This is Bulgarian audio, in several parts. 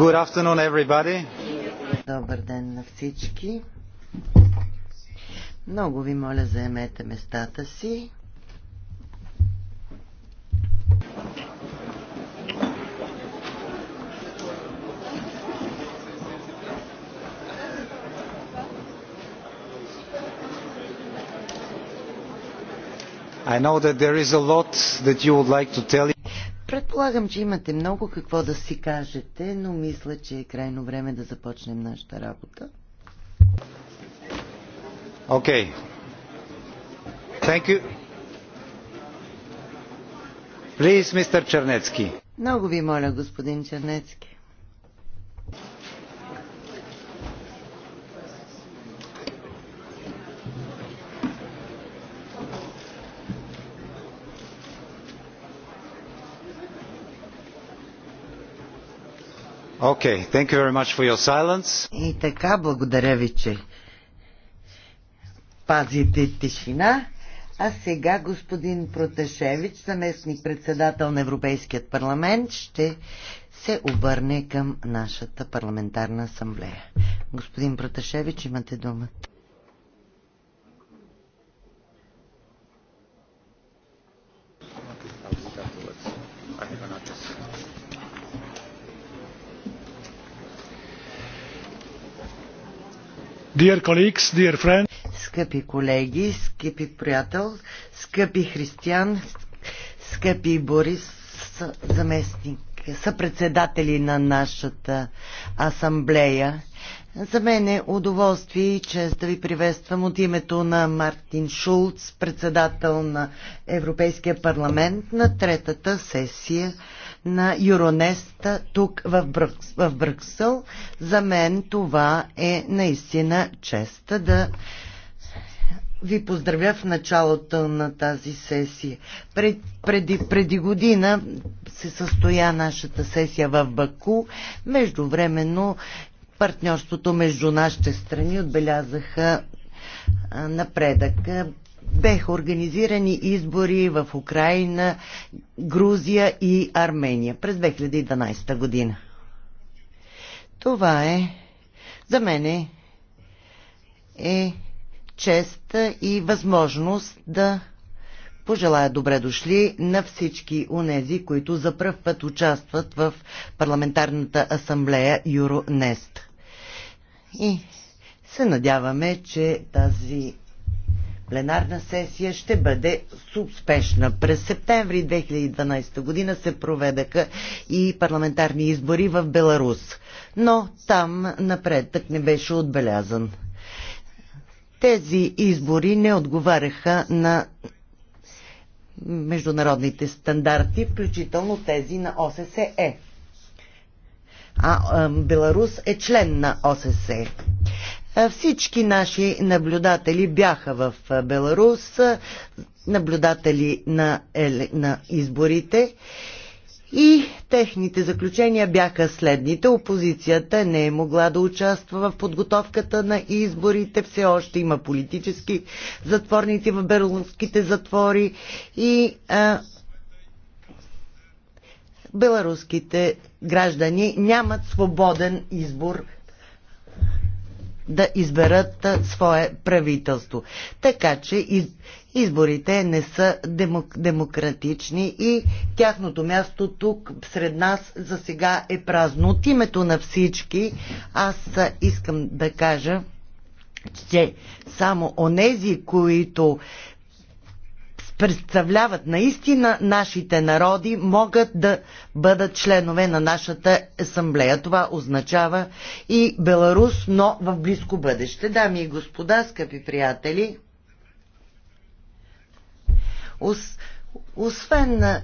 Good afternoon, everybody. Добър ден на всички. Много ви моля, заемете местата си. I know that there is a lot that you would like to tell Предполагам, че имате много какво да си кажете, но мисля, че е крайно време да започнем нашата работа. Окей. Okay. Thank you. Please, Чернецки. Много ви моля, господин Чернецки. Okay, thank you very much for your silence. И така, благодаря ви, че пазите тишина. А сега господин Проташевич, заместник председател на Европейският парламент, ще се обърне към нашата парламентарна асамблея. Господин Проташевич, имате думата. Dear colleagues, dear friends. Скъпи колеги, скъпи приятел, скъпи християн, скъпи Борис, заместник, съпредседатели на нашата асамблея. За мен е удоволствие и чест да ви приветствам от името на Мартин Шулц, председател на Европейския парламент на третата сесия на Юронеста тук в, Брък, в Брюксел. За мен това е наистина чест да ви поздравя в началото на тази сесия. Пред, преди, преди година се състоя нашата сесия в Баку. Междувременно партньорството между нашите страни отбелязаха напредък беха организирани избори в Украина, Грузия и Армения през 2012 година. Това е за мен е чест и възможност да пожелая добре дошли на всички унези, които за пръв път участват в парламентарната асамблея Юронест. И се надяваме, че тази пленарна сесия ще бъде успешна. През септември 2012 година се проведаха и парламентарни избори в Беларус, но там напредък не беше отбелязан. Тези избори не отговаряха на международните стандарти, включително тези на ОССЕ. А, а Беларус е член на ОССЕ. Всички наши наблюдатели бяха в Беларус, наблюдатели на, на изборите и техните заключения бяха следните. Опозицията не е могла да участва в подготовката на изборите. Все още има политически затворници в беларуските затвори и а, беларуските граждани нямат свободен избор да изберат свое правителство. Така че изборите не са демократични и тяхното място тук сред нас за сега е празно. От името на всички аз искам да кажа, че само онези, които представляват наистина нашите народи, могат да бъдат членове на нашата асамблея. Това означава и Беларус, но в близко бъдеще. Дами и господа, скъпи приятели, ос, освен на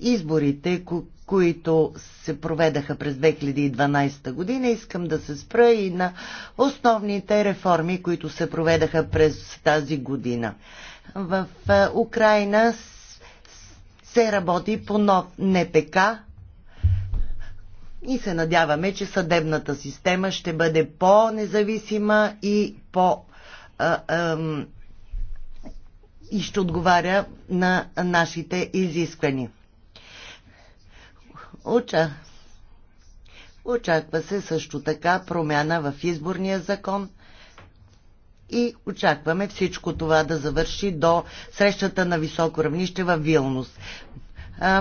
изборите, които се проведаха през 2012 година, искам да се спра и на основните реформи, които се проведаха през тази година. В е, Украина се работи по нов НПК и се надяваме, че съдебната система ще бъде по-независима и по- е, е, и ще отговаря на нашите изисквания. Уча. Очаква се също така промяна в изборния закон – и очакваме всичко това да завърши до срещата на високо равнище в Вилнус.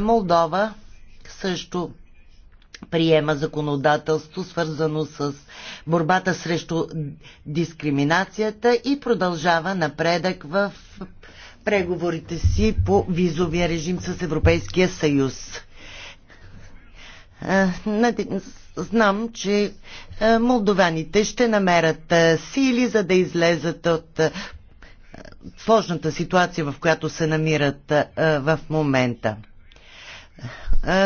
Молдова също приема законодателство, свързано с борбата срещу дискриминацията и продължава напредък в преговорите си по визовия режим с Европейския съюз знам, че е, молдованите ще намерят е, сили, за да излезат от е, сложната ситуация, в която се намират в момента.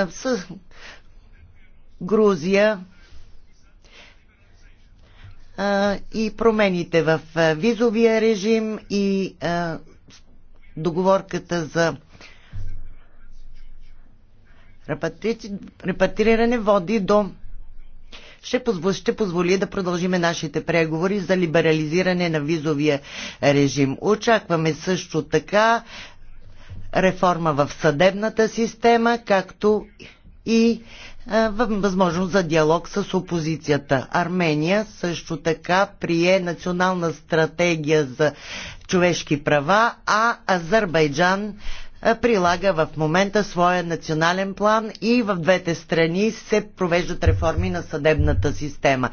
С Грузия и промените в визовия режим и договорката за репатриране води до ще, позво, ще позволи да продължиме нашите преговори за либерализиране на визовия режим. Очакваме също така реформа в съдебната система, както и възможност за диалог с опозицията. Армения също така прие национална стратегия за човешки права, а Азербайджан прилага в момента своя национален план и в двете страни се провеждат реформи на съдебната система.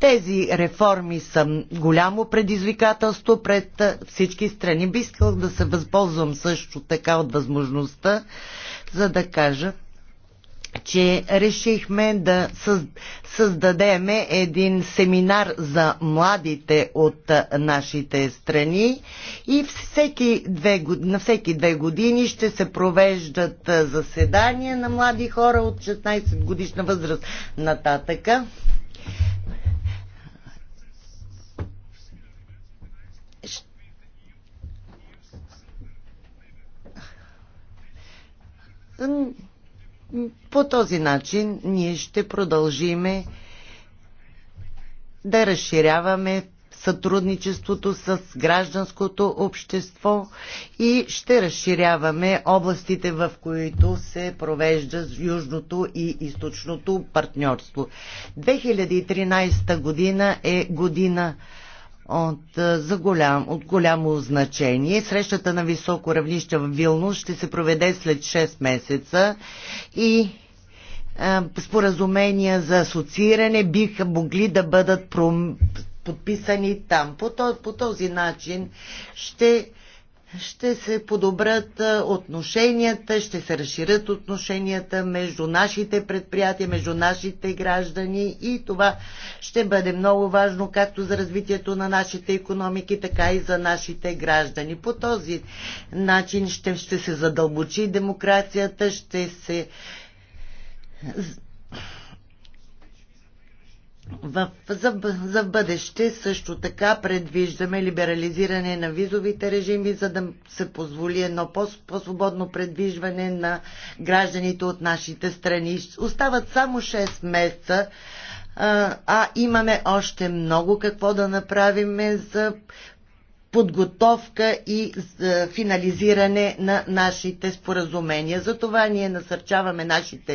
Тези реформи са голямо предизвикателство пред всички страни. Би искал да се възползвам също така от възможността, за да кажа, че решихме да създадем един семинар за младите от нашите страни и всеки две, на всеки две години ще се провеждат заседания на млади хора от 16 годишна възраст нататъка. Mm по този начин ние ще продължиме да разширяваме сътрудничеството с гражданското общество и ще разширяваме областите, в които се провежда южното и източното партньорство. 2013 година е година от, е, за голям, от голямо значение. Срещата на високо равнище в Вилно ще се проведе след 6 месеца и а, е, споразумения за асоцииране биха могли да бъдат пром... подписани там. По, по този начин ще ще се подобрят отношенията, ще се разширят отношенията между нашите предприятия, между нашите граждани и това ще бъде много важно както за развитието на нашите економики, така и за нашите граждани. По този начин ще, ще се задълбочи демокрацията, ще се в, за, за в бъдеще също така предвиждаме либерализиране на визовите режими, за да се позволи едно по-свободно предвижване на гражданите от нашите страни. Остават само 6 месеца, а, а имаме още много какво да направим за подготовка и е, финализиране на нашите споразумения. Затова ние насърчаваме нашите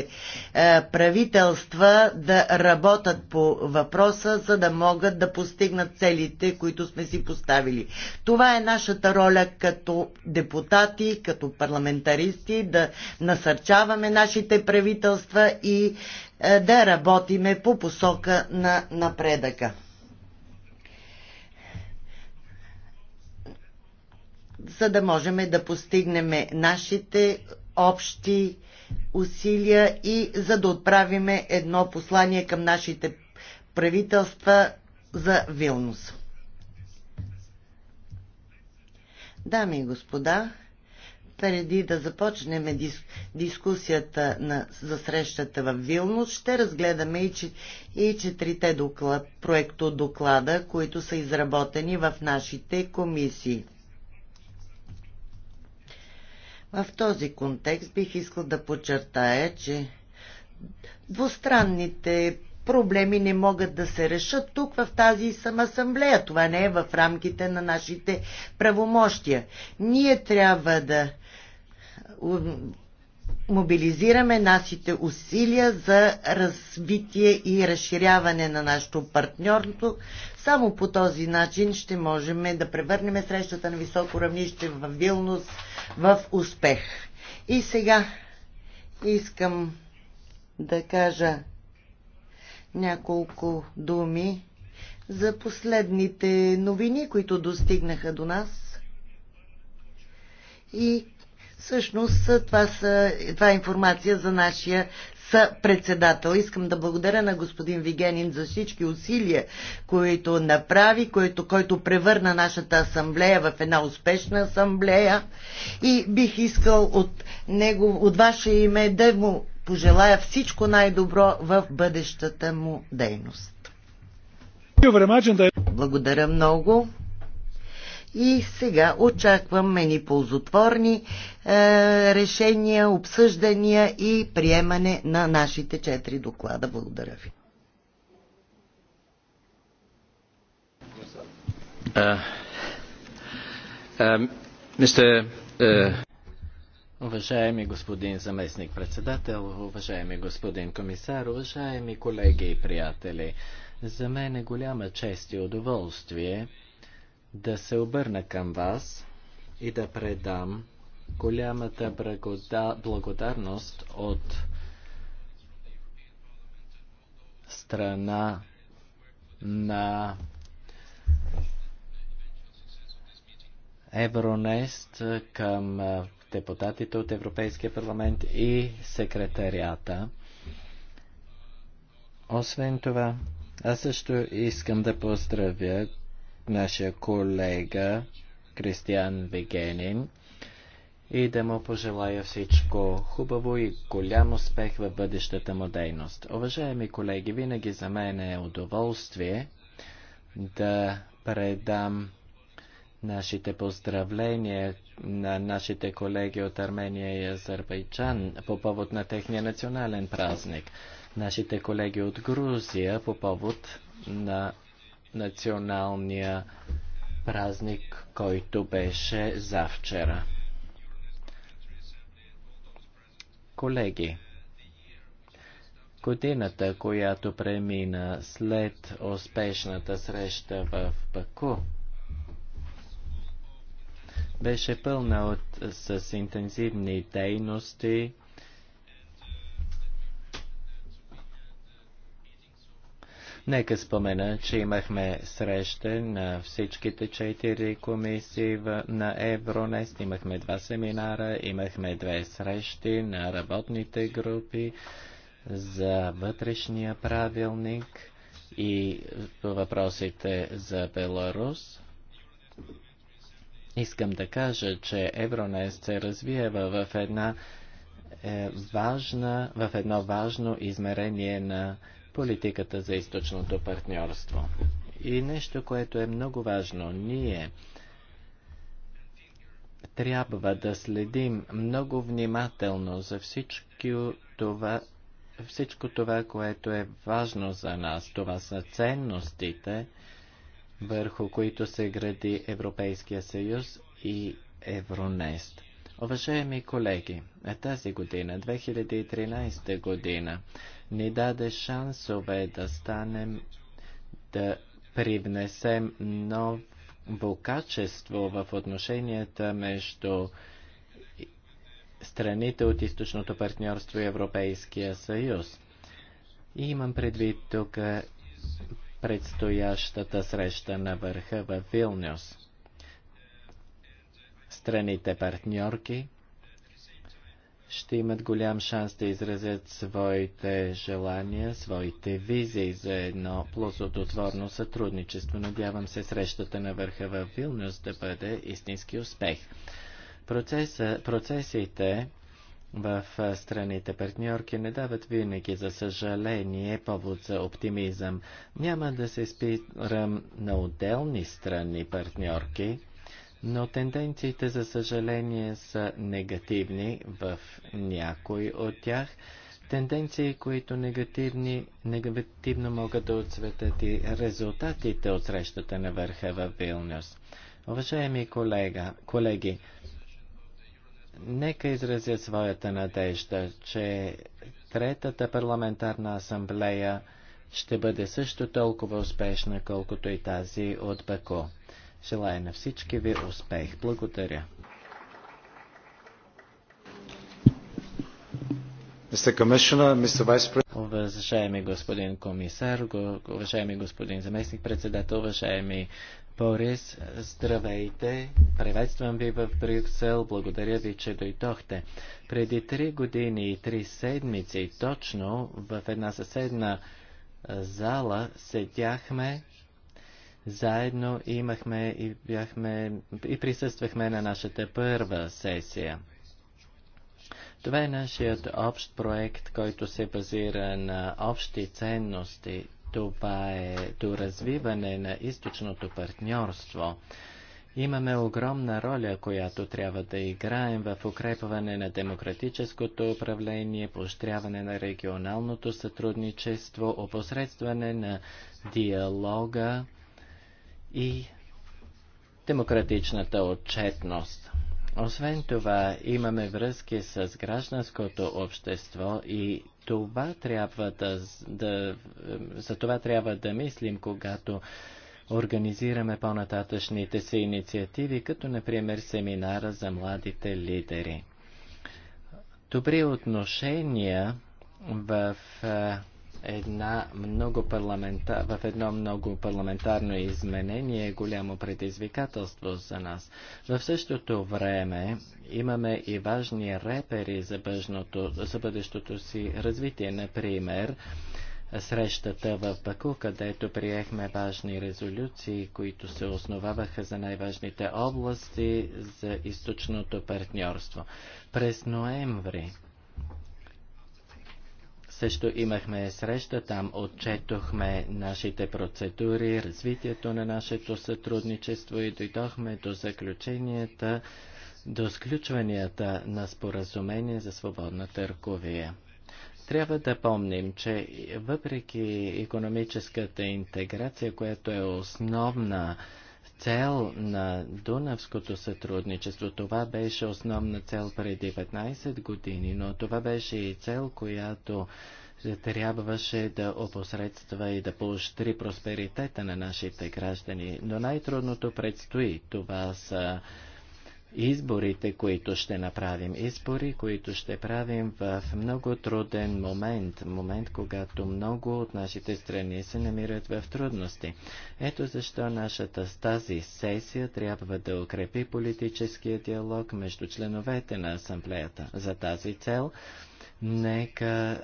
е, правителства да работят по въпроса, за да могат да постигнат целите, които сме си поставили. Това е нашата роля като депутати, като парламентаристи, да насърчаваме нашите правителства и е, да работиме по посока на напредъка. за да можем да постигнем нашите общи усилия и за да отправим едно послание към нашите правителства за Вилнус. Дами и господа, преди да започнем дис, дискусията на, за срещата в Вилнус, ще разгледаме и, и четирите доклад, проекто доклада, които са изработени в нашите комисии. В този контекст бих искал да подчертая, че двустранните проблеми не могат да се решат тук в тази Самасамблея, Това не е в рамките на нашите правомощия. Ние трябва да мобилизираме нашите усилия за развитие и разширяване на нашето партньорство само по този начин ще можем да превърнем срещата на високо равнище в вилност в успех. И сега искам да кажа няколко думи за последните новини, които достигнаха до нас. И всъщност това, са, това е информация за нашия съпредседател. Искам да благодаря на господин Вигенин за всички усилия, които направи, който, който превърна нашата асамблея в една успешна асамблея и бих искал от, него, от ваше име да му пожелая всичко най-добро в бъдещата му дейност. Благодаря много. И сега очаквам мени ползотворни е, решения, обсъждания и приемане на нашите четири доклада. Благодаря ви. uh, Uh... Уважаеми господин заместник председател, уважаеми господин комисар, уважаеми колеги и приятели, за мен е голяма чест и удоволствие да се обърна към вас и да предам голямата благодарност от страна на Евронест към депутатите от Европейския парламент и секретарията. Освен това, аз също искам да поздравя нашия колега Кристиан Вегенин, и да му пожелая всичко хубаво и голям успех в бъдещата му дейност. Уважаеми колеги, винаги за мен е удоволствие да предам нашите поздравления на нашите колеги от Армения и Азербайджан по повод на техния национален празник, нашите колеги от Грузия по повод на националния празник, който беше завчера. Колеги, годината, която премина след успешната среща в Баку, беше пълна от, с интензивни дейности, Нека спомена, че имахме среща на всичките четири комисии на Евронест, имахме два семинара, имахме две срещи на работните групи за вътрешния правилник и по въпросите за Беларус. Искам да кажа, че Евронест се развива в една е, важна, в едно важно измерение на политиката за източното партньорство. И нещо, което е много важно, ние трябва да следим много внимателно за всички това, всичко това, което е важно за нас. Това са ценностите, върху които се гради Европейския съюз и Евронест. Уважаеми колеги, тази година, 2013 година, ни даде шансове да станем, да привнесем ново качество в отношенията между страните от източното партньорство и Европейския съюз. И имам предвид тук предстоящата среща на върха в Вилнюс страните партньорки ще имат голям шанс да изразят своите желания, своите визии за едно плодотворно сътрудничество. Надявам се срещата на върха в Вилнюс да бъде истински успех. Процеса, процесите в страните партньорки не дават винаги, за съжаление, повод за оптимизъм. Няма да се спирам на отделни страни партньорки, но тенденциите, за съжаление, са негативни в някои от тях. Тенденции, които негативни, негативно могат да отсветят и резултатите от срещата на върха в Вилнюс. Уважаеми колега, колеги, нека изразя своята надежда, че Третата парламентарна асамблея ще бъде също толкова успешна, колкото и тази от Баку. Желая на всички ви успех. Благодаря. Уважаеми господин комисар, уважаеми господин заместник председател, уважаеми Борис, здравейте! Приветствам ви в Брюксел, благодаря ви, че дойдохте. Преди три години и три седмици точно в една съседна зала седяхме заедно имахме и, бяхме, и присъствахме на нашата първа сесия. Това е нашият общ проект, който се базира на общи ценности. Това е до развиване на източното партньорство. Имаме огромна роля, която трябва да играем в укрепване на демократическото управление, поощряване на регионалното сътрудничество, опосредстване на диалога и демократичната отчетност. Освен това, имаме връзки с гражданското общество и това трябва да, да, за това трябва да мислим, когато организираме по-нататъчните си инициативи, като например семинара за младите лидери. Добри отношения в една много парламента... в едно много парламентарно изменение е голямо предизвикателство за нас. В същото време имаме и важни репери за, бъжното... за бъдещото си развитие. Например, срещата в Баку, където приехме важни резолюции, които се основаваха за най-важните области за източното партньорство. През ноември също имахме среща, там отчетохме нашите процедури, развитието на нашето сътрудничество и дойдохме до заключенията, до сключванията на споразумение за свободна търговия. Трябва да помним, че въпреки економическата интеграция, която е основна, цел на Дунавското сътрудничество. Това беше основна цел преди 19 години, но това беше и цел, която трябваше да опосредства и да поощри просперитета на нашите граждани. Но най-трудното предстои. Това са изборите, които ще направим. Избори, които ще правим в много труден момент. Момент, когато много от нашите страни се намират в трудности. Ето защо нашата с тази сесия трябва да укрепи политическия диалог между членовете на асамблеята. За тази цел, нека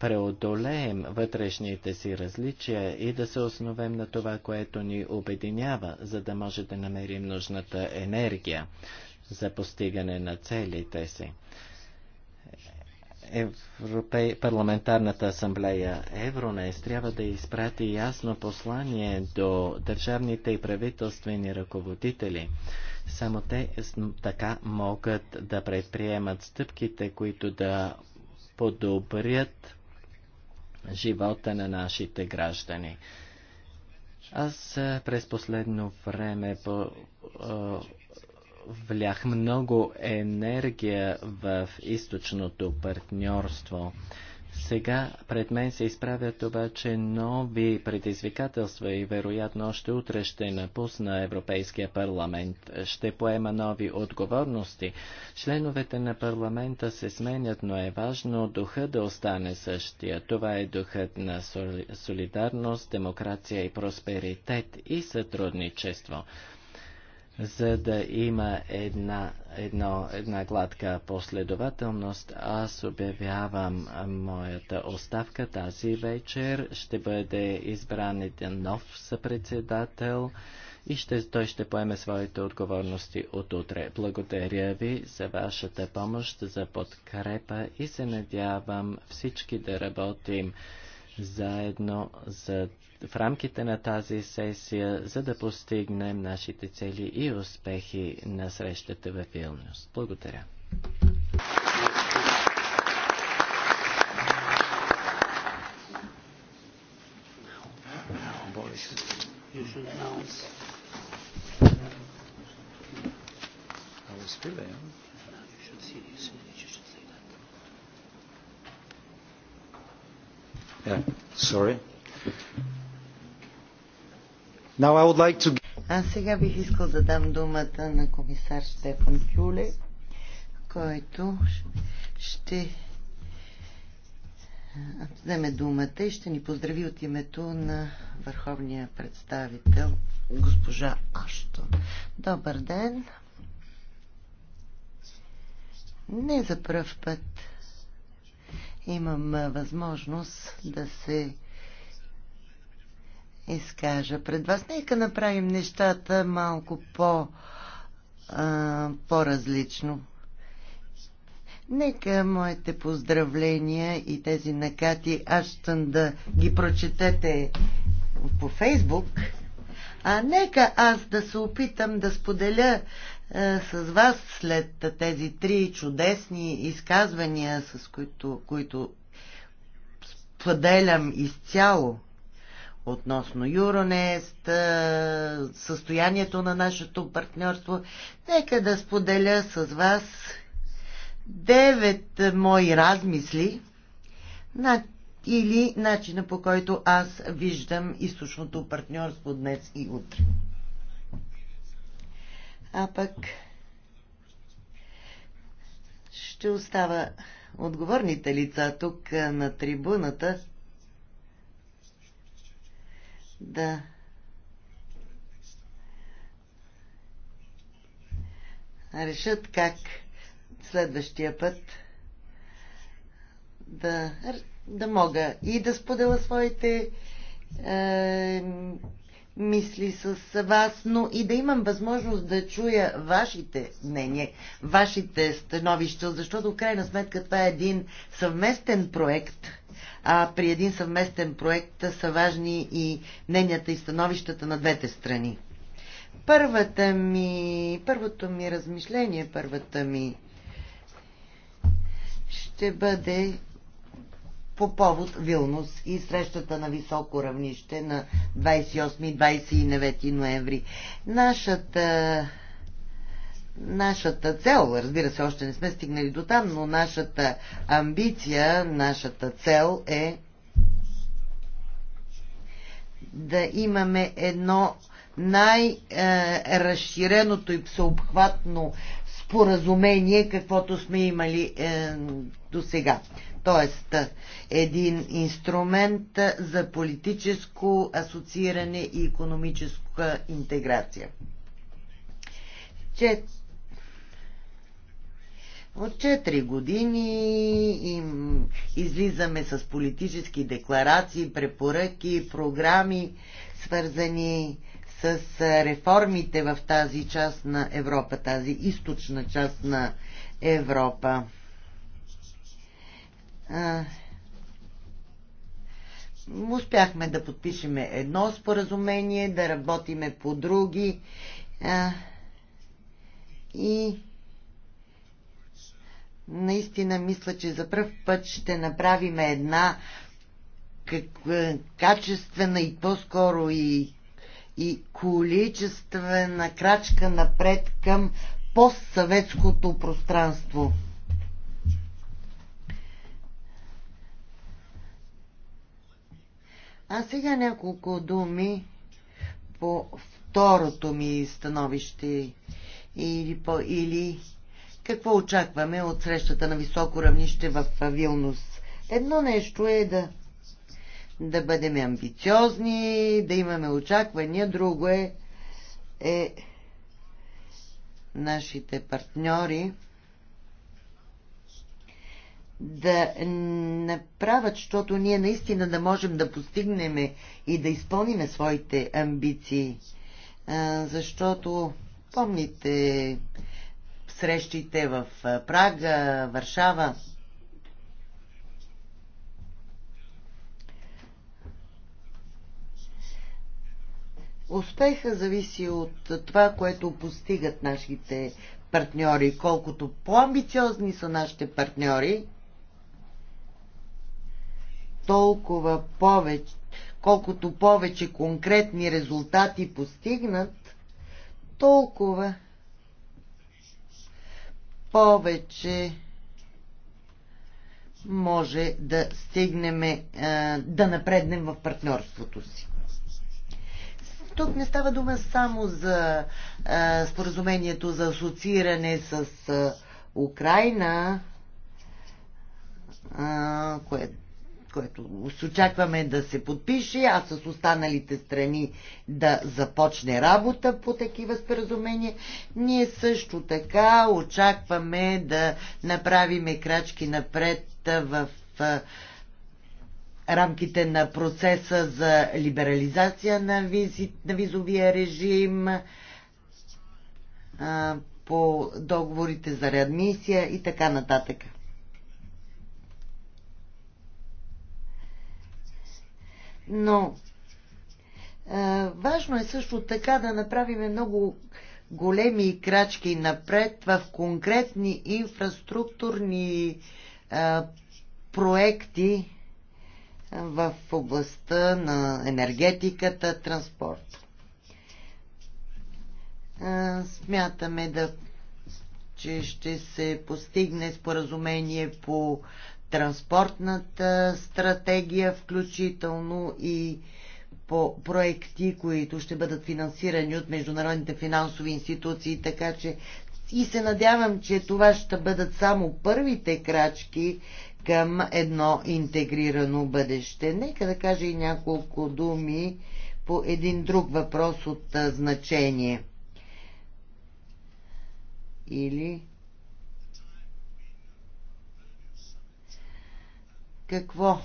преодолеем вътрешните си различия и да се основем на това, което ни обединява, за да може да намерим нужната енергия за постигане на целите си. Европей... Парламентарната асамблея Евронес трябва да изпрати ясно послание до държавните и правителствени ръководители. Само те така могат да предприемат стъпките, които да подобрят живота на нашите граждани. Аз през последно време по, влях много енергия в източното партньорство. Сега пред мен се изправят обаче нови предизвикателства и вероятно още утре ще напусна Европейския парламент. Ще поема нови отговорности. Членовете на парламента се сменят, но е важно духа да остане същия. Това е духът на соли... солидарност, демокрация и просперитет и сътрудничество за да има една, едно, една гладка последователност, аз обявявам моята оставка тази вечер. Ще бъде избран един нов съпредседател и ще, той ще поеме своите отговорности от утре. Благодаря ви за вашата помощ, за подкрепа и се надявам всички да работим заедно за в рамките на тази сесия, за да постигнем нашите цели и успехи на срещата в Вилнюс. Благодаря. You should announce. I was feeling. Now you should see you soon. You should say that. Yeah, sorry. Аз сега бих искал да дам думата на комисар Стефан Кюле, който ще вземе думата и ще ни поздрави от името на върховния представител госпожа Ашто. Добър ден! Не за пръв път имам възможност да се изкажа пред вас. Нека направим нещата малко по, а, по-различно. Нека моите поздравления и тези накати Кати Аштън да ги прочетете по Фейсбук. А нека аз да се опитам да споделя с вас след тези три чудесни изказвания, с които, които споделям изцяло относно Юронест, състоянието на нашето партньорство. Нека да споделя с вас девет мои размисли на, или начина по който аз виждам източното партньорство днес и утре. А пък ще остава отговорните лица тук на трибуната да решат как следващия път да, да мога и да споделя своите е, мисли с вас, но и да имам възможност да чуя вашите мнения, вашите становища, защото в крайна сметка това е един съвместен проект – а при един съвместен проект са важни и мненията и становищата на двете страни. Първата ми, първото ми размишление, първата ми ще бъде по повод Вилнус и срещата на високо равнище на 28 29 ноември. Нашата нашата цел, разбира се, още не сме стигнали до там, но нашата амбиция, нашата цел е да имаме едно най-разширеното и всеобхватно споразумение, каквото сме имали е, до сега. Тоест, един инструмент за политическо асоцииране и економическа интеграция. Чет от 4 години им излизаме с политически декларации, препоръки, програми, свързани с реформите в тази част на Европа, тази източна част на Европа. Успяхме да подпишеме едно споразумение, да работиме по други и наистина мисля, че за пръв път ще направим една качествена и по-скоро и, и количествена крачка напред към постсъветското пространство. А сега няколко думи по второто ми становище или, по, или какво очакваме от срещата на високо равнище в Вилнус. Едно нещо е да, да бъдем амбициозни, да имаме очаквания, друго е, е нашите партньори да направят, защото ние наистина да можем да постигнем и да изпълниме своите амбиции. А, защото, помните, срещите в Прага, Варшава. Успеха зависи от това, което постигат нашите партньори. Колкото по-амбициозни са нашите партньори, толкова повече, колкото повече конкретни резултати постигнат, толкова повече може да стигнем, да напреднем в партньорството си. Тук не става дума само за споразумението за асоцииране с Украина, което което очакваме да се подпише, а с останалите страни да започне работа по такива споразумения. Ние също така очакваме да направиме крачки напред в рамките на процеса за либерализация на, визи, на визовия режим по договорите за реадмисия и така нататък. Но важно е също така да направим много големи крачки напред в конкретни инфраструктурни проекти в областта на енергетиката, транспорт. Смятаме да, че ще се постигне споразумение по транспортната стратегия, включително и по проекти, които ще бъдат финансирани от международните финансови институции, така че и се надявам, че това ще бъдат само първите крачки към едно интегрирано бъдеще. Нека да кажа и няколко думи по един друг въпрос от значение. Или какво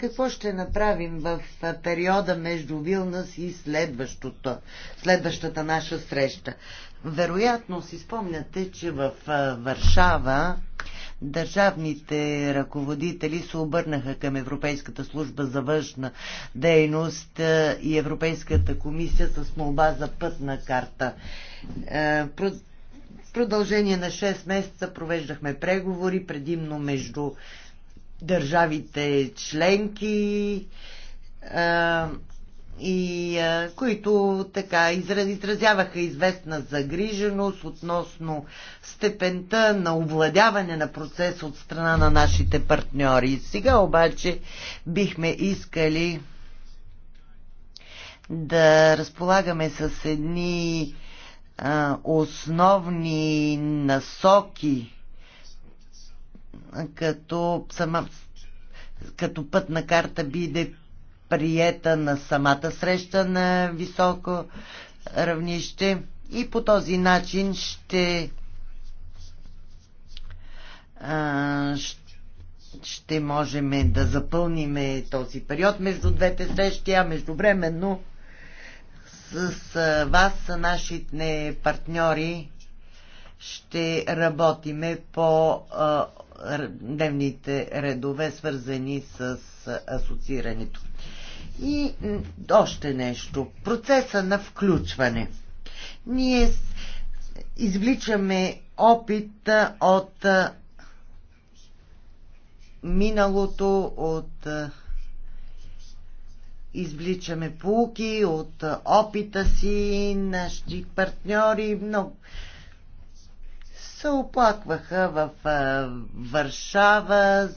какво ще направим в периода между Вилнас и следващото, следващата наша среща? Вероятно си спомняте, че в Варшава държавните ръководители се обърнаха към Европейската служба за външна дейност и Европейската комисия с молба за пътна карта. В продължение на 6 месеца провеждахме преговори, предимно между държавите членки а, и а, които така изразяваха известна загриженост относно степента на овладяване на процес от страна на нашите партньори. Сега обаче бихме искали да разполагаме с едни а, основни насоки като, сама, като пътна карта биде приета на самата среща на високо равнище и по този начин ще ще можем да запълним този период между двете срещи, а междувременно с вас, нашите партньори, ще работиме по дневните редове, свързани с асоциирането. И още нещо. Процеса на включване. Ние извличаме опит от миналото, от извличаме полуки от опита си, нашите партньори, много, се оплакваха в Варшава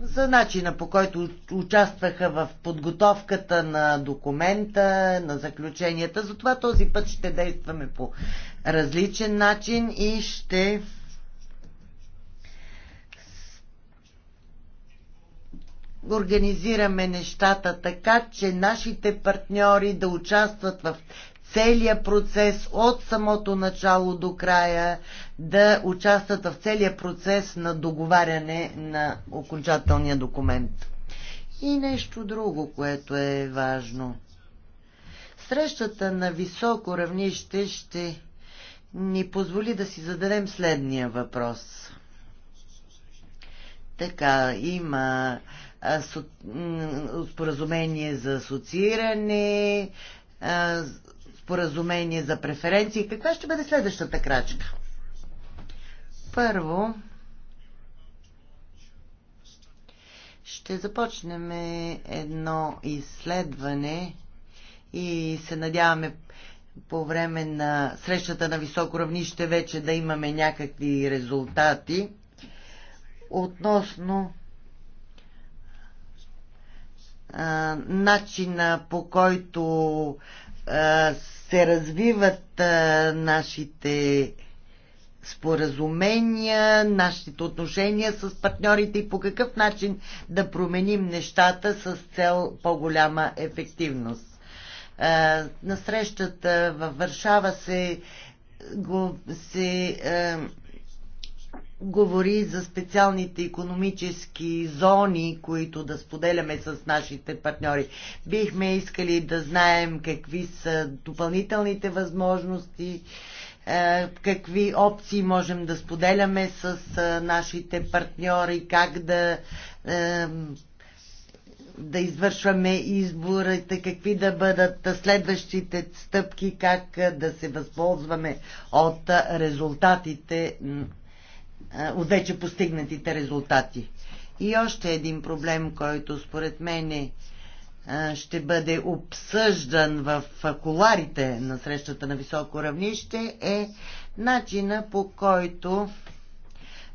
за начина по който участваха в подготовката на документа, на заключенията. Затова този път ще действаме по различен начин и ще организираме нещата така, че нашите партньори да участват в целият процес от самото начало до края, да участват в целия процес на договаряне на окончателния документ. И нещо друго, което е важно. Срещата на високо равнище ще ни позволи да си зададем следния въпрос. Така, има споразумение за асоцииране, споразумение за преференции. Каква ще бъде следващата крачка? Първо, ще започнем едно изследване и се надяваме по време на срещата на високо равнище вече да имаме някакви резултати относно начина по който се развиват а, нашите споразумения, нашите отношения с партньорите и по какъв начин да променим нещата с цел по-голяма ефективност. А, на срещата във Варшава се, го, се а, говори за специалните економически зони, които да споделяме с нашите партньори. Бихме искали да знаем какви са допълнителните възможности, е, какви опции можем да споделяме с е, нашите партньори, как да е, да извършваме изборите, какви да бъдат следващите стъпки, как да се възползваме от резултатите от вече постигнатите резултати. И още един проблем, който според мен е ще бъде обсъждан в коларите на срещата на високо равнище е начина по който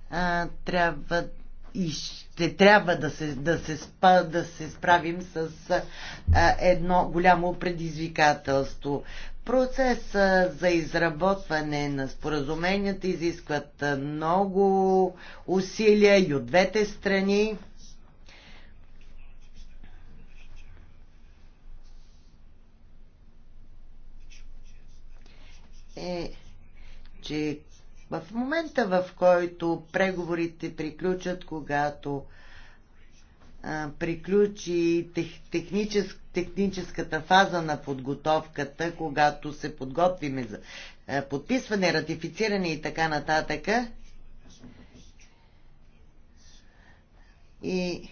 а, трябва и ще трябва да се, да се, спа, да се справим с а, едно голямо предизвикателство. Процес за изработване на споразуменията изискват много усилия и от двете страни. Е, че в момента, в който преговорите приключат, когато приключи тех, техничес, техническата фаза на подготовката, когато се подготвиме за подписване, ратифициране и така нататък. И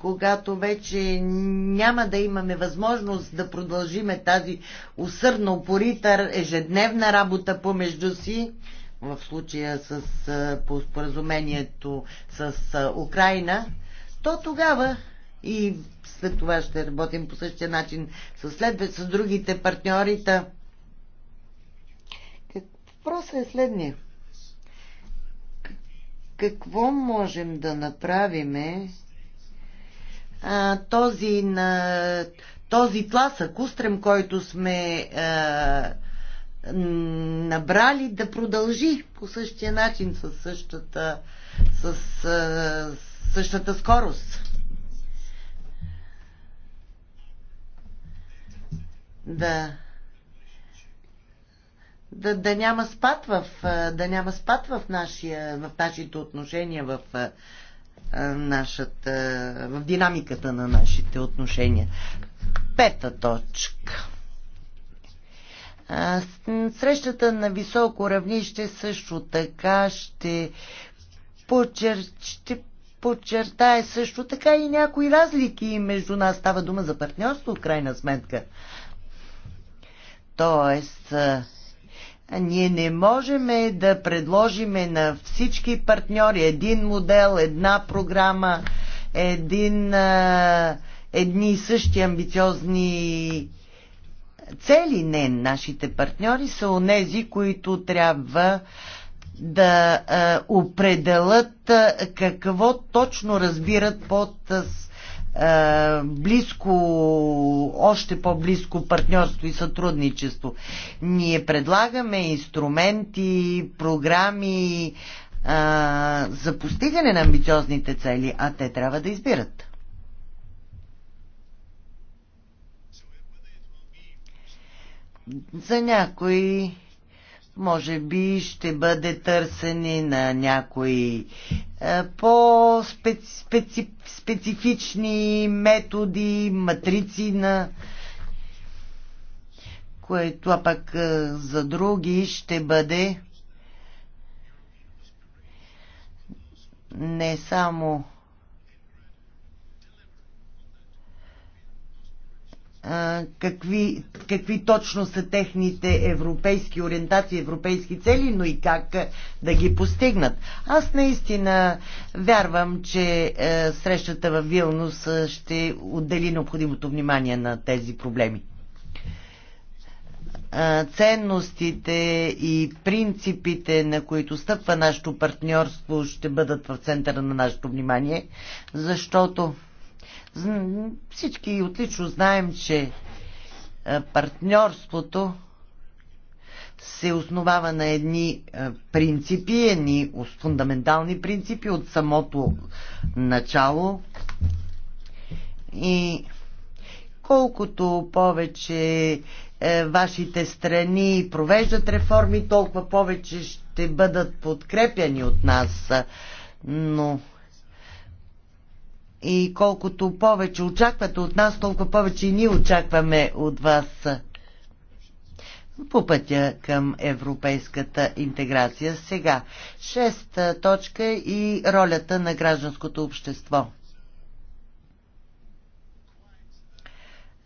когато вече няма да имаме възможност да продължиме тази усърдно упорита ежедневна работа помежду си, в случая с по споразумението с Украина, то тогава и след това ще работим по същия начин с, след, с другите партньорите. Въпросът е следния. Какво можем да направиме а, този, на, този тласък, устрем, който сме а, набрали да продължи по същия начин с същата, с, с същата скорост. Да. Да, да няма спад в, да няма спад в, нашия, в нашите отношения, в, нашата, в динамиката на нашите отношения. Пета точка. Срещата на високо равнище също така ще, подчер... ще подчертае също така и някои разлики между нас. Става дума за партньорство, в крайна сметка. Тоест, ние не можем да предложиме на всички партньори един модел, една програма, един, едни и същи амбициозни цели не нашите партньори са онези, които трябва да а, определят а, какво точно разбират под а, близко, още по-близко партньорство и сътрудничество. Ние предлагаме инструменти, програми а, за постигане на амбициозните цели, а те трябва да избират. За някои може би ще бъде търсени на някои е, по-специфични методи, матрици на което а пък е, за други ще бъде не само какви, какви точно са техните европейски ориентации, европейски цели, но и как да ги постигнат. Аз наистина вярвам, че е, срещата в Вилнус ще отдели необходимото внимание на тези проблеми. Ценностите и принципите, на които стъпва нашето партньорство, ще бъдат в центъра на нашето внимание, защото всички отлично знаем, че партньорството се основава на едни принципи, едни фундаментални принципи от самото начало. И колкото повече е, вашите страни провеждат реформи, толкова повече ще бъдат подкрепяни от нас. Но и колкото повече очаквате от нас, толкова повече и ние очакваме от вас по пътя към европейската интеграция. Сега, шеста точка и ролята на гражданското общество.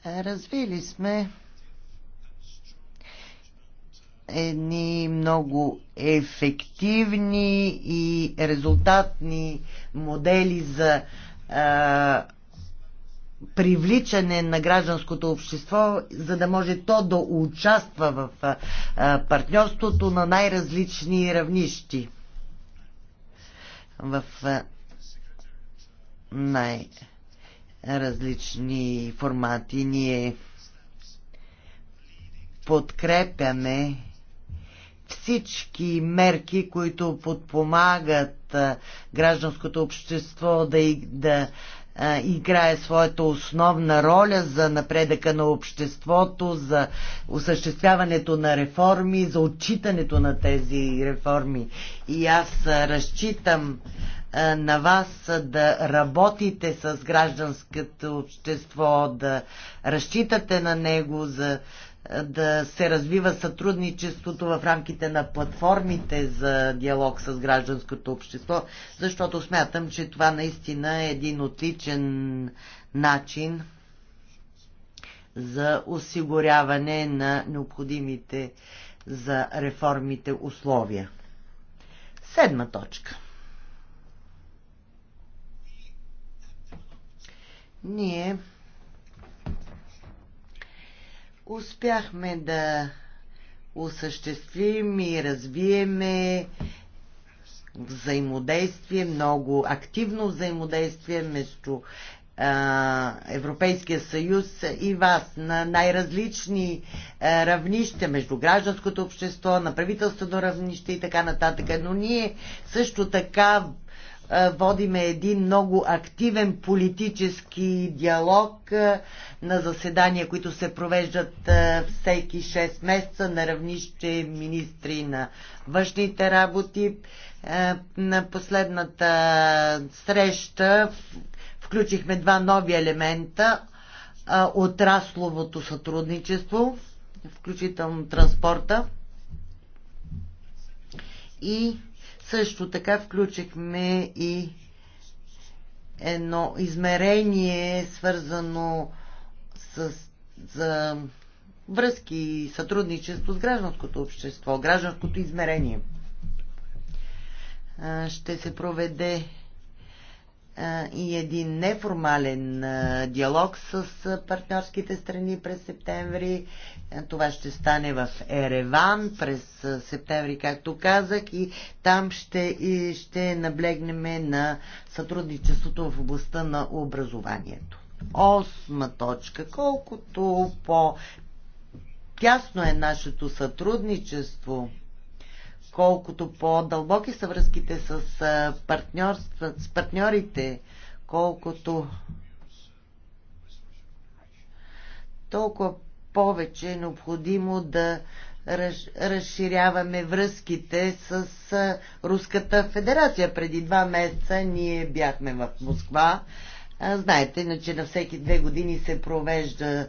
Развили сме едни много ефективни и резултатни модели за е, привличане на гражданското общество, за да може то да участва в е, е, партньорството на най-различни равнищи. В най-различни формати ние подкрепяме всички мерки, които подпомагат гражданското общество да, да играе своята основна роля за напредъка на обществото, за осъществяването на реформи, за отчитането на тези реформи. И аз разчитам на вас да работите с гражданското общество, да разчитате на него за да се развива сътрудничеството в рамките на платформите за диалог с гражданското общество, защото смятам, че това наистина е един отличен начин за осигуряване на необходимите за реформите условия. Седма точка. Ние успяхме да осъществим и развиеме взаимодействие, много активно взаимодействие между Европейския съюз и вас на най-различни равнища между гражданското общество, на правителството равнище и така нататък. Но ние също така е, водиме един много активен политически диалог е, на заседания, които се провеждат е, всеки 6 месеца на равнище министри на външните работи. На последната среща включихме два нови елемента отрасловото сътрудничество, включително транспорта и също така включихме и едно измерение, свързано с за връзки и сътрудничество с гражданското общество, гражданското измерение. Ще се проведе и един неформален диалог с партньорските страни през септември това ще стане в Ереван през септември, както казах, и там ще, и ще наблегнем на сътрудничеството в областта на образованието. Осма точка. Колкото по тясно е нашето сътрудничество, колкото по-дълбоки са връзките с, с партньорите, колкото толкова повече е необходимо да разширяваме връзките с Руската федерация. Преди два месеца ние бяхме в Москва. Знаете, че на всеки две години се провежда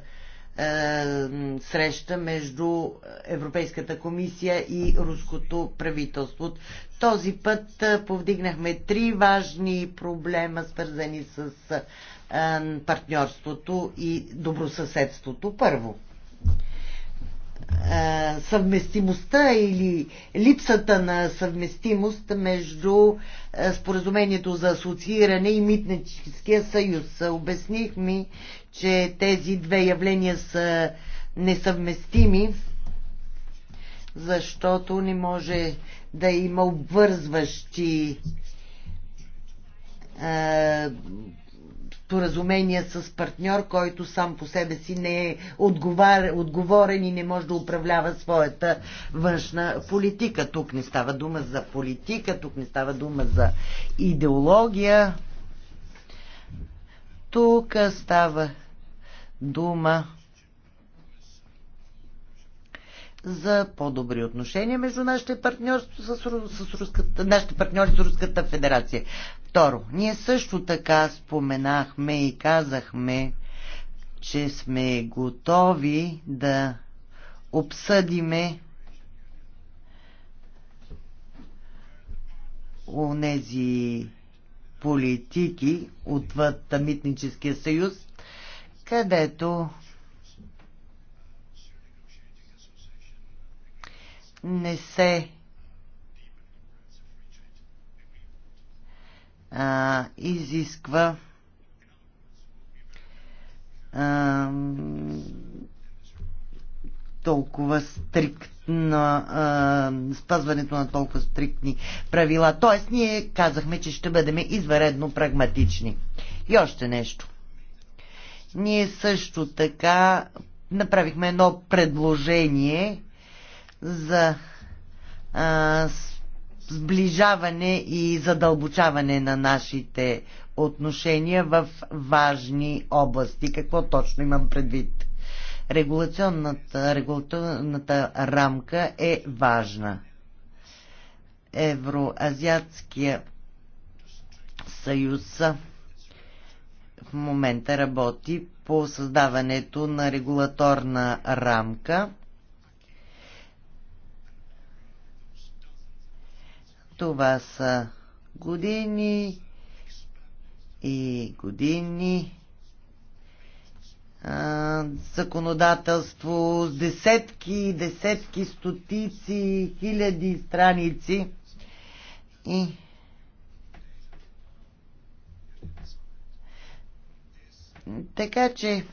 среща между Европейската комисия и руското правителство. Този път повдигнахме три важни проблема, свързани с партньорството и добросъседството. Първо, съвместимостта или липсата на съвместимост между споразумението за асоцииране и митническия съюз. Обясних ми, че тези две явления са несъвместими, защото не може да има обвързващи споразумение с партньор, който сам по себе си не е отговар, отговорен и не може да управлява своята външна политика. Тук не става дума за политика, тук не става дума за идеология. Тук става дума за по-добри отношения между нашите партньори с, с Руската, нашите партньори с Руската федерация. Второ, ние също така споменахме и казахме, че сме готови да обсъдиме онези политики отвъд Митническия съюз, където не се а, изисква а, толкова стриктна, а, спазването на толкова стриктни правила. Тоест, ние казахме, че ще бъдем изваредно прагматични. И още нещо. Ние също така направихме едно предложение за а, сближаване и задълбочаване на нашите отношения в важни области. Какво точно имам предвид? Регулационната, регулационната рамка е важна. Евроазиатския съюз в момента работи по създаването на регулаторна рамка – Това са години и години а, законодателство с десетки, десетки, стотици, хиляди страници и така че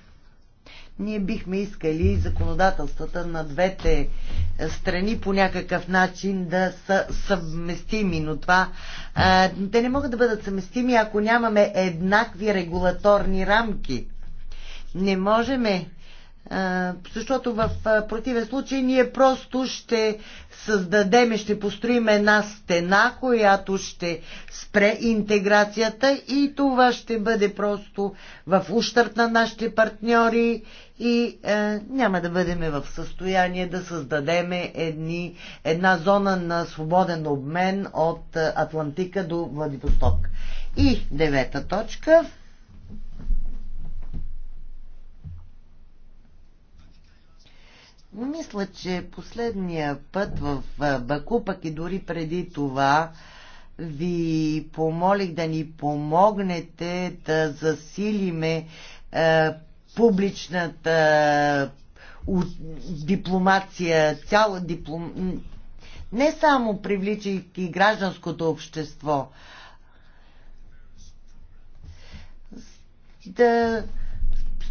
ние бихме искали законодателствата на двете е, страни по някакъв начин да са съвместими, но това а, е, те не могат да бъдат съвместими, ако нямаме еднакви регулаторни рамки. Не можеме е, защото в противен случай ние просто ще създадем, ще построим една стена, която ще спре интеграцията и това ще бъде просто в ущърт на нашите партньори и е, няма да бъдем в състояние да създадем едни, една зона на свободен обмен от е, Атлантика до Владивосток. И девета точка. Мисля, че последния път в е, Баку, пък и дори преди това, ви помолих да ни помогнете да засилиме е, публичната дипломация, цяла диплом... не само привличайки гражданското общество, да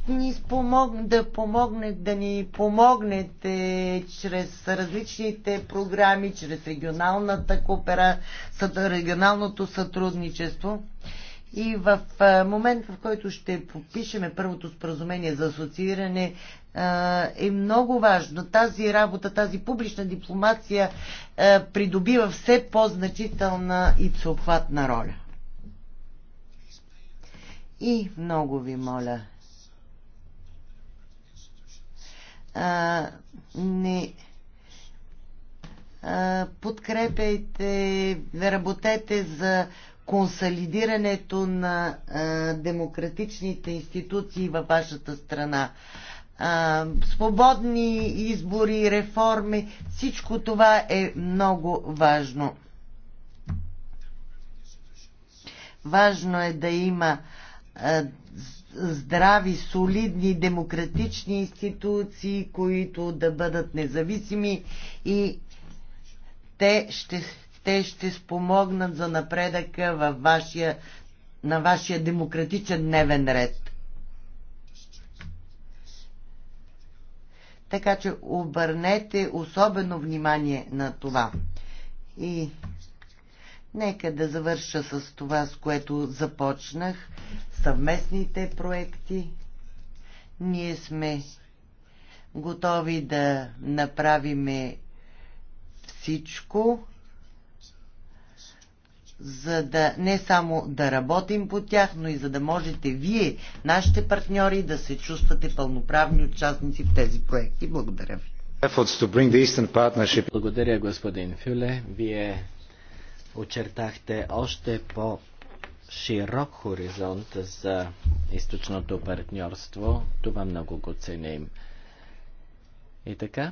ни спомог... да помогне, да ни помогнете чрез различните програми, чрез регионалната коопера, регионалното сътрудничество и в момент, в който ще подпишеме първото споразумение за асоцииране, е много важно. Тази работа, тази публична дипломация придобива все по-значителна и всеобхватна роля. И много ви моля, а, не а, подкрепяйте, работете за консолидирането на демократичните институции във вашата страна. Свободни избори, реформи, всичко това е много важно. Важно е да има здрави, солидни, демократични институции, които да бъдат независими и те ще те ще спомогнат за напредъка във вашия, на вашия демократичен дневен ред. Така че обърнете особено внимание на това. И нека да завърша с това, с което започнах. Съвместните проекти. Ние сме готови да направиме всичко, за да не само да работим по тях, но и за да можете вие, нашите партньори, да се чувствате пълноправни участници в тези проекти. Благодаря ви. Благодаря, господин Фюле. Вие очертахте още по широк хоризонт за източното партньорство. Това много го ценим. И така,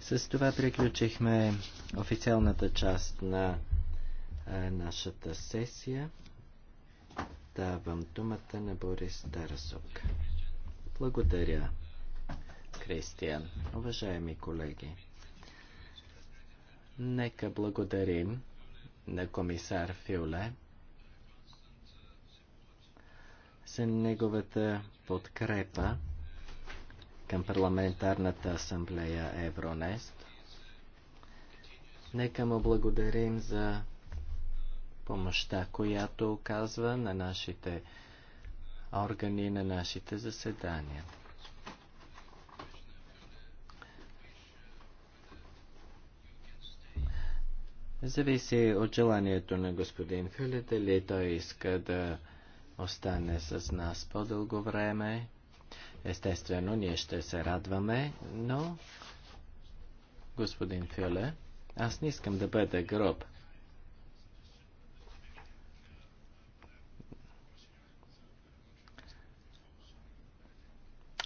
с това приключихме официалната част на нашата сесия. Давам думата на Борис Тарасок. Благодаря, Кристиан. Уважаеми колеги, нека благодарим на комисар Фюле за неговата подкрепа към парламентарната асамблея Евронест. Нека му благодарим за помощта, която оказва на нашите органи, на нашите заседания. Зависи от желанието на господин Фюле, дали той иска да остане с нас по-дълго време. Естествено, ние ще се радваме, но, господин Фюле, аз не искам да бъда гроб.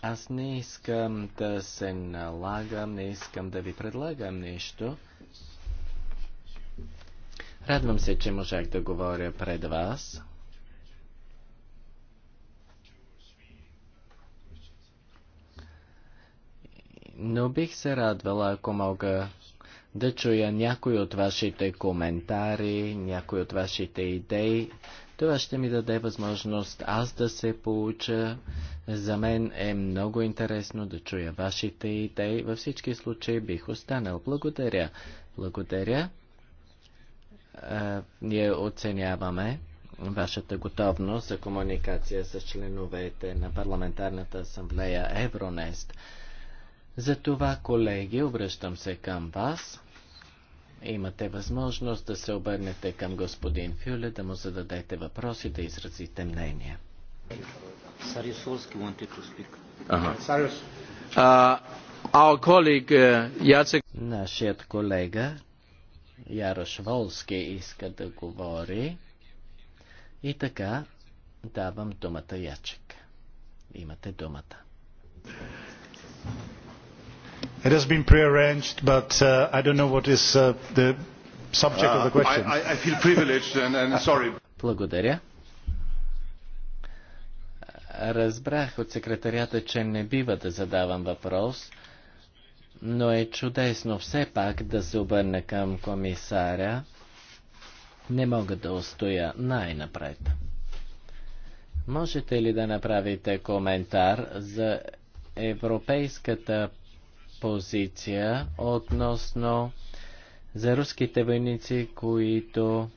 Аз не искам да се налагам, не искам да ви предлагам нещо. Радвам се, че можах да говоря пред вас. Но бих се радвала, ако мога да чуя някой от вашите коментари, някой от вашите идеи. Това ще ми даде възможност аз да се получа. За мен е много интересно да чуя вашите идеи. Във всички случаи бих останал. Благодаря. Благодаря. А, ние оценяваме вашата готовност за комуникация с членовете на Парламентарната асамблея Евронест. За това, колеги, обръщам се към вас. Имате възможност да се обърнете към господин Фюле, да му зададете въпроси, да изразите мнение. Е, Нашият колега Ярош Волски иска да говори. И така давам думата Ячек. Имате думата. It has been prearranged, but uh, I don't know what is uh, the subject of the uh, question. I, I feel privileged and, and sorry. Благодаря. Разбрах от секретарията, че не бива да задавам въпрос, но е чудесно все пак да се обърна към комисаря. Не мога да устоя най-напред. Можете ли да направите коментар за Европейската позиция относно за руските войници, които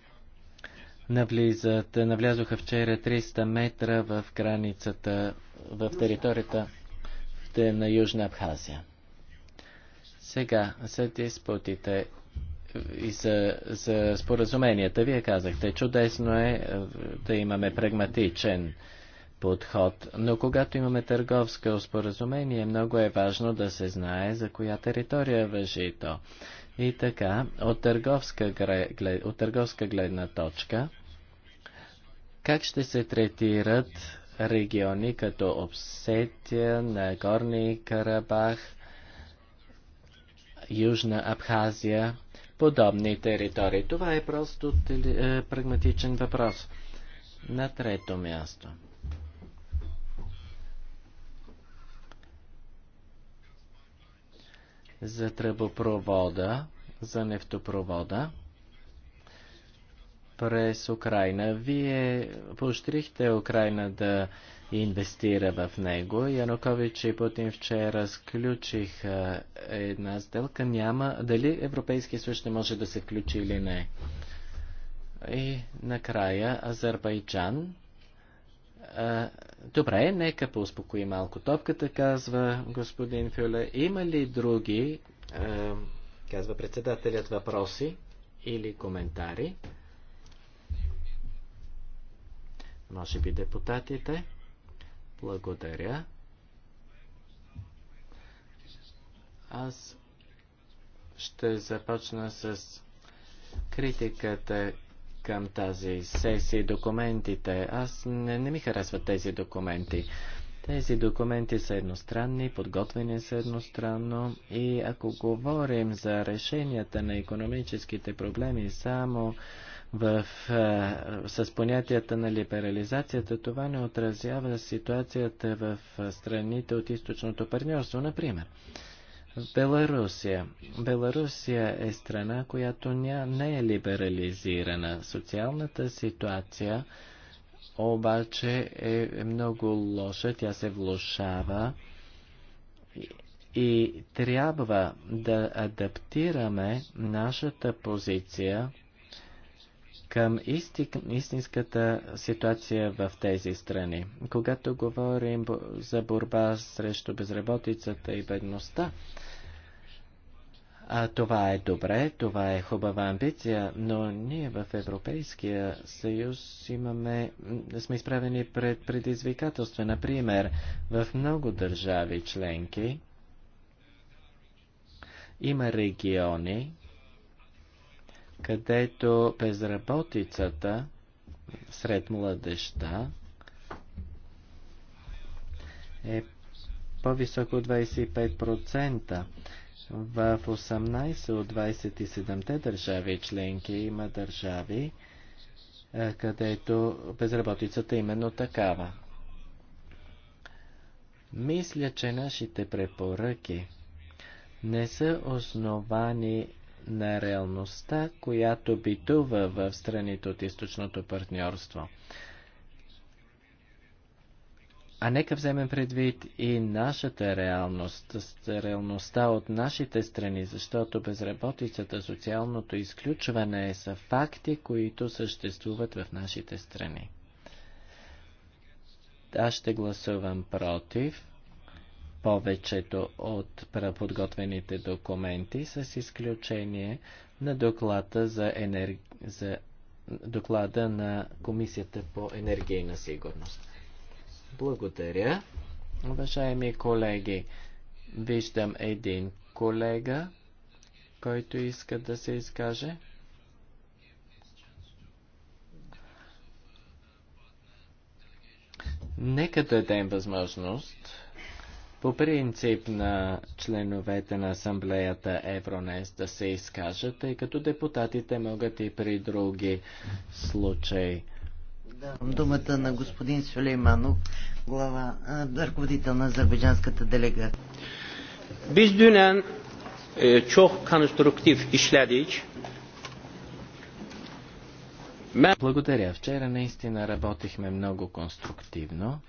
навлизат, навлязоха вчера 300 метра в границата, в територията на Южна Абхазия. Сега, за диспутите и за, за споразуменията, вие казахте, чудесно е, е да имаме прагматичен подход. Но когато имаме търговско споразумение, много е важно да се знае за коя територия въжи то. И така, от търговска, от търговска гледна точка, как ще се третират региони като Обсетия, Нагорни Карабах, Южна Абхазия, подобни територии? Това е просто е, прагматичен въпрос. На трето място – за тръбопровода, за нефтопровода през Украина. Вие поощрихте Украина да инвестира в него. Янукович и Путин вчера сключих една сделка. Няма дали Европейския съюз ще може да се включи или не. И накрая Азербайджан Добре, нека поуспокои малко топката, казва господин Фюле. Има ли други, е, казва председателят, въпроси или коментари? Може би депутатите? Благодаря. Аз ще започна с критиката към тази сесия документите. Аз не, не ми харесват тези документи. Тези документи са едностранни, подготвени са едностранно и ако говорим за решенията на економическите проблеми само в, е, с понятията на либерализацията, това не отразява ситуацията в страните от източното партньорство, например. Беларусия. Беларусия е страна, която ня, не е либерализирана. Социалната ситуация обаче е много лоша, тя се влушава и, трябва да адаптираме нашата позиция към истинската ситуация в тези страни. Когато говорим за борба срещу безработицата и бедността, а, това е добре, това е хубава амбиция, но ние в Европейския съюз имаме, сме изправени пред предизвикателства. Например, в много държави членки има региони, където безработицата сред младеща е по-високо 25%. В 18 от 27-те държави членки има държави, е, където безработицата е именно такава. Мисля, че нашите препоръки не са основани на реалността, която битува в страните от източното партньорство. А нека вземем предвид и нашата реалност, реалността от нашите страни, защото безработицата, социалното изключване са факти, които съществуват в нашите страни. Аз ще гласувам против повечето от подготвените документи, с изключение на доклада за, енер... за доклада на Комисията по енергийна сигурност. Благодаря. Уважаеми колеги, виждам един колега, който иска да се изкаже. Нека дадем възможност по принцип на членовете на асамблеята Евронес да се изкажат, тъй като депутатите могат и при други случаи. Давам думата на господин Сулейманов, глава, ръководител на азербайджанската делегация. Biz dünən e, çox Благодаря. Вчера наистина работихме много конструктивно.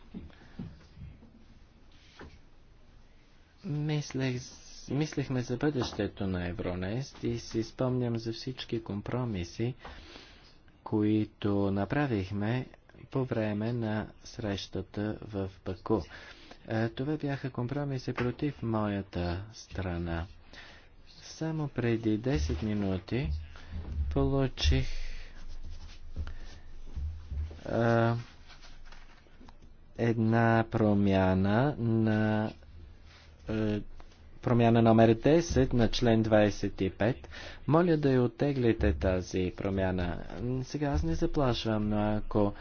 Мислех, мислехме за бъдещето на Евронест и си спомням за всички компромиси, които направихме по време на срещата в Баку. Е, това бяха компромиси против моята страна. Само преди 10 минути получих а, е, една промяна на а, е, промяна номер 10 на член 25. Моля да я оттеглите тази промяна. Сега аз не заплашвам, но ако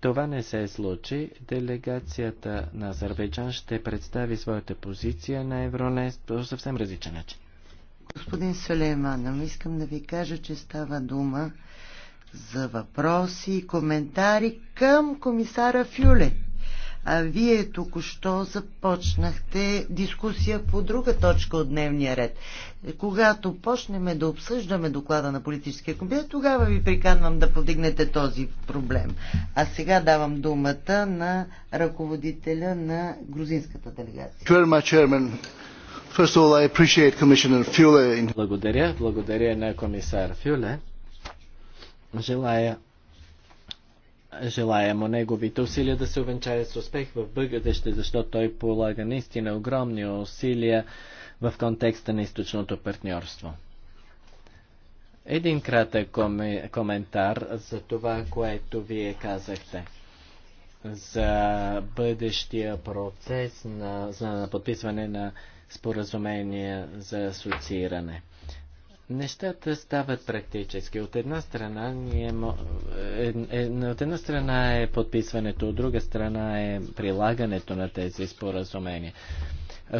това не се случи, делегацията на Азербайджан ще представи своята позиция на Евронест по съвсем различен начин. Господин Сулейманов, искам да ви кажа, че става дума за въпроси и коментари към комисара Фюле. А вие току-що започнахте дискусия по друга точка от дневния ред. Когато почнем да обсъждаме доклада на политическия комитет, тогава ви приканвам да подигнете този проблем. А сега давам думата на ръководителя на грузинската делегация. Благодаря, благодаря на комисар Фюле. Желая Желая му неговите усилия да се увенчаят с успех в бъдеще, защото той полага наистина огромни усилия в контекста на източното партньорство. Един кратък коментар за това, което вие казахте за бъдещия процес на, за подписване на споразумение за асоцииране. Нещата стават практически. От една страна, ние, е, е, от една страна е подписването, от друга страна е прилагането на тези споразумения.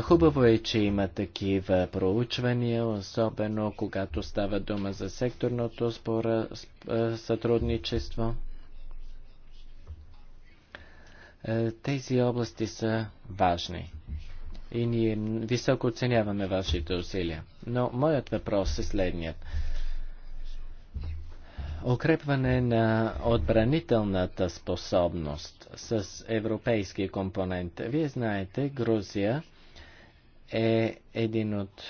Хубаво е, че има такива проучвания, особено когато става дума за секторното спора, е, сътрудничество. Е, тези области са важни и ние високо оценяваме вашите усилия. Но моят въпрос е следният. Укрепване на отбранителната способност с европейски компонент. Вие знаете, Грузия е един от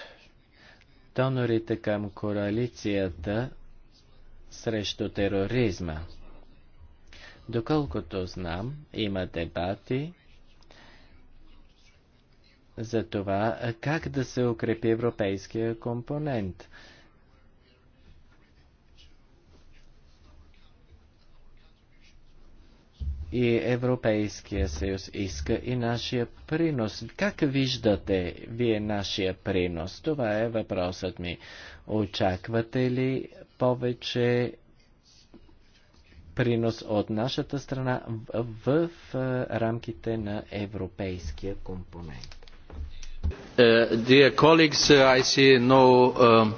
донорите към коалицията срещу тероризма. Доколкото знам, има дебати за това как да се укрепи европейския компонент. И Европейския съюз иска и нашия принос. Как виждате вие нашия принос? Това е въпросът ми. Очаквате ли повече принос от нашата страна в, в, в рамките на европейския компонент. Dear colleagues, I see no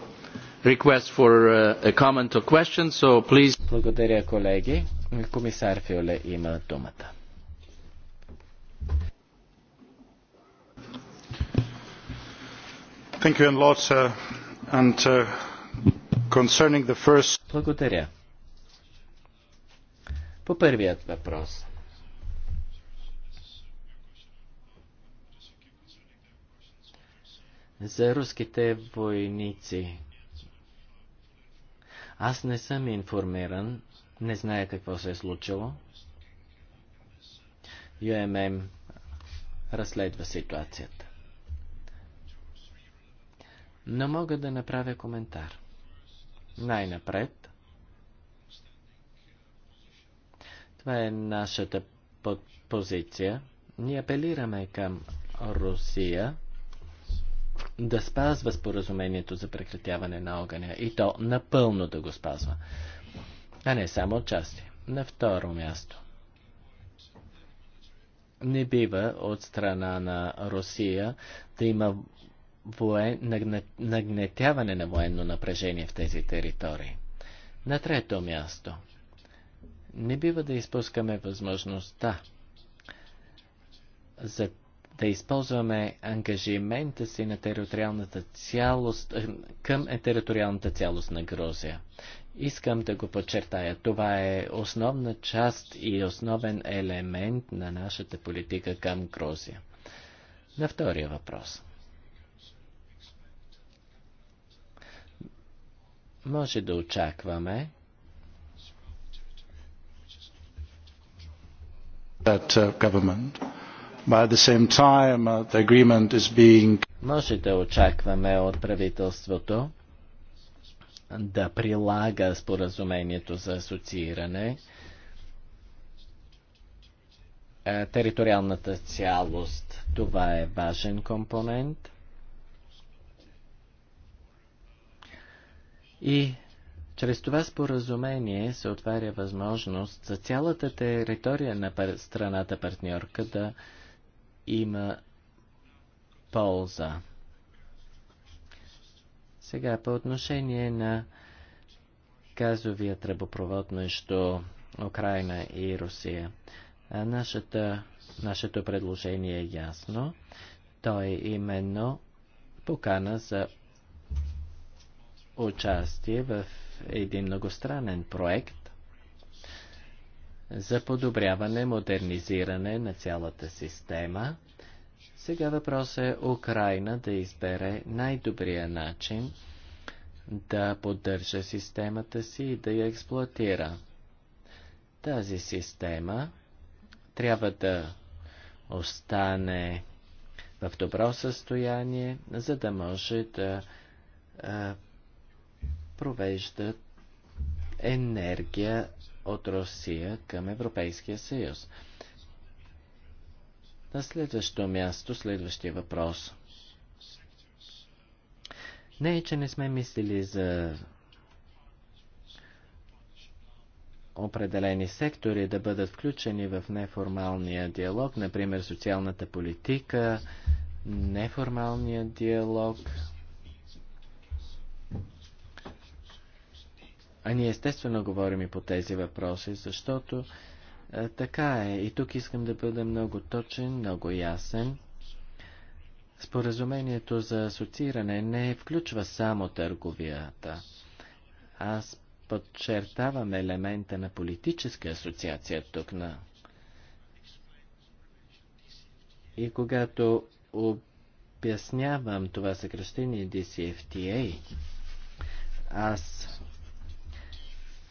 request for a comment or question, so please. Thank you a lot, uh, and uh, concerning the first. Благодаря. По първият въпрос. за руските войници. Аз не съм информиран, не зная какво се е случило. ЮММ разследва ситуацията. Но мога да направя коментар. Най-напред, това е нашата позиция. Ние апелираме към Русия да спазва споразумението за прекратяване на огъня и то напълно да го спазва, а не само отчасти. На второ място. Не бива от страна на Русия да има воен... нагнетяване на военно напрежение в тези територии. На трето място. Не бива да изпускаме възможността за да използваме ангажимента си на териториалната цялост, е, към е, териториалната цялост на Грузия. Искам да го подчертая. Това е основна част и основен елемент на нашата политика към Грузия. На втория въпрос. Може да очакваме that uh, government but at the same time uh, the agreement is being Може да очакваме от правителството да прилага споразумението за асоцииране е, териториалната цялост. Това е важен компонент. И чрез това споразумение се отваря възможност за цялата територия на страната партньорка да има полза. Сега по отношение на газовия тръбопровод между Украина и Русия. нашата, нашето предложение е ясно. То е именно покана за участие в един многостранен проект, за подобряване, модернизиране на цялата система. Сега въпрос е Украина да избере най-добрия начин да поддържа системата си и да я експлуатира. Тази система трябва да остане в добро състояние, за да може да а, провежда енергия от Русия към Европейския съюз. На следващо място, следващия въпрос. Не е, че не сме мислили за определени сектори да бъдат включени в неформалния диалог, например социалната политика, неформалния диалог, А ние естествено говорим и по тези въпроси, защото а, е, така е. И тук искам да бъда много точен, много ясен. Споразумението за асоцииране не включва само търговията. Аз подчертавам елемента на политическа асоциация тук на. И когато обяснявам това съкръщение DCFTA, аз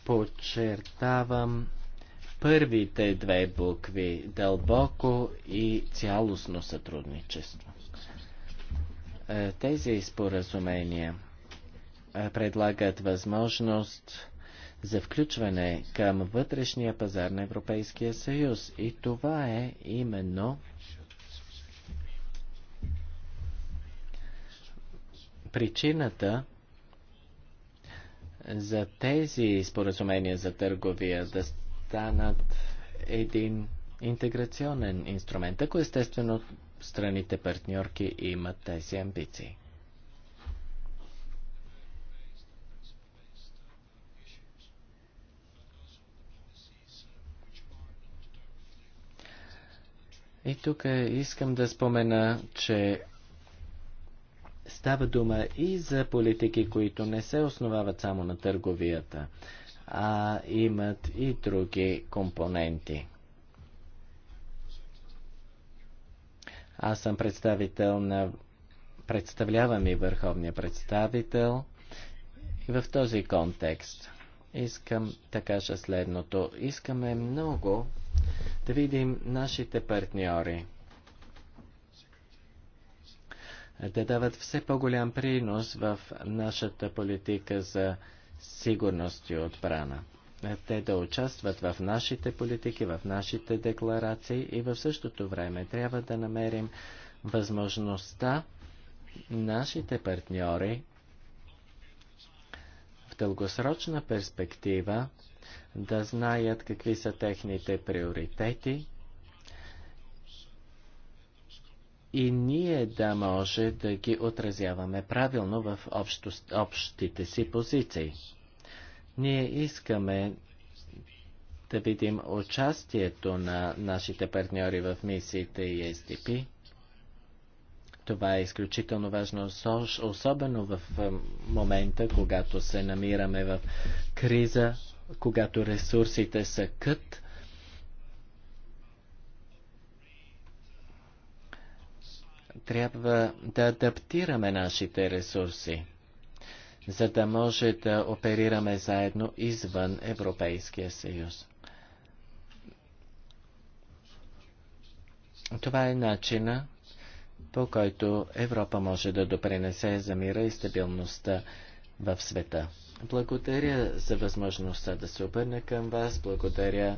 подчертавам първите две букви – дълбоко и цялостно сътрудничество. Е, тези споразумения е, предлагат възможност за включване към вътрешния пазар на Европейския съюз. И това е именно причината, за тези споразумения за търговия да станат един интеграционен инструмент, ако естествено страните партньорки имат тези амбиции. И тук е, искам да спомена, че Става дума и за политики, които не се основават само на търговията, а имат и други компоненти. Аз съм представител на... Представлявам и върховния представител. И в този контекст искам да кажа следното. Искаме много да видим нашите партньори те дават все по-голям принос в нашата политика за сигурност и отбрана. Те да участват в нашите политики, в нашите декларации и в същото време трябва да намерим възможността нашите партньори в дългосрочна перспектива да знаят какви са техните приоритети и ние да може да ги отразяваме правилно в общо, общите си позиции. Ние искаме да видим участието на нашите партньори в мисиите и SDP. Това е изключително важно, особено в е, момента, когато се намираме в криза, когато ресурсите са кът трябва да адаптираме нашите ресурси, за да може да оперираме заедно извън Европейския съюз. Това е начина, по който Европа може да допренесе за мира и стабилността в света. Благодаря за възможността да се обърна към вас. Благодаря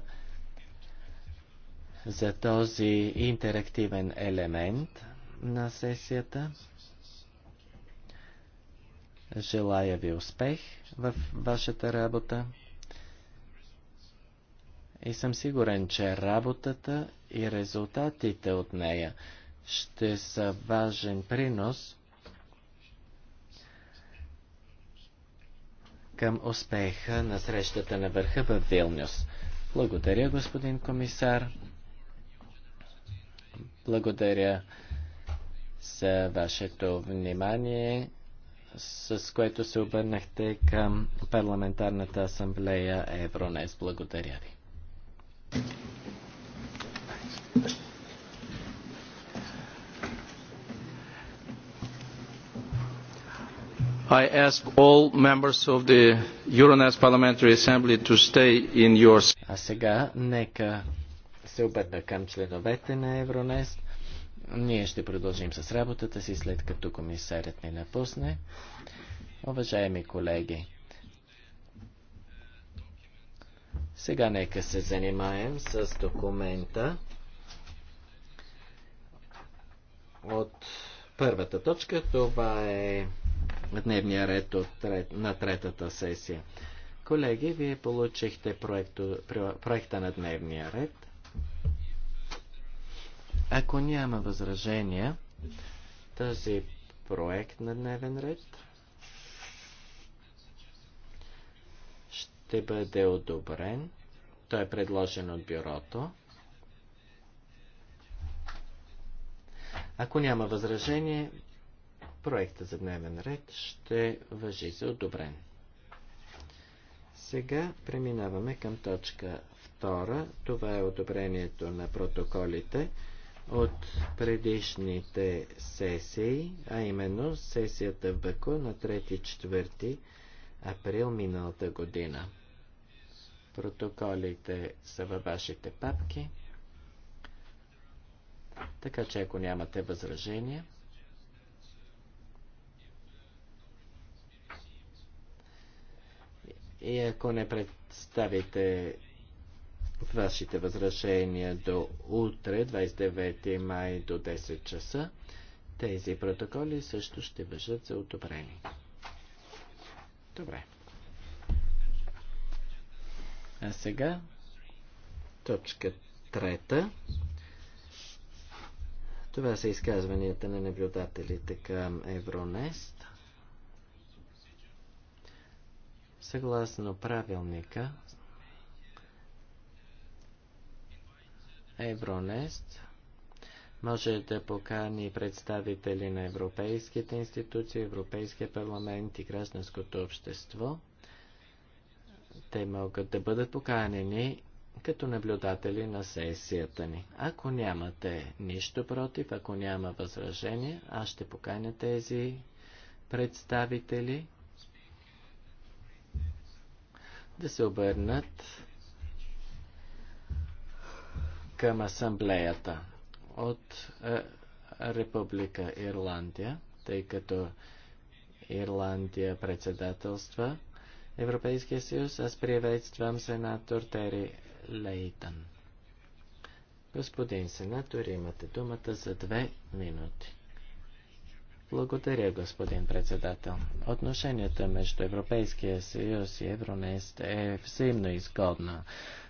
за този интерактивен елемент на сесията. Желая ви успех в вашата работа. И съм сигурен, че работата и резултатите от нея ще са важен принос към успеха на срещата на върха в Вилнюс. Благодаря, господин комисар. Благодаря за вашето внимание, с което се обърнахте към Парламентарната асамблея Евронес. Благодаря ви. I ask all members of the Euronest Parliamentary Assembly to stay in your... А сега нека се обърна към членовете на Евронест ние ще продължим с работата си след като комисарят ни напусне. Уважаеми колеги, сега нека се занимаем с документа от първата точка. Това е дневния ред от трет, на третата сесия. Колеги, вие получихте проекто, проекта на дневния ред. Ако няма възражения, този проект на дневен ред ще бъде одобрен. Той е предложен от бюрото. Ако няма възражение, проекта за дневен ред ще въжи за одобрен. Сега преминаваме към точка 2. Това е одобрението на протоколите от предишните сесии, а именно сесията в Баку на 3-4 април миналата година. Протоколите са във вашите папки, така че ако нямате възражения, и ако не представите вашите възражения до утре, 29 май до 10 часа. Тези протоколи също ще бъдат за одобрени. Добре. А сега точка трета. Това са изказванията на наблюдателите към Евронест. Съгласно правилника, Евронест може да покани представители на европейските институции, Европейския парламент и гражданското общество. Те могат да бъдат поканени като наблюдатели на сесията ни. Ако нямате нищо против, ако няма възражение, аз ще поканя тези представители да се обърнат към асамблеята от е, Република Ирландия, тъй като Ирландия председателства Европейския съюз. Аз приветствам сенатор Тери Лейтън. Господин сенатор, имате думата за две минути. Благодаря, господин председател. Отношенията между Европейския съюз и Евронест е взаимно изгодна.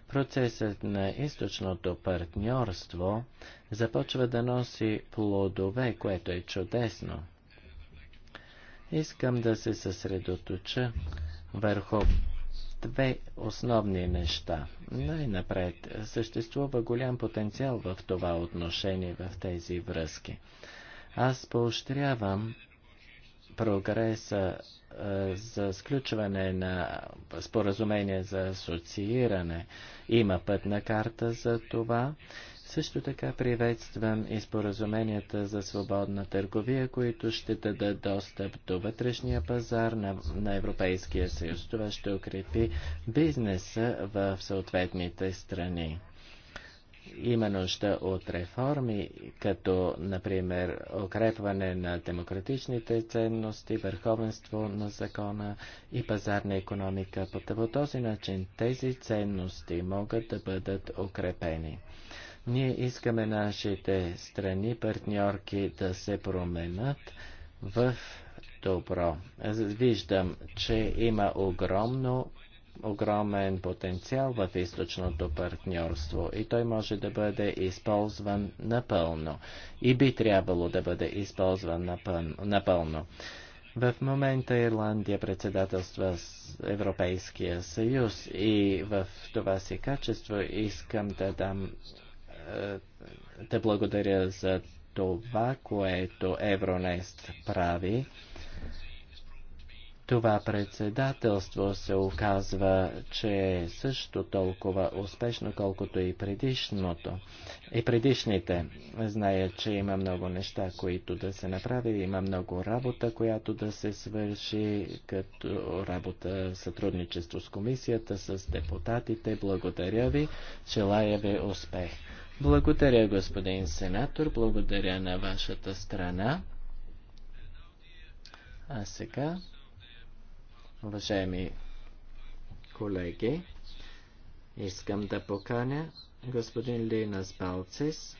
Процесът на източното партньорство започва да носи плодове, което е чудесно. Искам да се съсредоточа върху две основни неща. Най-напред съществува голям потенциал в това отношение, в тези връзки. Аз поощрявам прогреса е, за сключване на споразумение за асоцииране. Има пътна карта за това. Също така приветствам и споразуменията за свободна търговия, които ще дадат достъп до вътрешния пазар на, на Европейския съюз. Това ще укрепи бизнеса в съответните страни има нужда от реформи, като, например, укрепване на демократичните ценности, върховенство на закона и пазарна економика. По този начин тези ценности могат да бъдат укрепени. Ние искаме нашите страни партньорки да се променят в добро. Виждам, че има огромно огромен потенциал в източното партньорство и той може да бъде използван напълно и би трябвало да бъде използван напълно. В момента Ирландия председателства с Европейския съюз и в това си качество искам да дам е, да благодаря за това, което Евронест прави. Това председателство се оказва, че е също толкова успешно, колкото и предишното. И предишните знаят, че има много неща, които да се направи, има много работа, която да се свърши, като работа сътрудничество с комисията, с депутатите. Благодаря ви, желая ви успех. Благодаря, господин сенатор, благодаря на вашата страна. А сега Уважаеми колеги, искам да поканя господин Линас Балцис,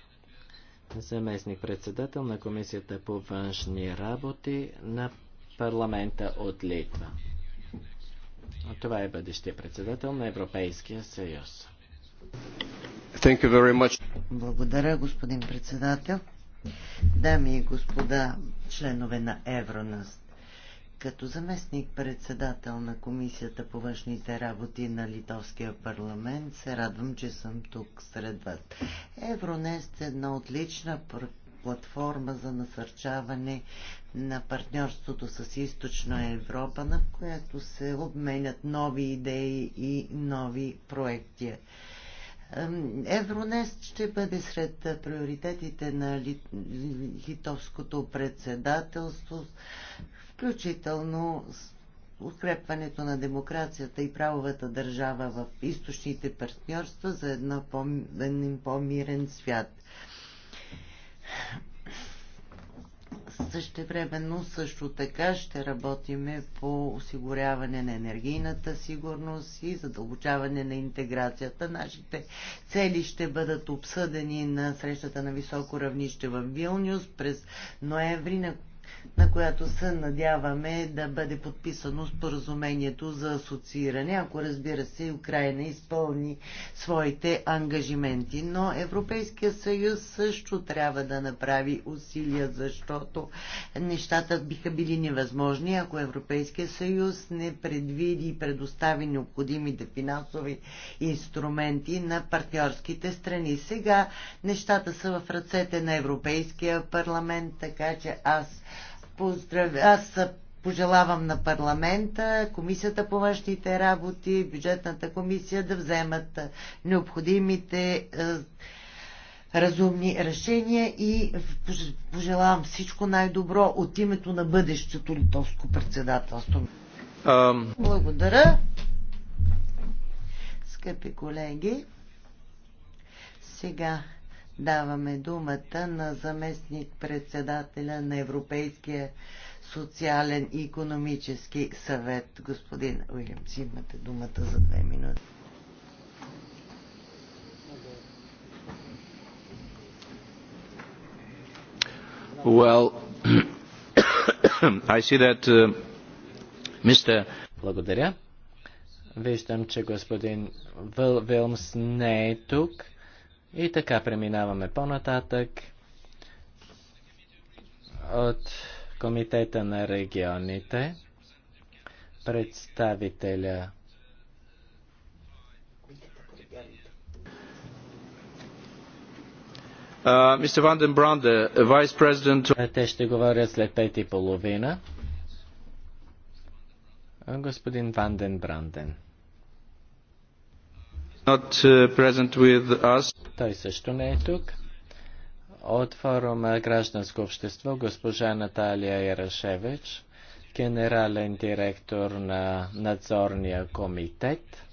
заместник-председател на Комисията по външни работи на парламента от Литва. Това е бъдещия председател на Европейския съюз. Thank you very much. Благодаря, господин председател. Дами и господа, членове на Евронаст. Като заместник председател на Комисията по външните работи на Литовския парламент се радвам, че съм тук сред вас. Евронест е една отлична платформа за насърчаване на партньорството с Източна Европа, на която се обменят нови идеи и нови проекти. Евронест ще бъде сред приоритетите на литовското председателство включително укрепването на демокрацията и правовата държава в източните партньорства за едно по, един по-мирен свят. Същевременно също така ще работиме по осигуряване на енергийната сигурност и задълбочаване на интеграцията. Нашите цели ще бъдат обсъдени на срещата на високо равнище в Вилнюс през ноември, на на която се надяваме да бъде подписано споразумението за асоцииране, ако разбира се Украина изпълни своите ангажименти. Но Европейския съюз също трябва да направи усилия, защото нещата биха били невъзможни, ако Европейския съюз не предвиди и предостави необходимите финансови инструменти на партньорските страни. Сега нещата са в ръцете на Европейския парламент, така че аз поздравя, аз пожелавам на парламента, комисията по външните работи, бюджетната комисия да вземат необходимите е, разумни решения и пожелавам всичко най-добро от името на бъдещето литовско председателство. Um... Благодаря. Скъпи колеги, сега даваме думата на заместник председателя на Европейския социален и економически съвет. Господин Уилямс, имате думата за две минути. Well, I see that uh, Mr. Благодаря. Виждам, че господин Вилмс не е тук. И така преминаваме по-нататък от Комитета на регионите, представителя Мистер Mr. Van den Brande, Те ще говорят след пет и половина. Господин Ванден Бранден. Uh, Той също не е тук. От форума Гражданско общество госпожа Наталия Ярашевич, генерален директор на надзорния комитет.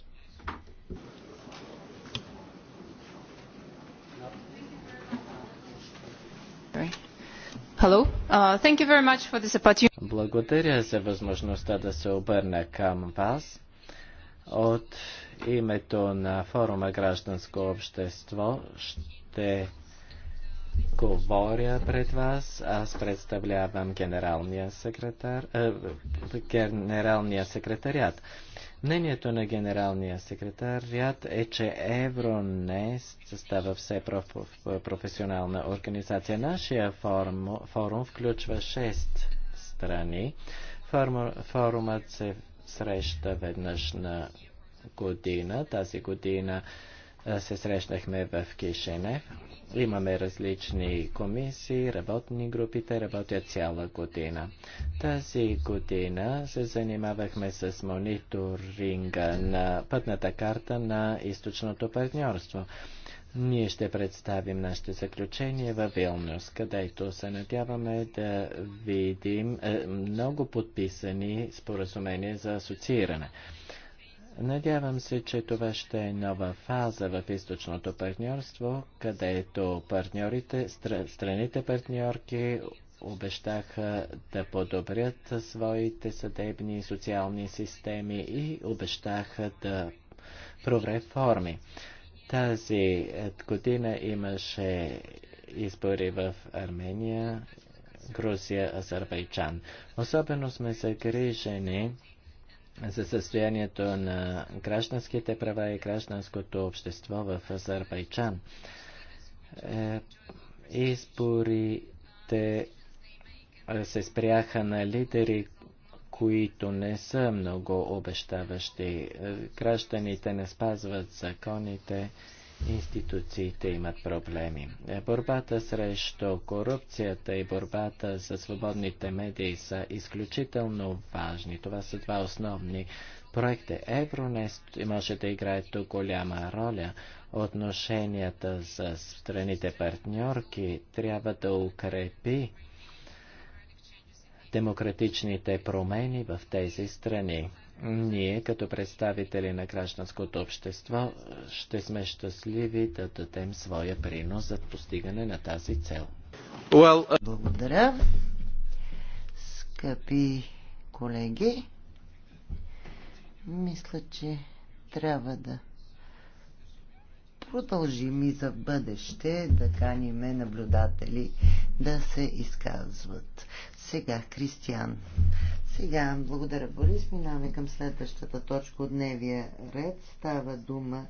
Uh, Благодаря за възможността да се обърна към вас. От името на форума Гражданско общество ще говоря пред вас. Аз представлявам генералния, секретар, э, генералния секретариат. Мнението на генералния секретариат е, че Евронест става все проф, професионална организация. Нашия форум, форум включва 6 страни. Форум, форумът се среща веднъж на година. Тази година се срещнахме в Кишинев. Имаме различни комисии, работни групи, те работят цяла година. Тази година се занимавахме с мониторинга на пътната карта на източното партньорство. Ние ще представим нашите заключения във Вилнюс, където се надяваме да видим е, много подписани споразумения за асоцииране. Надявам се, че това ще е нова фаза в източното партньорство, където партньорите, страните партньорки обещаха да подобрят своите съдебни и социални системи и обещаха да форми. Тази е, година имаше избори в Армения, Грузия, Азербайджан. Особено сме загрижени за състоянието на гражданските права и гражданското общество в Азербайджан. Е, изборите е, се спряха на лидери, които не са много обещаващи. Е, гражданите не спазват законите институциите имат проблеми. Е, борбата срещу корупцията и борбата за свободните медии са изключително важни. Това са два основни проекта. Евронест може да играе тук голяма роля. Отношенията с страните партньорки трябва да укрепи демократичните промени в тези страни. Ние, като представители на гражданското общество, ще сме щастливи да дадем своя принос за постигане на тази цел. Well, uh... Благодаря, скъпи колеги. Мисля, че трябва да продължим и за бъдеще да каниме наблюдатели да се изказват. Сега Кристиян сега, благодаря Борис, минаваме към следващата точка от дневия ред. Става дума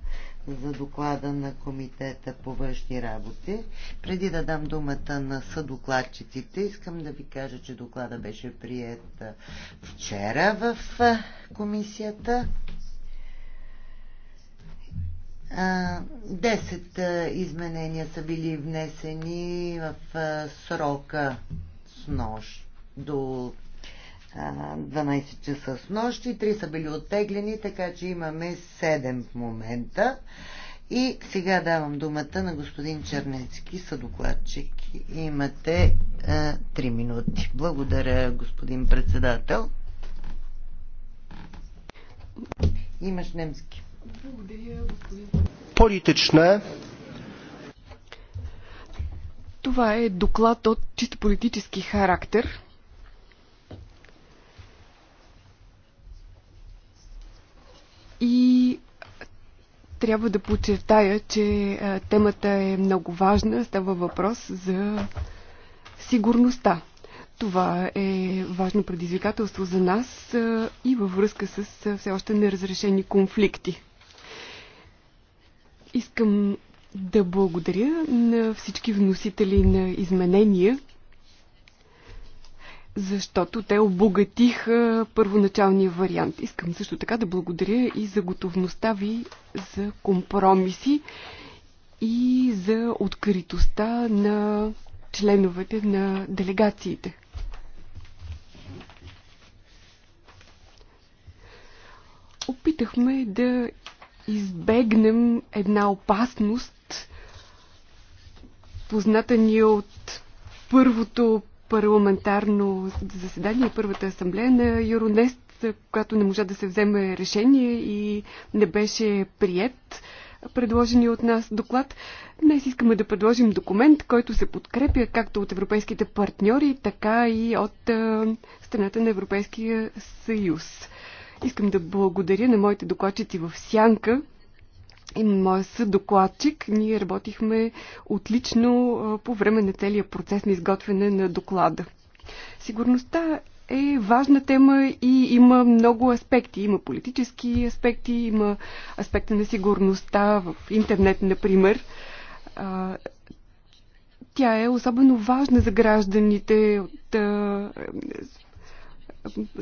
за доклада на Комитета по външни работи. Преди да дам думата на съдокладчиците, искам да ви кажа, че доклада беше прият вчера в комисията. 10 изменения са били внесени в срока с нощ до 12 часа с нощи, 3 са били оттеглени, така че имаме 7 в момента. И сега давам думата на господин Чернецки, съдокладчик. Имате а, е, 3 минути. Благодаря, господин председател. Имаш немски. Благодаря, господин Политична. Това е доклад от чисто политически характер И трябва да подчертая, че темата е много важна. Става въпрос за сигурността. Това е важно предизвикателство за нас и във връзка с все още неразрешени конфликти. Искам да благодаря на всички вносители на изменения защото те обогатиха първоначалния вариант. Искам също така да благодаря и за готовността ви за компромиси и за откритостта на членовете на делегациите. Опитахме да избегнем една опасност, позната ни от първото парламентарно заседание, първата асамблея на Юронест, когато не можа да се вземе решение и не беше прият предложения от нас доклад. Днес искаме да предложим документ, който се подкрепя както от европейските партньори, така и от страната на Европейския съюз. Искам да благодаря на моите докладчици в Сянка, моя съдокладчик. Ние работихме отлично по време на целия процес на изготвяне на доклада. Сигурността е важна тема и има много аспекти. Има политически аспекти, има аспекта на сигурността в интернет, например. Тя е особено важна за гражданите от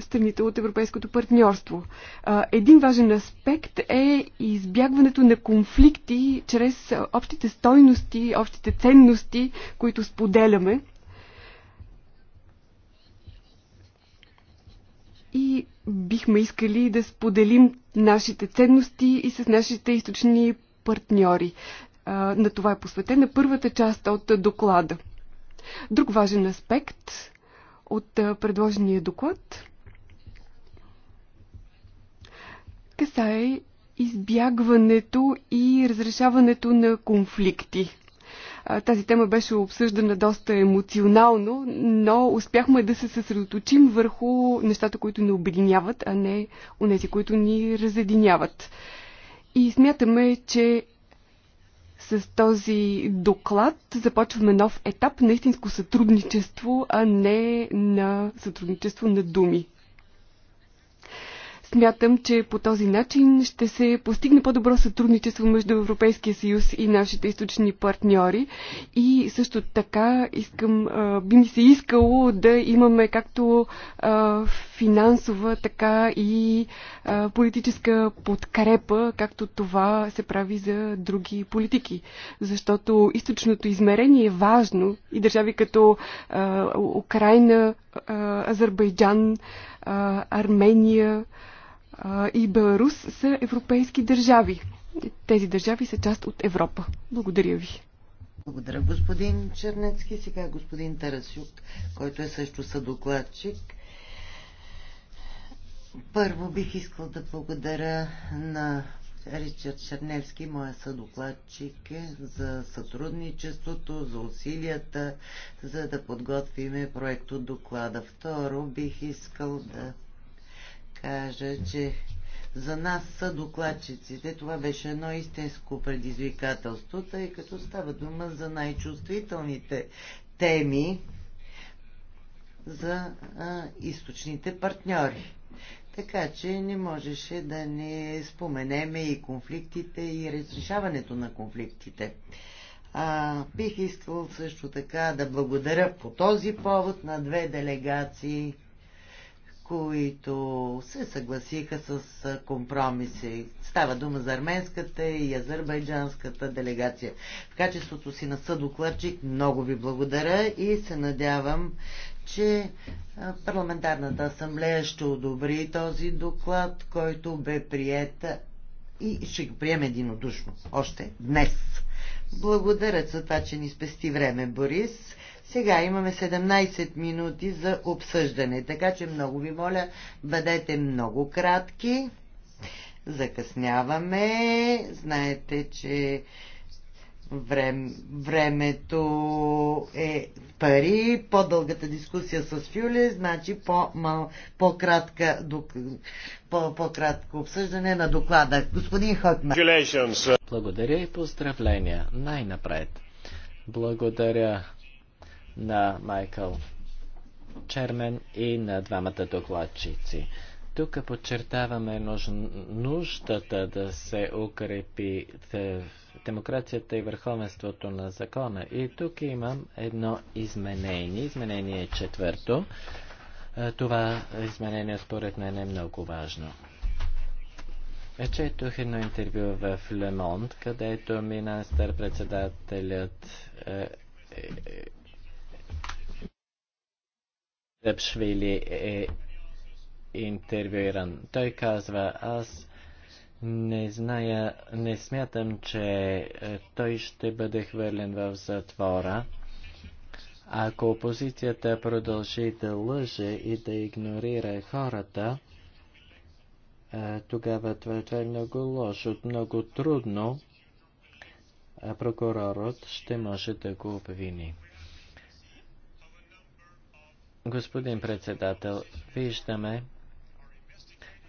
страните от европейското партньорство. Един важен аспект е избягването на конфликти чрез общите стойности, общите ценности, които споделяме. И бихме искали да споделим нашите ценности и с нашите източни партньори. На това е посветена първата част от доклада. Друг важен аспект от предложения доклад касае избягването и разрешаването на конфликти. Тази тема беше обсъждана доста емоционално, но успяхме да се съсредоточим върху нещата, които ни обединяват, а не у нези, които ни разединяват. И смятаме, че с този доклад започваме нов етап на истинско сътрудничество, а не на сътрудничество на думи. Смятам, че по този начин ще се постигне по-добро сътрудничество между Европейския съюз и нашите източни партньори. И също така искам, би ми се искало да имаме както финансова, така и а, политическа подкрепа, както това се прави за други политики. Защото източното измерение е важно и държави като а, Украина, а, Азербайджан, а, Армения а, и Беларус са европейски държави. Тези държави са част от Европа. Благодаря ви. Благодаря, господин Чернецки. Сега господин Тарасюк, който е също съдокладчик първо бих искал да благодаря на Ричард Черневски, моя съдокладчик, за сътрудничеството, за усилията, за да подготвиме проект от доклада. Второ, бих искал да кажа, че за нас са докладчиците. Това беше едно истинско предизвикателство, тъй като става дума за най-чувствителните теми за а, източните партньори. Така че не можеше да не споменеме и конфликтите, и разрешаването на конфликтите. А, бих искал също така да благодаря по този повод на две делегации, които се съгласиха с компромиси. Става дума за арменската и азербайджанската делегация. В качеството си на съдокладчик много ви благодаря и се надявам, че парламентарната асамблея ще одобри този доклад, който бе прият и ще го приеме единодушно. Още днес. Благодаря за това, че ни спести време, Борис. Сега имаме 17 минути за обсъждане, така че много ви моля, бъдете много кратки. Закъсняваме. Знаете, че Врем, времето е пари, по-дългата дискусия с Фюле, значи по-кратка, по по, по-кратко обсъждане на доклада. Господин Хокман. Благодаря и поздравления. Най-напред. Благодаря на Майкъл Чермен и на двамата докладчици. Тук подчертаваме нуж... нуждата да се укрепи демокрацията и върховенството на закона. И тук имам едно изменение. Изменение е четвърто. Е, това изменение според мен е много важно. Е, четох едно интервю в Лемонт, където министър-председателят е, е, Репшвили е интервюиран. Той казва, аз не зная, не смятам, че е, той ще бъде хвърлен в затвора. Ако опозицията продължи да лъже и да игнорира хората, е, тогава това, това е много лошо, много трудно. Е, прокурорът ще може да го обвини. Господин председател, виждаме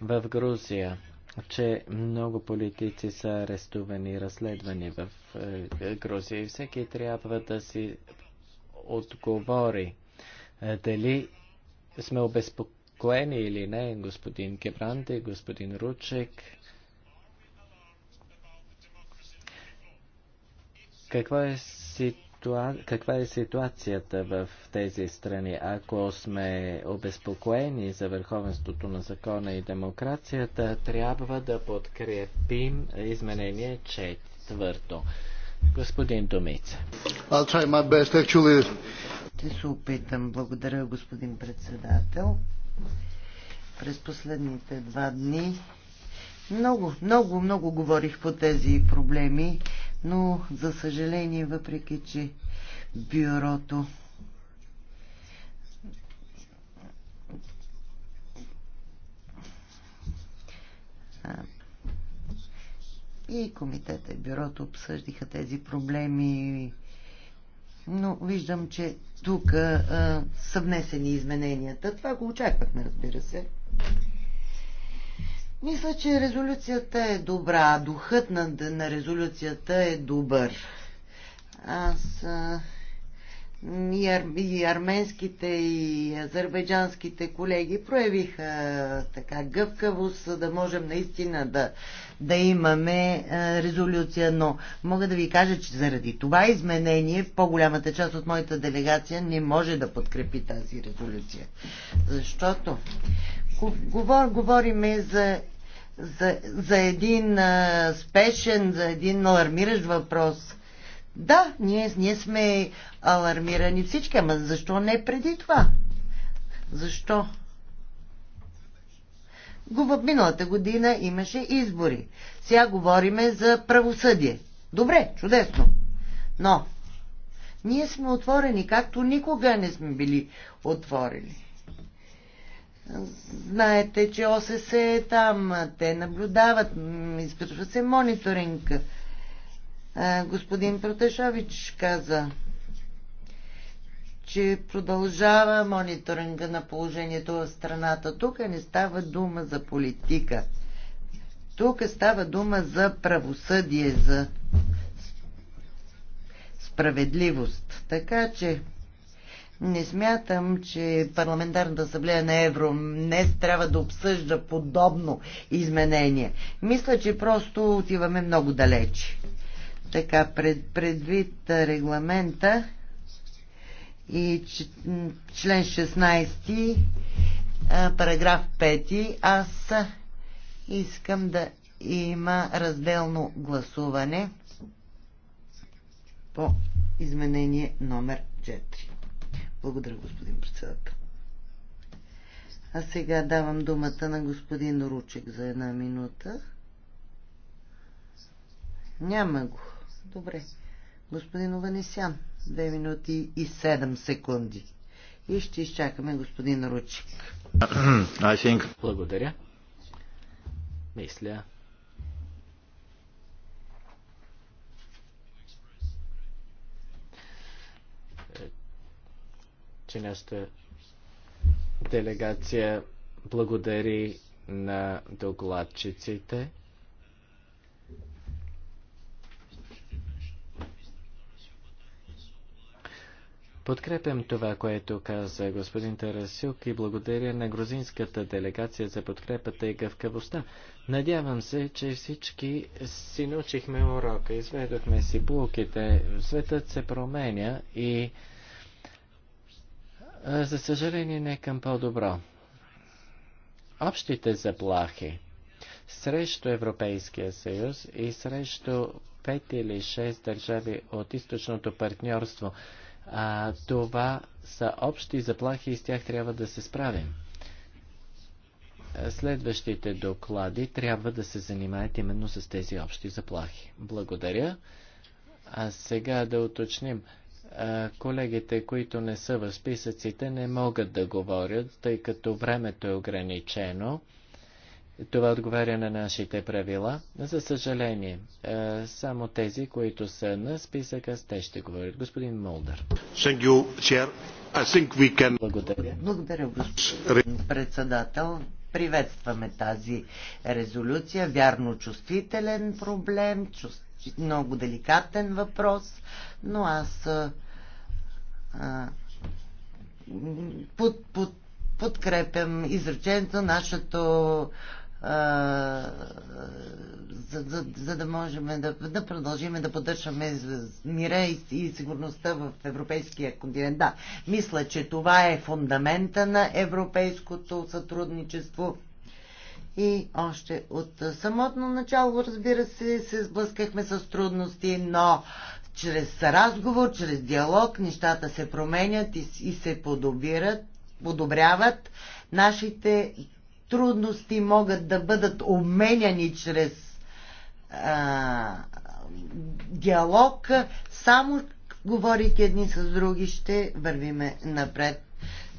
в Грузия че много политици са арестувани и разследвани в е, Грузия и всеки трябва да си отговори е, дали сме обезпокоени или не, господин Кебранте, господин Ручек. Каква е си, ситуа... каква е ситуацията в тези страни. Ако сме обезпокоени за върховенството на закона и демокрацията, трябва да подкрепим изменение четвърто. Господин Домица. Ще се опитам. Благодаря, господин председател. През последните два дни много, много, много говорих по тези проблеми но за съжаление, въпреки че бюрото и комитета и бюрото обсъждиха тези проблеми, но виждам, че тук са внесени измененията. Това го очаквахме, разбира се. Мисля, че резолюцията е добра. Духът на, на резолюцията е добър. Аз а, и, ар, и арменските, и азербайджанските колеги проявиха така гъвкавост, за да можем наистина да, да имаме а, резолюция. Но мога да ви кажа, че заради това изменение в по-голямата част от моята делегация не може да подкрепи тази резолюция. Защото говор, говориме за за, за един а, спешен, за един алармиращ въпрос. Да, ние, ние сме алармирани всички, ама защо не преди това? Защо? В миналата година имаше избори. Сега говориме за правосъдие. Добре, чудесно. Но ние сме отворени, както никога не сме били отворени. Знаете, че ОСС е там, те наблюдават, извършва се мониторинг. Господин Протешович каза, че продължава мониторинга на положението в страната. Тук не става дума за политика. Тук става дума за правосъдие, за справедливост. Така че не смятам, че Парламентарната асамблея на Евро днес трябва да обсъжда подобно изменение. Мисля, че просто отиваме много далеч. Така, пред, предвид регламента и член 16, параграф 5, аз искам да има разделно гласуване по изменение номер 4. Благодаря, господин председател. А сега давам думата на господин Ручек за една минута. Няма го. Добре. Господин Ованесян, две минути и седем секунди. И ще изчакаме господин Ручик. Think... Благодаря. Мисля, че нашата делегация благодари на докладчиците. Подкрепям това, което каза господин Тарасюк и благодаря на грузинската делегация за подкрепата и гъвкавостта. Надявам се, че всички си научихме урока, изведохме си булките. Светът се променя и за съжаление не е към по-добро. Общите заплахи срещу Европейския съюз и срещу пет или шест държави от източното партньорство. А, това са общи заплахи и с тях трябва да се справим. Следващите доклади трябва да се занимаят именно с тези общи заплахи. Благодаря. А сега да уточним колегите, които не са в списъците, не могат да говорят, тъй като времето е ограничено. Това отговаря на нашите правила. За съжаление, само тези, които са на списъка, те ще говорят. Господин Молдър. Can... Благодаря. Благодаря, господин председател. Приветстваме тази резолюция. Вярно чувствителен проблем, чувств много деликатен въпрос, но аз а, под, под, подкрепям изречението нашето а, за, за, за да можем да, да продължим да поддържаме мира и, и сигурността в европейския континент. Да, мисля, че това е фундамента на европейското сътрудничество и още от самото начало, разбира се, се сблъскахме с трудности, но чрез разговор, чрез диалог, нещата се променят и, и се подобират, подобряват. Нашите трудности могат да бъдат обменяни чрез а, диалог, само говорите едни с други, ще вървиме напред.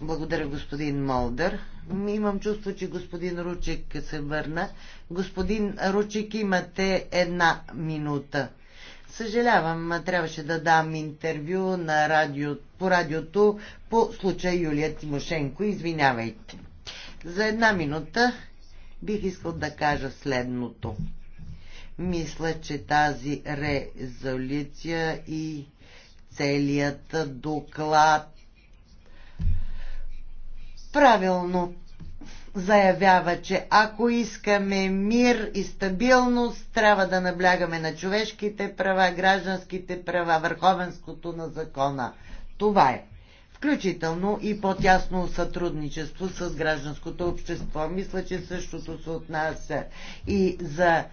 Благодаря, господин Молдър. Имам чувство, че господин Ручик се върна. Господин Ручик, имате една минута. Съжалявам, трябваше да дам интервю на радио, по радиото по случай Юлия Тимошенко. Извинявайте. За една минута бих искал да кажа следното. Мисля, че тази резолюция и целият доклад правилно заявява, че ако искаме мир и стабилност, трябва да наблягаме на човешките права, гражданските права, върховенството на закона. Това е. Включително и по-тясно сътрудничество с гражданското общество. Мисля, че същото се отнася и за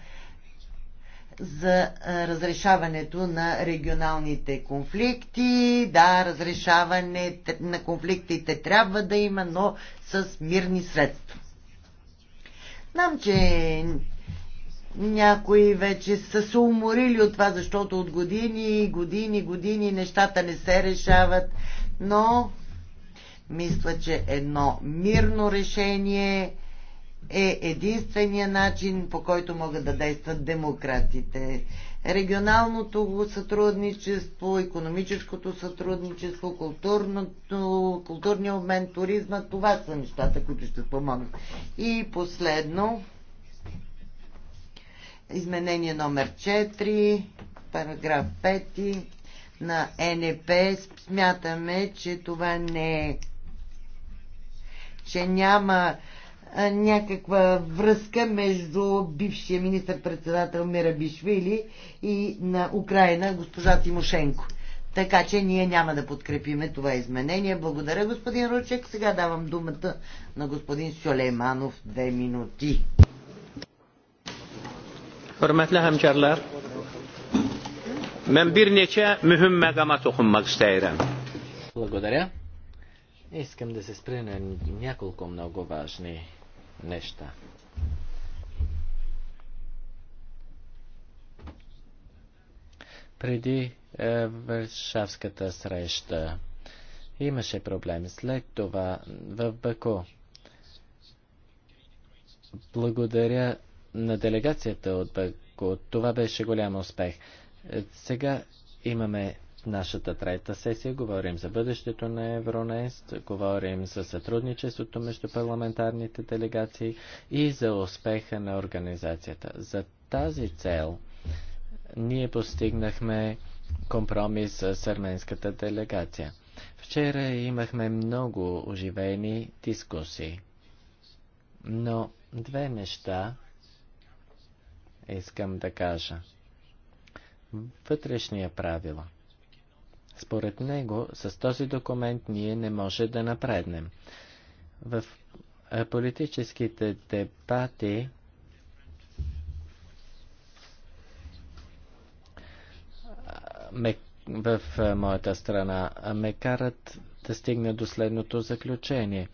за разрешаването на регионалните конфликти. Да, разрешаване на конфликтите трябва да има, но с мирни средства. Знам, че някои вече са се уморили от това, защото от години, години, години нещата не се решават, но мисля, че едно мирно решение е единствения начин, по който могат да действат демократите. Регионалното сътрудничество, економическото сътрудничество, културното, културния обмен, туризма, това са нещата, които ще помогнат. И последно, изменение номер 4, параграф 5 на НП. Смятаме, че това не е че няма някаква връзка между бившия министр-председател Мирабишвили и на Украина госпожа Тимошенко. Така че ние няма да подкрепиме това изменение. Благодаря, господин Ручек. Сега давам думата на господин Сюлейманов. Две минути. Благодаря. Искам да се спре на няколко много важни неща. Преди е, Варшавската среща имаше проблем. След това в Баку. Благодаря на делегацията от Баку. Това беше голям успех. Е, сега имаме в нашата трета сесия говорим за бъдещето на Евронест, говорим за сътрудничеството между парламентарните делегации и за успеха на организацията. За тази цел ние постигнахме компромис с арменската делегация. Вчера имахме много оживени дискусии, но две неща искам да кажа. Вътрешния правила – според него, с този документ ние не може да напреднем. В политическите дебати в моята страна ме карат да стигна до следното заключение.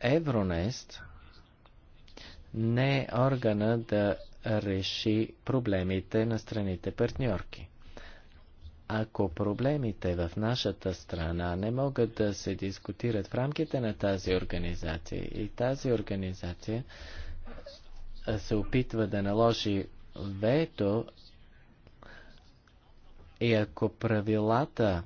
Евронест не е органа да реши проблемите на страните партньорки. Ако проблемите в нашата страна не могат да се дискутират в рамките на тази организация и тази организация се опитва да наложи вето и ако правилата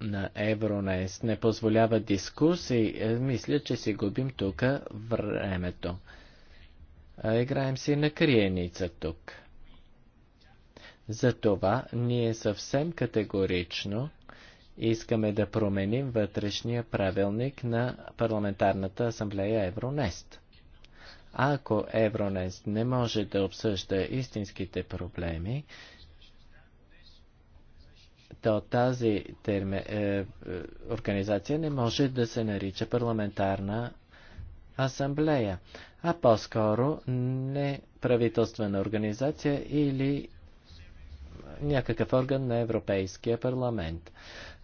на Евронес не позволява дискусии, е, мисля, че си губим тук времето. Играем си на криеница тук. Затова ние съвсем категорично искаме да променим вътрешния правилник на Парламентарната асамблея Евронест. Ако Евронест не може да обсъжда истинските проблеми, то тази терме, е, организация не може да се нарича парламентарна асамблея, а по-скоро не правителствена организация или някакъв орган на Европейския парламент.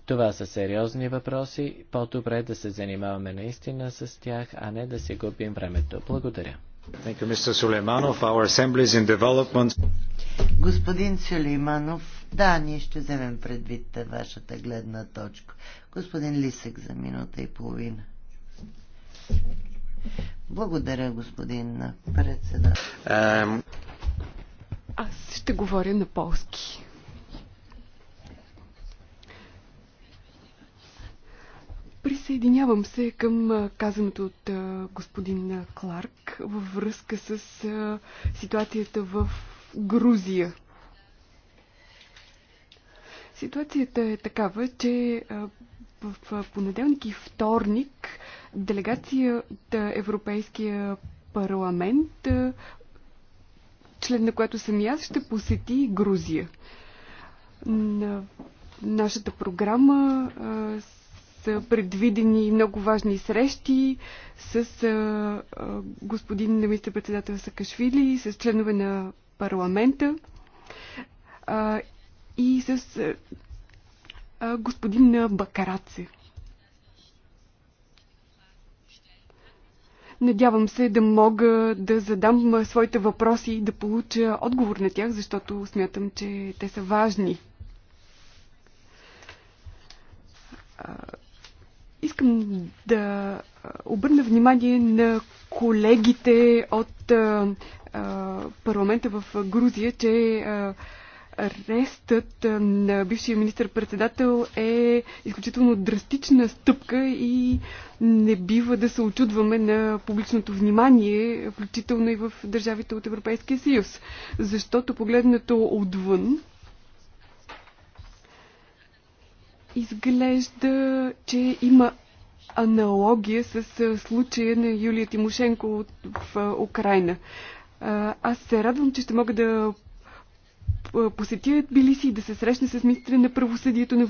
Това са сериозни въпроси, по-добре да се занимаваме наистина с тях, а не да си губим времето. Благодаря. Господин Сулейманов, да, ние ще вземем предвид вашата гледна точка. Господин Лисък за минута и половина. Благодаря, господин председател. Аз ще говоря на полски. Присъединявам се към казаното от господин Кларк във връзка с ситуацията в Грузия. Ситуацията е такава, че в понеделник и вторник делегация от Европейския парламент член на което съм и аз, ще посети Грузия. На нашата програма са предвидени много важни срещи с господин а, господин председател Сакашвили, с членове на парламента и с господин Бакараце. Надявам се да мога да задам своите въпроси и да получа отговор на тях, защото смятам, че те са важни. Искам да обърна внимание на колегите от парламента в Грузия, че арестът на бившия министр-председател е изключително драстична стъпка и не бива да се очудваме на публичното внимание, включително и в държавите от Европейския съюз. Защото погледнато отвън, изглежда, че има аналогия с случая на Юлия Тимошенко в Украина. Аз се радвам, че ще мога да посети Тбилиси и да се срещна с министра на правосъдието на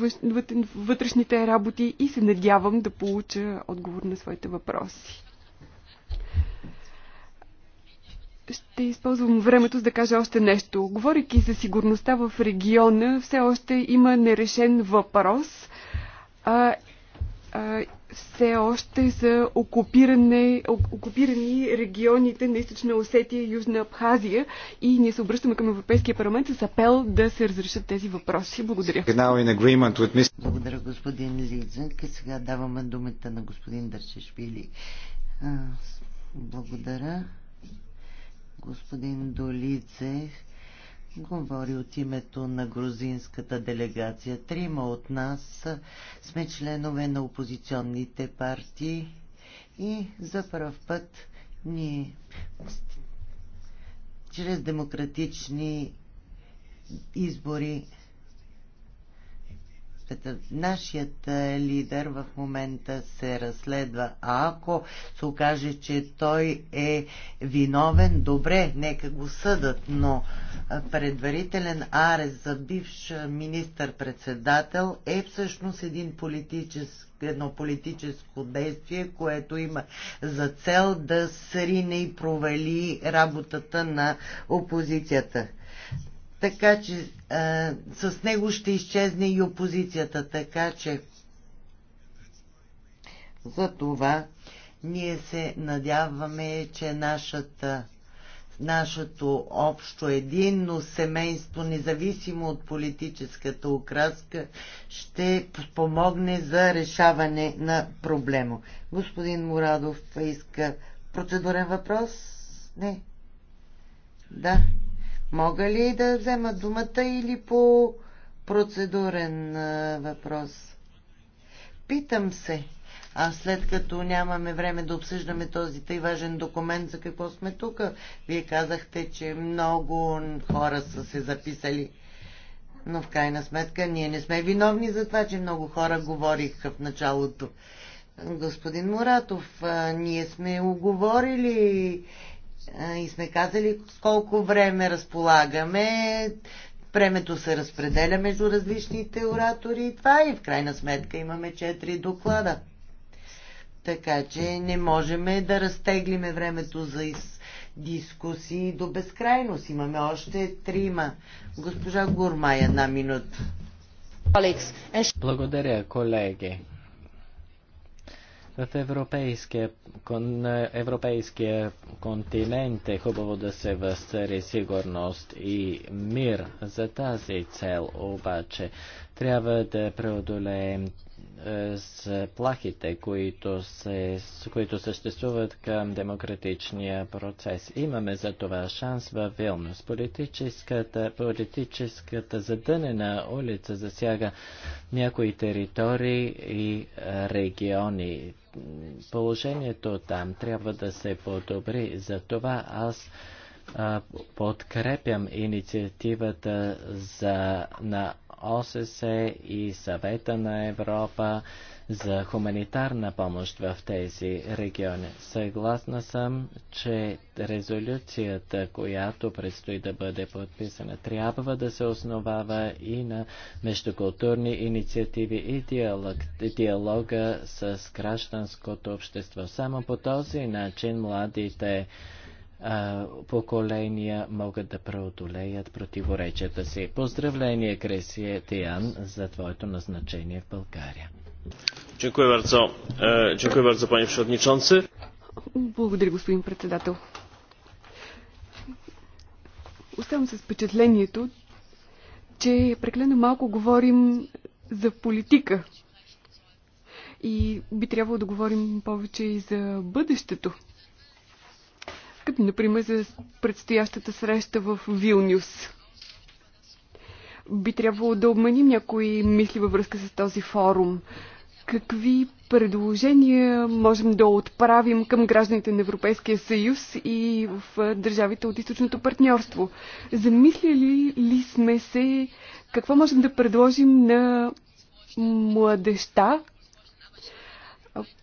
вътрешните работи и се надявам да получа отговор на своите въпроси. Ще използвам времето, за да кажа още нещо. Говорейки за сигурността в региона, все още има нерешен въпрос. А, а, все още са окупирани регионите на източна Осетия и Южна Абхазия и ние се обръщаме към Европейския парламент с апел да се разрешат тези въпроси. Благодаря. Благодаря, господин Лизък. И сега даваме думата на господин Дършешвили. Благодаря. Господин Долице, говори от името на грузинската делегация. Трима от нас сме членове на опозиционните партии и за първ път ние чрез демократични избори нашият е, лидер в момента се разследва. А ако се окаже, че той е виновен, добре, нека го съдат, но е, предварителен арест за бивш е, министър-председател е всъщност един политически едно политическо действие, което има за цел да срине и провали работата на опозицията така че а, с него ще изчезне и опозицията, така че за това ние се надяваме, че нашата, нашето общо единно семейство, независимо от политическата окраска, ще помогне за решаване на проблема. Господин Мурадов иска процедурен въпрос? Не. Да. Мога ли да взема думата или по процедурен а, въпрос? Питам се. А след като нямаме време да обсъждаме този тъй важен документ, за какво сме тук? Вие казахте, че много хора са се записали. Но в крайна сметка ние не сме виновни за това, че много хора говориха в началото. Господин Муратов, ние сме оговорили и сме казали колко време разполагаме. Времето се разпределя между различните оратори и това и в крайна сметка имаме четири доклада. Така че не можем да разтеглиме времето за из... дискусии до безкрайност. Имаме още трима. Госпожа Гурмай, една минута. Благодаря, колеги. В европейския, континент е хубаво да се възцари сигурност и мир. За тази цел обаче трябва да преодолеем плахите, които, се, които съществуват към демократичния процес. Имаме за това шанс във Вилнус. Политическата, политическата задънена улица засяга някои територии и е, региони. Положението там трябва да се подобри. За това аз е, подкрепям инициативата за, на ОССЕ и Съвета на Европа за хуманитарна помощ в тези региони. Съгласна съм, че резолюцията, която предстои да бъде подписана, трябва да се основава и на междукултурни инициативи и диалог, диалога с гражданското общество. Само по този начин младите поколения могат да преодолеят противоречията си. Поздравление, Кресие Тиан, за твоето назначение в България. Дякую bardzo. Дякую e, bardzo, пани przewodniczący. Благодаря, господин председател. Оставам с впечатлението, че преклено малко говорим за политика. И би трябвало да говорим повече и за бъдещето като например за предстоящата среща в Вилнюс. Би трябвало да обменим някои мисли във връзка с този форум. Какви предложения можем да отправим към гражданите на Европейския съюз и в държавите от източното партньорство? Замислили ли сме се какво можем да предложим на младеща,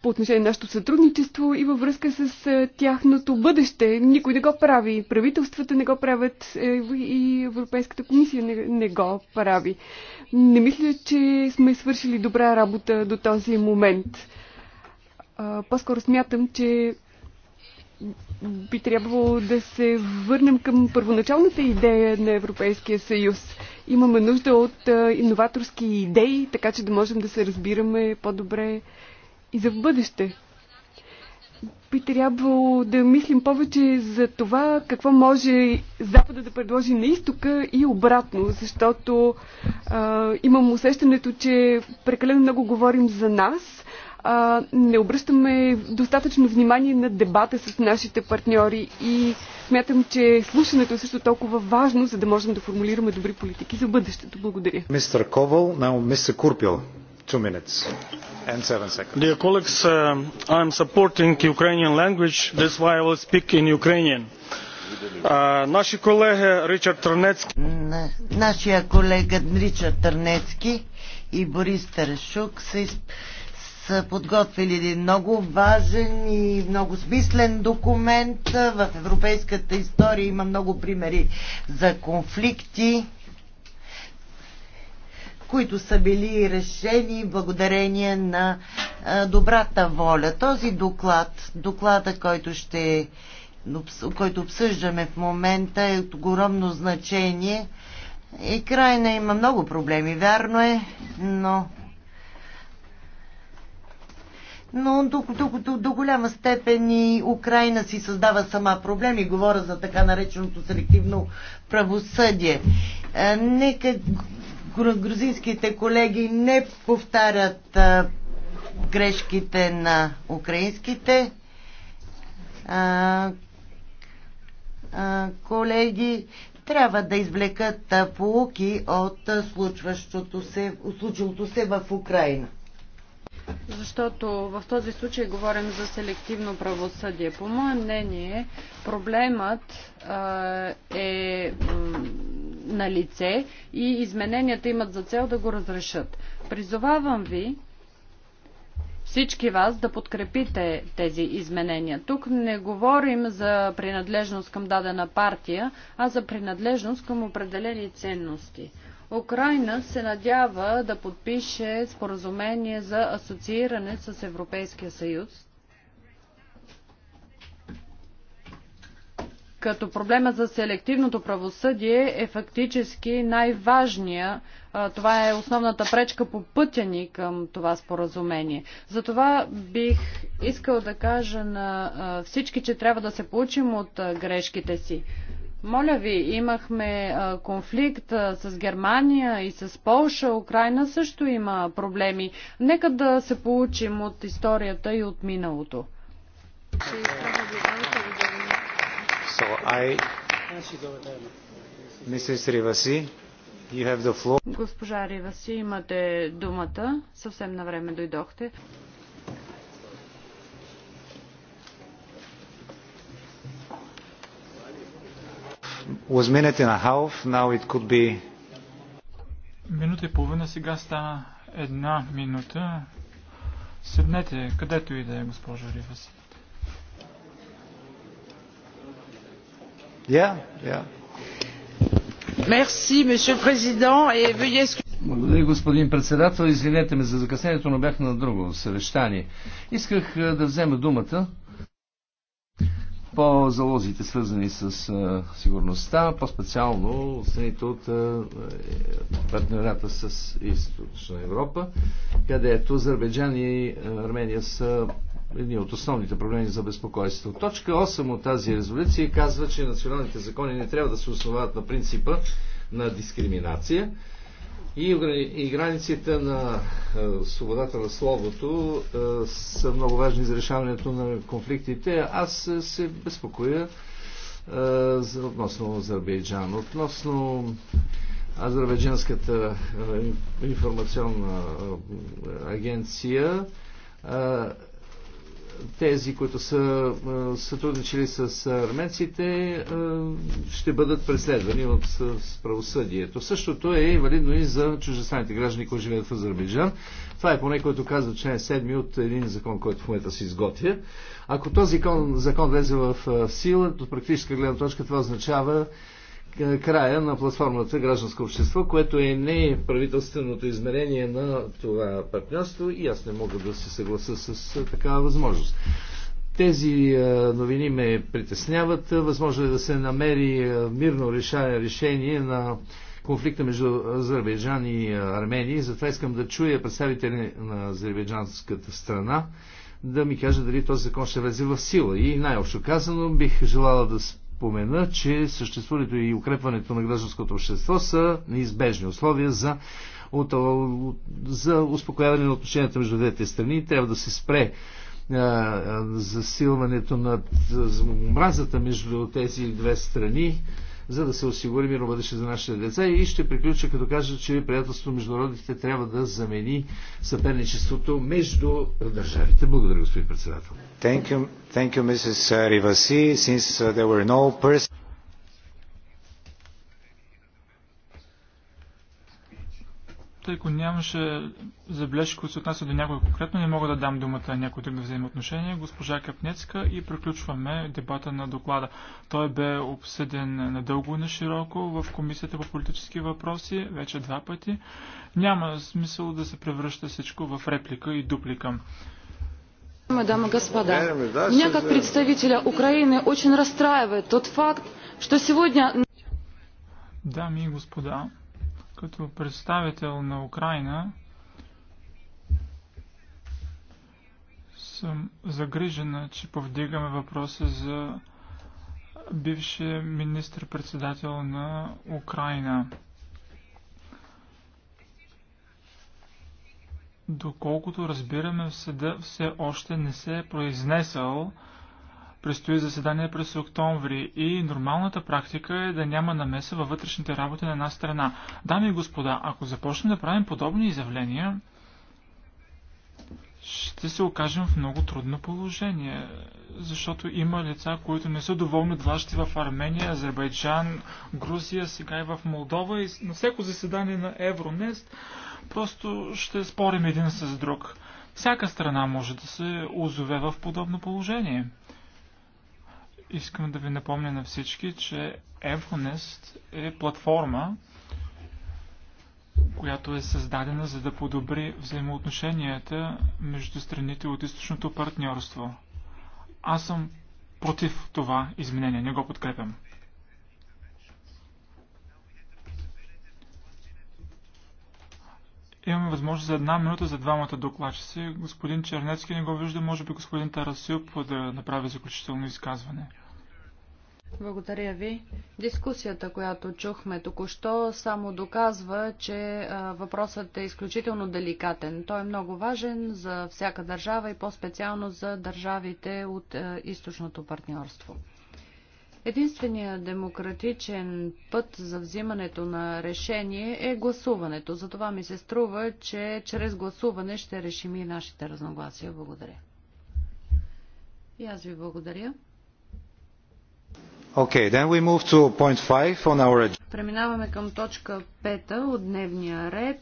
по отношение на нашето сътрудничество и във връзка с тяхното бъдеще. Никой не го прави. Правителствата не го правят е, и Европейската комисия не, не го прави. Не мисля, че сме свършили добра работа до този момент. По-скоро смятам, че би трябвало да се върнем към първоначалната идея на Европейския съюз. Имаме нужда от иноваторски идеи, така че да можем да се разбираме по-добре и за в бъдеще. Би трябвало да мислим повече за това какво може Запада да предложи на изтока и обратно, защото а, имам усещането, че прекалено много говорим за нас, а, не обръщаме достатъчно внимание на дебата с нашите партньори и смятам, че слушането е също толкова важно, за да можем да формулираме добри политики за бъдещето. Благодаря. Мистер Ковал, Мистер Курпил dear colleagues uh, i am supporting the ukrainian language that is why i will speak in ukrainian. Uh, наши нашия колега ричард търнецки и борис тарашук са подготвили един много важен и много смислен документ. В европейската история има много примери за конфликти които са били решени благодарение на добрата воля. Този доклад, доклада, който ще който обсъждаме в момента е от огромно значение. И крайна има много проблеми, вярно е, но но до, до, до, до голяма степен и Украина си създава сама проблеми. Говоря за така нареченото селективно правосъдие. Е, нека грузинските колеги не повтарят а, грешките на украинските а, а, колеги, трябва да извлекат а, полуки от а, случващото се, случилото се в Украина. Защото в този случай говорим за селективно правосъдие. По мое мнение, проблемът а, е на лице и измененията имат за цел да го разрешат. Призовавам ви всички вас да подкрепите тези изменения. Тук не говорим за принадлежност към дадена партия, а за принадлежност към определени ценности. Украина се надява да подпише споразумение за асоцииране с Европейския съюз като проблема за селективното правосъдие е фактически най-важния. Това е основната пречка по пътя ни към това споразумение. Затова бих искал да кажа на всички, че трябва да се получим от грешките си. Моля ви, имахме конфликт с Германия и с Полша, Украина също има проблеми. Нека да се получим от историята и от миналото. So I... Mrs. Rivasi, you have the floor. Госпожа Риваси, имате думата. Съвсем на време дойдохте. was minute and a half, now it could be... Минута и половина сега стана една минута. Седнете, където и да е, госпожа Риваси? Monsieur le Président, благодаря, господин председател. Извинете ме за закъснението, но бях на друго съвещание. Исках е, да взема думата, по залозите, свързани с а, сигурността, по-специално страните от е, партнерата с Източна Европа, където Азербайджан и Армения са едни от основните проблеми за безпокойство. Точка 8 от тази резолюция казва, че националните закони не трябва да се основават на принципа на дискриминация, и, и границите на е, свободата на словото е, са много важни за решаването на конфликтите. Аз е, се безпокоя е, за, относно Азербайджан, относно Азербайджанската е, информационна е, агенция. Е, тези, които са сътрудничили с арменците, ще бъдат преследвани от правосъдието. Същото е валидно и за чуждестранните граждани, които живеят в Азербайджан. Това е поне, което казва член 7 от един закон, който в момента се изготвя. Ако този закон, закон влезе в сила, от практическа гледна точка това означава е, края на платформата Гражданско общество, което е не правителственото измерение на това партньорство и аз не мога да се съгласа с е, такава възможност. Тези е, новини ме притесняват. Възможно е да се намери мирно решение на конфликта между Азербайджан и Армения. Затова искам да чуя представители на азербайджанската страна да ми каже дали този закон ще влезе в сила. И най-общо казано бих желала да спомена, че съществуването и укрепването на гражданското общество са неизбежни условия за, от, за успокояване на отношенията между двете страни. Трябва да се спре засилването на омразата между тези две страни за да се осигури мирно бъдеще за нашите деца. И ще приключа като кажа, че приятелството между родите трябва да замени съперничеството между държавите. Благодаря, господин председател. Thank you, thank you, Mrs. Rivasi. Since uh, there were no person... Тъй като нямаше забележки, които се отнасят до някой конкретно, не мога да дам думата на някой друг да вземе отношение. Госпожа Капнецка и приключваме дебата на доклада. Той бе обсъден надълго и на широко в Комисията по политически въпроси вече два пъти. Няма смисъл да се превръща всичко в реплика и дуплика. Дамы и господа, меня ами как представителя Украины очень расстраивает тот факт, что сегодня... Дами и господа, като представител на Украина съм загрижена, че повдигаме въпроса за бившия министр-председател на Украина. Доколкото разбираме, в съда все още не се е произнесъл Предстои заседание през октомври и нормалната практика е да няма намеса във вътрешните работи на една страна. Дами и господа, ако започнем да правим подобни изявления, ще се окажем в много трудно положение, защото има лица, които не са доволни от властите в Армения, Азербайджан, Грузия, сега и в Молдова и на всяко заседание на Евронест просто ще спорим един с друг. Всяка страна може да се озове в подобно положение. Искам да ви напомня на всички, че Evronest е платформа, която е създадена за да подобри взаимоотношенията между страните от източното партньорство. Аз съм против това изменение, не го подкрепям. Имаме възможност за една минута за двамата докладчици. Господин Чернецки не го вижда, може би господин Тарасил да направи заключително изказване. Благодаря ви. Дискусията, която чухме току-що, само доказва, че въпросът е изключително деликатен. Той е много важен за всяка държава и по-специално за държавите от източното партньорство. Единственият демократичен път за взимането на решение е гласуването. Затова ми се струва, че чрез гласуване ще решим и нашите разногласия. Благодаря. И аз ви благодаря преминаваме към точка пета от дневния ред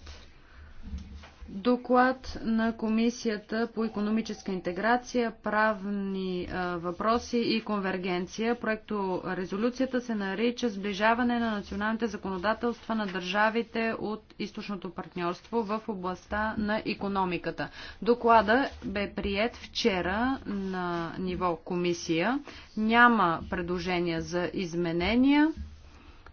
Доклад на Комисията по економическа интеграция, правни въпроси и конвергенция. Проекто резолюцията се нарича Сближаване на националните законодателства на държавите от източното партньорство в областта на економиката. Доклада бе прият вчера на ниво комисия. Няма предложения за изменения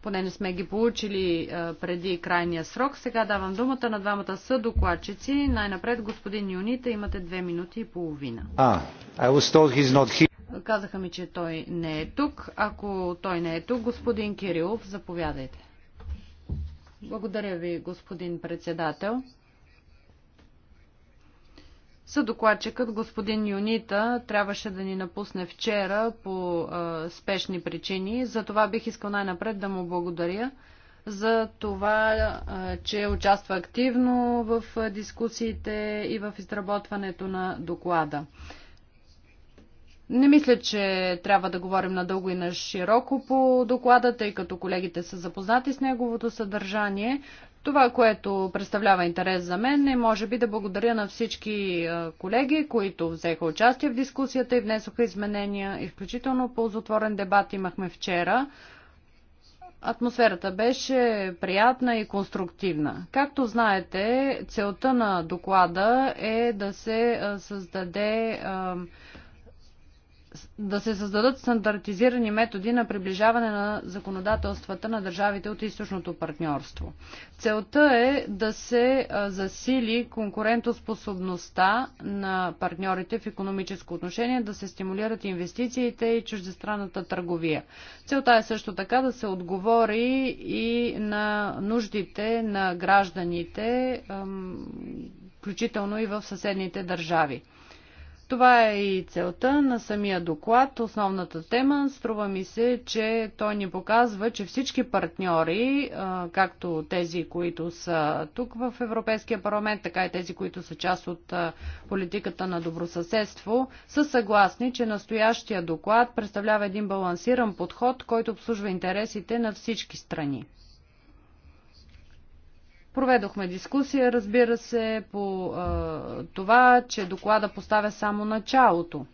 поне не сме ги получили преди крайния срок. Сега давам думата на двамата съдокладчици. Най-напред господин Юнита, имате две минути и половина. А, I was told he's not here. Казаха ми, че той не е тук. Ако той не е тук, господин Кирилов, заповядайте. Благодаря ви, господин председател. Съдокладчикът господин Юнита трябваше да ни напусне вчера по а, спешни причини, затова бих искал най-напред да му благодаря за това, а, че участва активно в дискусиите и в изработването на доклада. Не мисля, че трябва да говорим надълго и на широко по доклада, тъй като колегите са запознати с неговото съдържание, това, което представлява интерес за мен е, може би, да благодаря на всички колеги, които взеха участие в дискусията и внесоха изменения. Изключително ползотворен дебат имахме вчера. Атмосферата беше приятна и конструктивна. Както знаете, целта на доклада е да се създаде да се създадат стандартизирани методи на приближаване на законодателствата на държавите от източното партньорство. Целта е да се засили конкурентоспособността на партньорите в економическо отношение, да се стимулират инвестициите и чуждестранната търговия. Целта е също така да се отговори и на нуждите на гражданите, включително и в съседните държави. Това е и целта на самия доклад. Основната тема, струва ми се, че той ни показва, че всички партньори, както тези, които са тук в Европейския парламент, така и тези, които са част от политиката на добросъседство, са съгласни, че настоящия доклад представлява един балансиран подход, който обслужва интересите на всички страни. Проведохме дискусия, разбира се, по а, това, че доклада поставя само началото.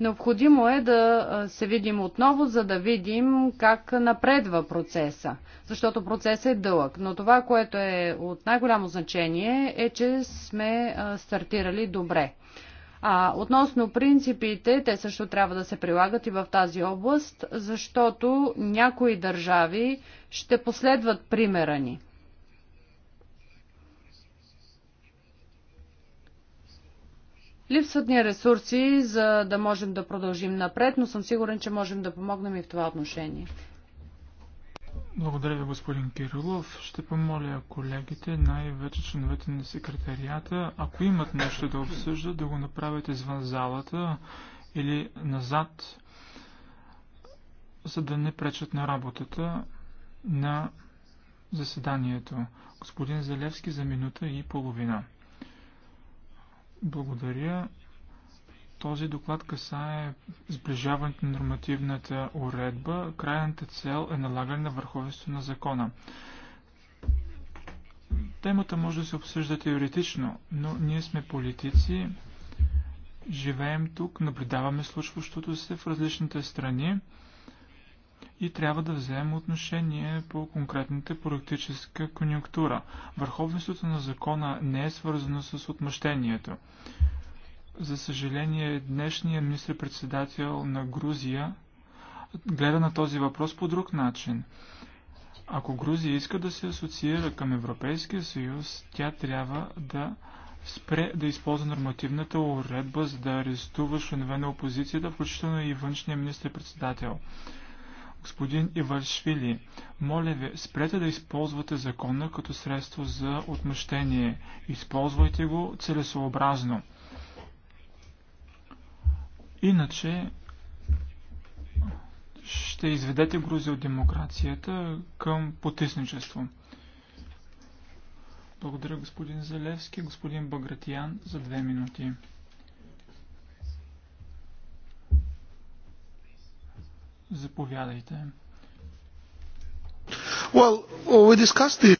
Необходимо е да се видим отново, за да видим как напредва процеса, защото процесът е дълъг. Но това, което е от най-голямо значение, е, че сме стартирали добре. А относно принципите, те също трябва да се прилагат и в тази област, защото някои държави ще последват примера ни. Липсват ни ресурси, за да можем да продължим напред, но съм сигурен, че можем да помогнем и в това отношение. Благодаря ви, господин Кирилов. Ще помоля колегите, най-вече членовете на секретарията, ако имат нещо да обсъждат, да го направят извън залата или назад, за да не пречат на работата на заседанието. Господин Залевски за минута и половина. Благодаря. Този доклад касае сближаването на нормативната уредба. Крайната цел е налагане на върховенство на закона. Темата може да се обсъжда теоретично, но ние сме политици, живеем тук, наблюдаваме случващото се в различните страни и трябва да вземем отношение по конкретната политическа конюнктура. Върховенството на закона не е свързано с отмъщението. За съжаление, днешният министр-председател на Грузия гледа на този въпрос по друг начин. Ако Грузия иска да се асоциира към Европейския съюз, тя трябва да спре да използва нормативната уредба, за да арестува членове на опозицията, включително и външния министр-председател. Господин Иваршвили, моля ви, спрете да използвате закона като средство за отмъщение. Използвайте го целесообразно. Иначе ще изведете Грузия от демокрацията към потисничество. Благодаря господин Залевски, господин Багратиян за две минути. Заповядайте. Well, we discussed it.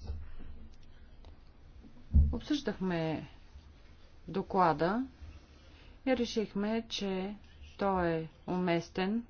Обсъждахме доклада и решихме, че той е уместен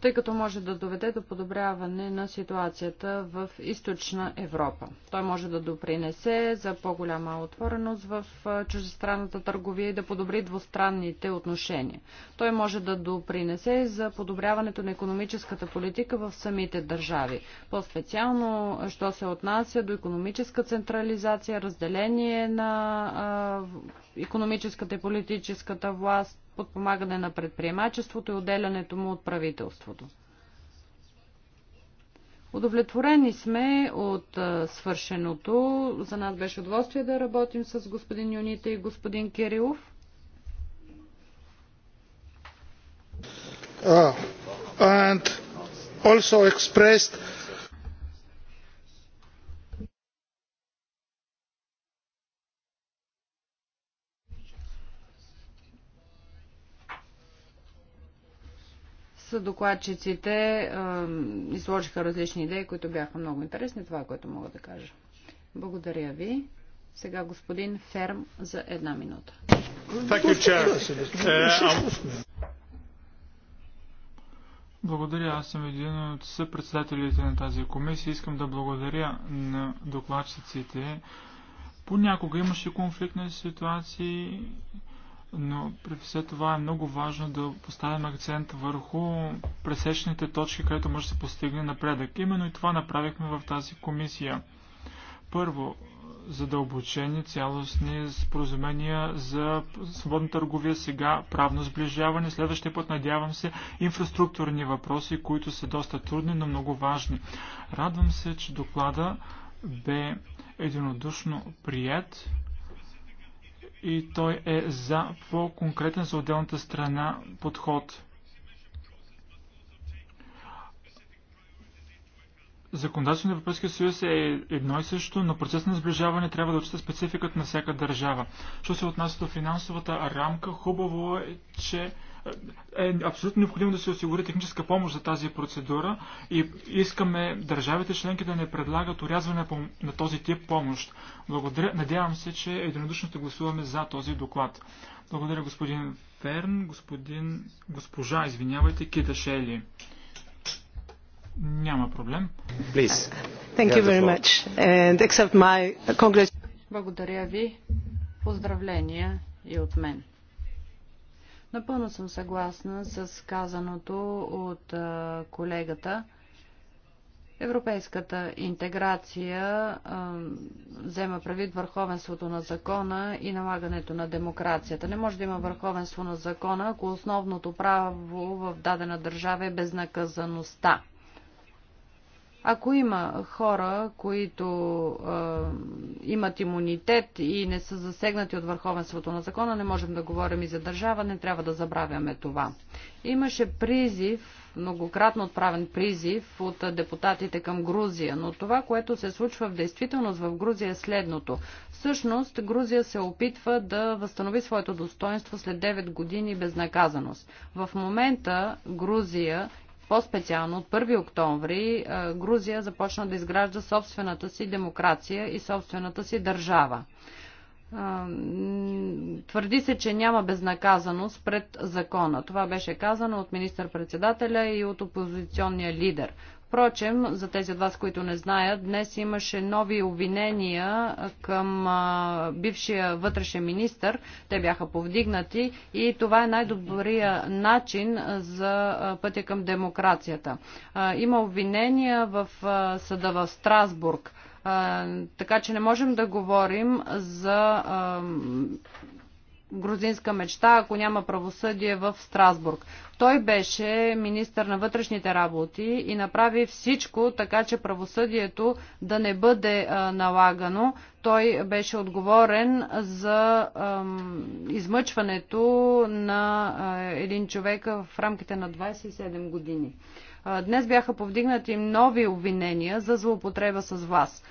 тъй като може да доведе до подобряване на ситуацията в източна Европа. Той може да допринесе за по-голяма отвореност в чужестранната търговия и да подобри двустранните отношения. Той може да допринесе за подобряването на економическата политика в самите държави. По-специално, що се отнася до економическа централизация, разделение на економическата и политическата власт, подпомагане на предприемачеството и отделянето му от правителството. Удовлетворени сме от свършеното. За нас беше удоволствие да работим с господин Юнита и господин Кирилов. Uh, and also expressed докладчиците изложиха различни идеи, които бяха много интересни. Това е което мога да кажа. Благодаря ви. Сега господин Ферм за една минута. Е, благодаря. Аз съм един от съпредседателите на тази комисия. Искам да благодаря на докладчиците. Понякога имаше конфликтни ситуации но при все това е много важно да поставим акцент върху пресечните точки, където може да се постигне напредък. Именно и това направихме в тази комисия. Първо, задълбочени цялостни споразумения за свободна търговия сега, правно сближаване. Следващия път, надявам се, инфраструктурни въпроси, които са доста трудни, но много важни. Радвам се, че доклада бе единодушно прият и той е за по-конкретен за отделната страна подход. Законодателството на Европейския съюз е едно и също, но процес на сближаване трябва да отчита спецификата на всяка държава. Що се отнася до финансовата рамка, хубаво е, че е абсолютно необходимо да се осигури техническа помощ за тази процедура и искаме държавите членки да не предлагат урязване на този тип помощ. Благодаря. Надявам се, че единодушно ще гласуваме за този доклад. Благодаря господин Ферн, господин, госпожа, извинявайте, Кита Шели. Няма проблем. Please. Thank you very much. And accept my Благодаря ви. Поздравления и от мен. Напълно съм съгласна с казаното от колегата. Европейската интеграция а, взема правит върховенството на закона и налагането на демокрацията. Не може да има върховенство на закона, ако основното право в дадена държава е безнаказаността. Ако има хора, които е, имат имунитет и не са засегнати от върховенството на закона, не можем да говорим и за държава, не трябва да забравяме това. Имаше призив, многократно отправен призив от депутатите към Грузия, но това, което се случва в действителност в Грузия е следното. Всъщност, Грузия се опитва да възстанови своето достоинство след 9 години безнаказаност. В момента Грузия по-специално от 1 октомври е, Грузия започна да изгражда собствената си демокрация и собствената си държава. Е, твърди се, че няма безнаказаност пред закона. Това беше казано от министър-председателя и от опозиционния лидер. Впрочем, за тези от вас, които не знаят, днес имаше нови обвинения към бившия вътрешен министр. Те бяха повдигнати и това е най-добрия начин за пътя към демокрацията. има обвинения в съда в Страсбург. така че не можем да говорим за грузинска мечта, ако няма правосъдие в Страсбург. Той беше министър на вътрешните работи и направи всичко така, че правосъдието да не бъде налагано. Той беше отговорен за измъчването на един човек в рамките на 27 години. Днес бяха повдигнати нови обвинения за злоупотреба с вас.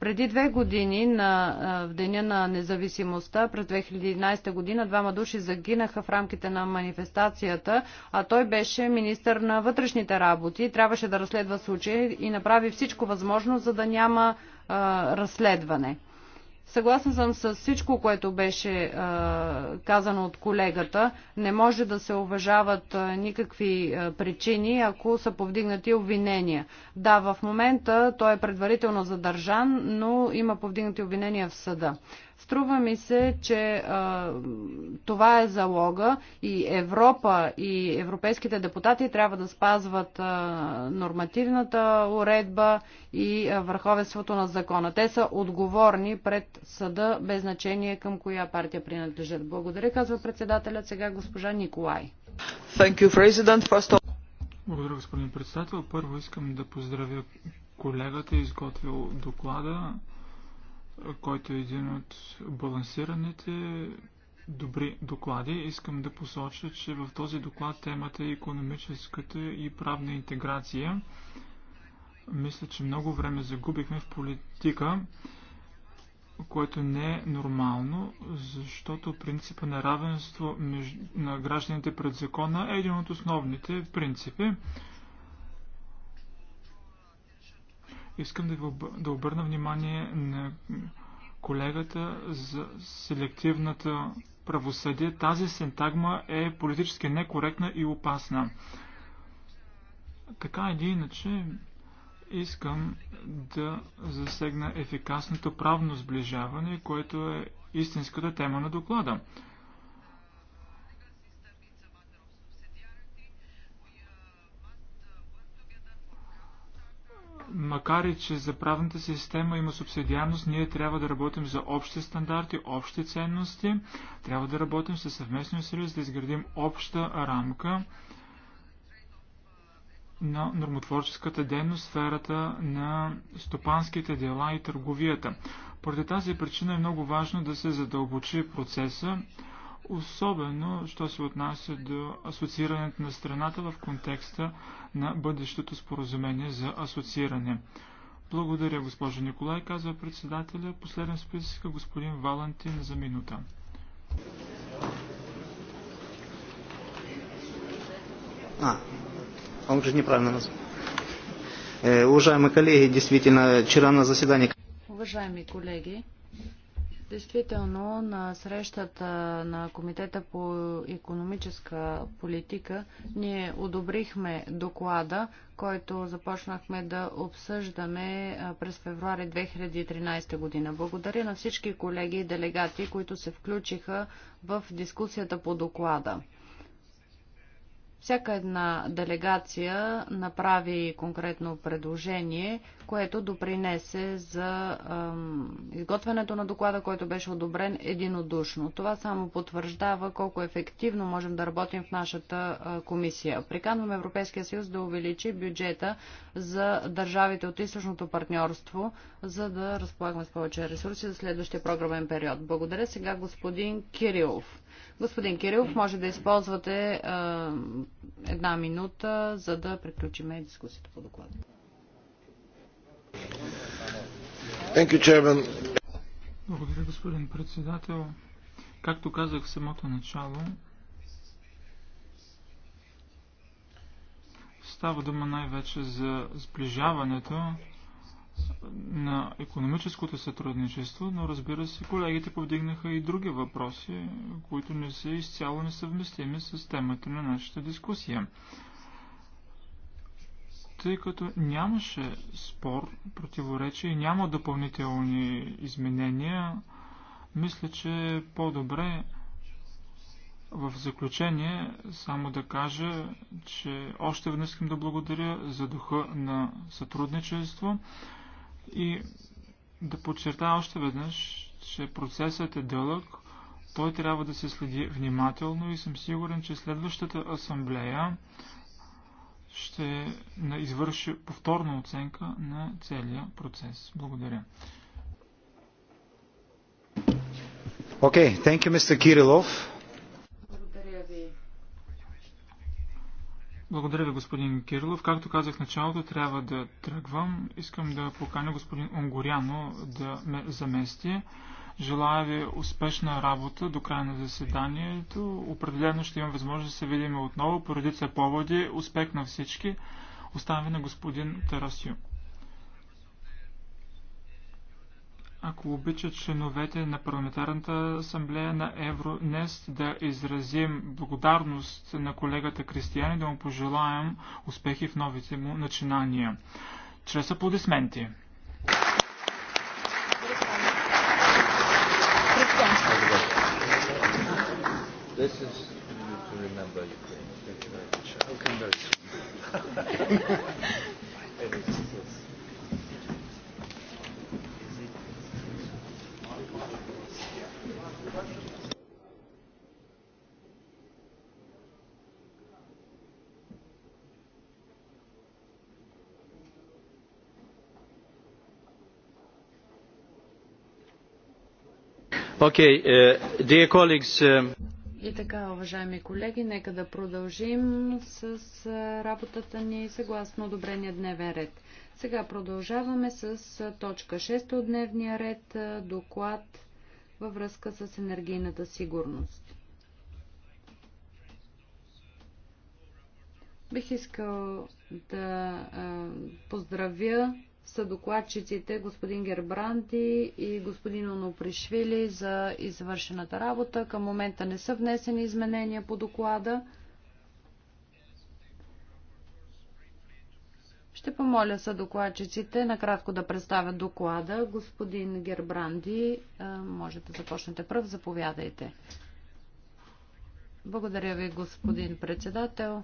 Преди две години, на, в Деня на независимостта, през 2011 година, двама души загинаха в рамките на манифестацията, а той беше министър на вътрешните работи. Трябваше да разследва случая и направи всичко възможно, за да няма а, разследване. Съгласна съм с всичко, което беше а, казано от колегата. Не може да се уважават а, никакви а, причини, ако са повдигнати обвинения. Да, в момента той е предварително задържан, но има повдигнати обвинения в съда. Струва ми се, че а, това е залога и Европа и европейските депутати трябва да спазват а, нормативната уредба и а, върховенството на закона. Те са отговорни пред съда, без значение към коя партия принадлежат. Благодаря, казва председателят сега госпожа Николай. Thank you, First... Благодаря, господин председател. Първо искам да поздравя колегата, изготвил доклада който е един от балансираните добри доклади. Искам да посоча, че в този доклад темата е економическата и правна интеграция. Мисля, че много време загубихме в политика, което не е нормално, защото принципа на равенство на гражданите пред закона е един от основните принципи. Искам да, ви, да обърна внимание на колегата за селективната правосъдие. Тази синтагма е политически некоректна и опасна. Така или иначе, искам да засегна ефикасното правно сближаване, което е истинската тема на доклада. Макар и че за правната система има субсидиарност, ние трябва да работим за общи стандарти, общи ценности, трябва да работим със съвместни усилия, за да изградим обща рамка на нормотворческата дейност, сферата на стопанските дела и търговията. Поради тази причина е много важно да се задълбочи процеса, особено, що се отнася до асоциирането на страната в контекста на бъдещото споразумение за асоцииране. Благодаря, госпожо Николай, казва председателя. Последен списък е господин Валентин за минута. А, он же неправильно назвал. Э, уважаемые коллеги, действительно, вчера на заседании... Уважаемые коллеги, Действително, на срещата на Комитета по економическа политика ние одобрихме доклада, който започнахме да обсъждаме през февруари 2013 година. Благодаря на всички колеги и делегати, които се включиха в дискусията по доклада. Всяка една делегация направи конкретно предложение, което допринесе за изготвянето на доклада, който беше одобрен единодушно. Това само потвърждава колко ефективно можем да работим в нашата комисия. Приканваме Европейския съюз да увеличи бюджета за държавите от източното партньорство, за да разполагаме с повече ресурси за следващия програмен период. Благодаря сега господин Кирилов. Господин Кирилов, може да използвате една минута, за да приключиме дискусията по доклада. Благодаря, господин председател. Както казах в самото начало, става дума най-вече за сближаването на економическото сътрудничество, но разбира се, колегите повдигнаха и други въпроси, които не са изцяло несъвместими с темата на нашата дискусия. Тъй като нямаше спор, противоречие и няма допълнителни изменения, мисля, че е по-добре в заключение само да кажа, че още веднъж искам да благодаря за духа на сътрудничество. И да подчертая още веднъж, че процесът е дълъг, той трябва да се следи внимателно и съм сигурен, че следващата асамблея ще извърши повторна оценка на целия процес. Благодаря. Okay, thank you, Mr. Kirilov. Благодаря ви, господин Кирилов. Както казах в началото, трябва да тръгвам. Искам да поканя господин Онгоряно да ме замести. Желая ви успешна работа до края на заседанието. Определено ще имам възможност да се видим отново Поредица поводи. Успех на всички. Оставя на господин Тарасио. Ако обичат членовете на парламентарната асамблея на Евронест да изразим благодарност на колегата Кристиян и да му пожелаем успехи в новите му начинания. Чрез аплодисменти. Thank you Okay, uh, colleagues, uh, И така, уважаеми колеги, нека да продължим с работата ни съгласно одобрения дневен ред. Сега продължаваме с точка 6 от дневния ред, доклад във връзка с енергийната сигурност. Бих искал да поздравя са докладчиците господин Гербранти и господин Онопришвили за извършената работа. Към момента не са внесени изменения по доклада. Ще помоля са докладчиците накратко да представят доклада. Господин Гербранди, може да започнете пръв, заповядайте. Благодаря ви, господин председател.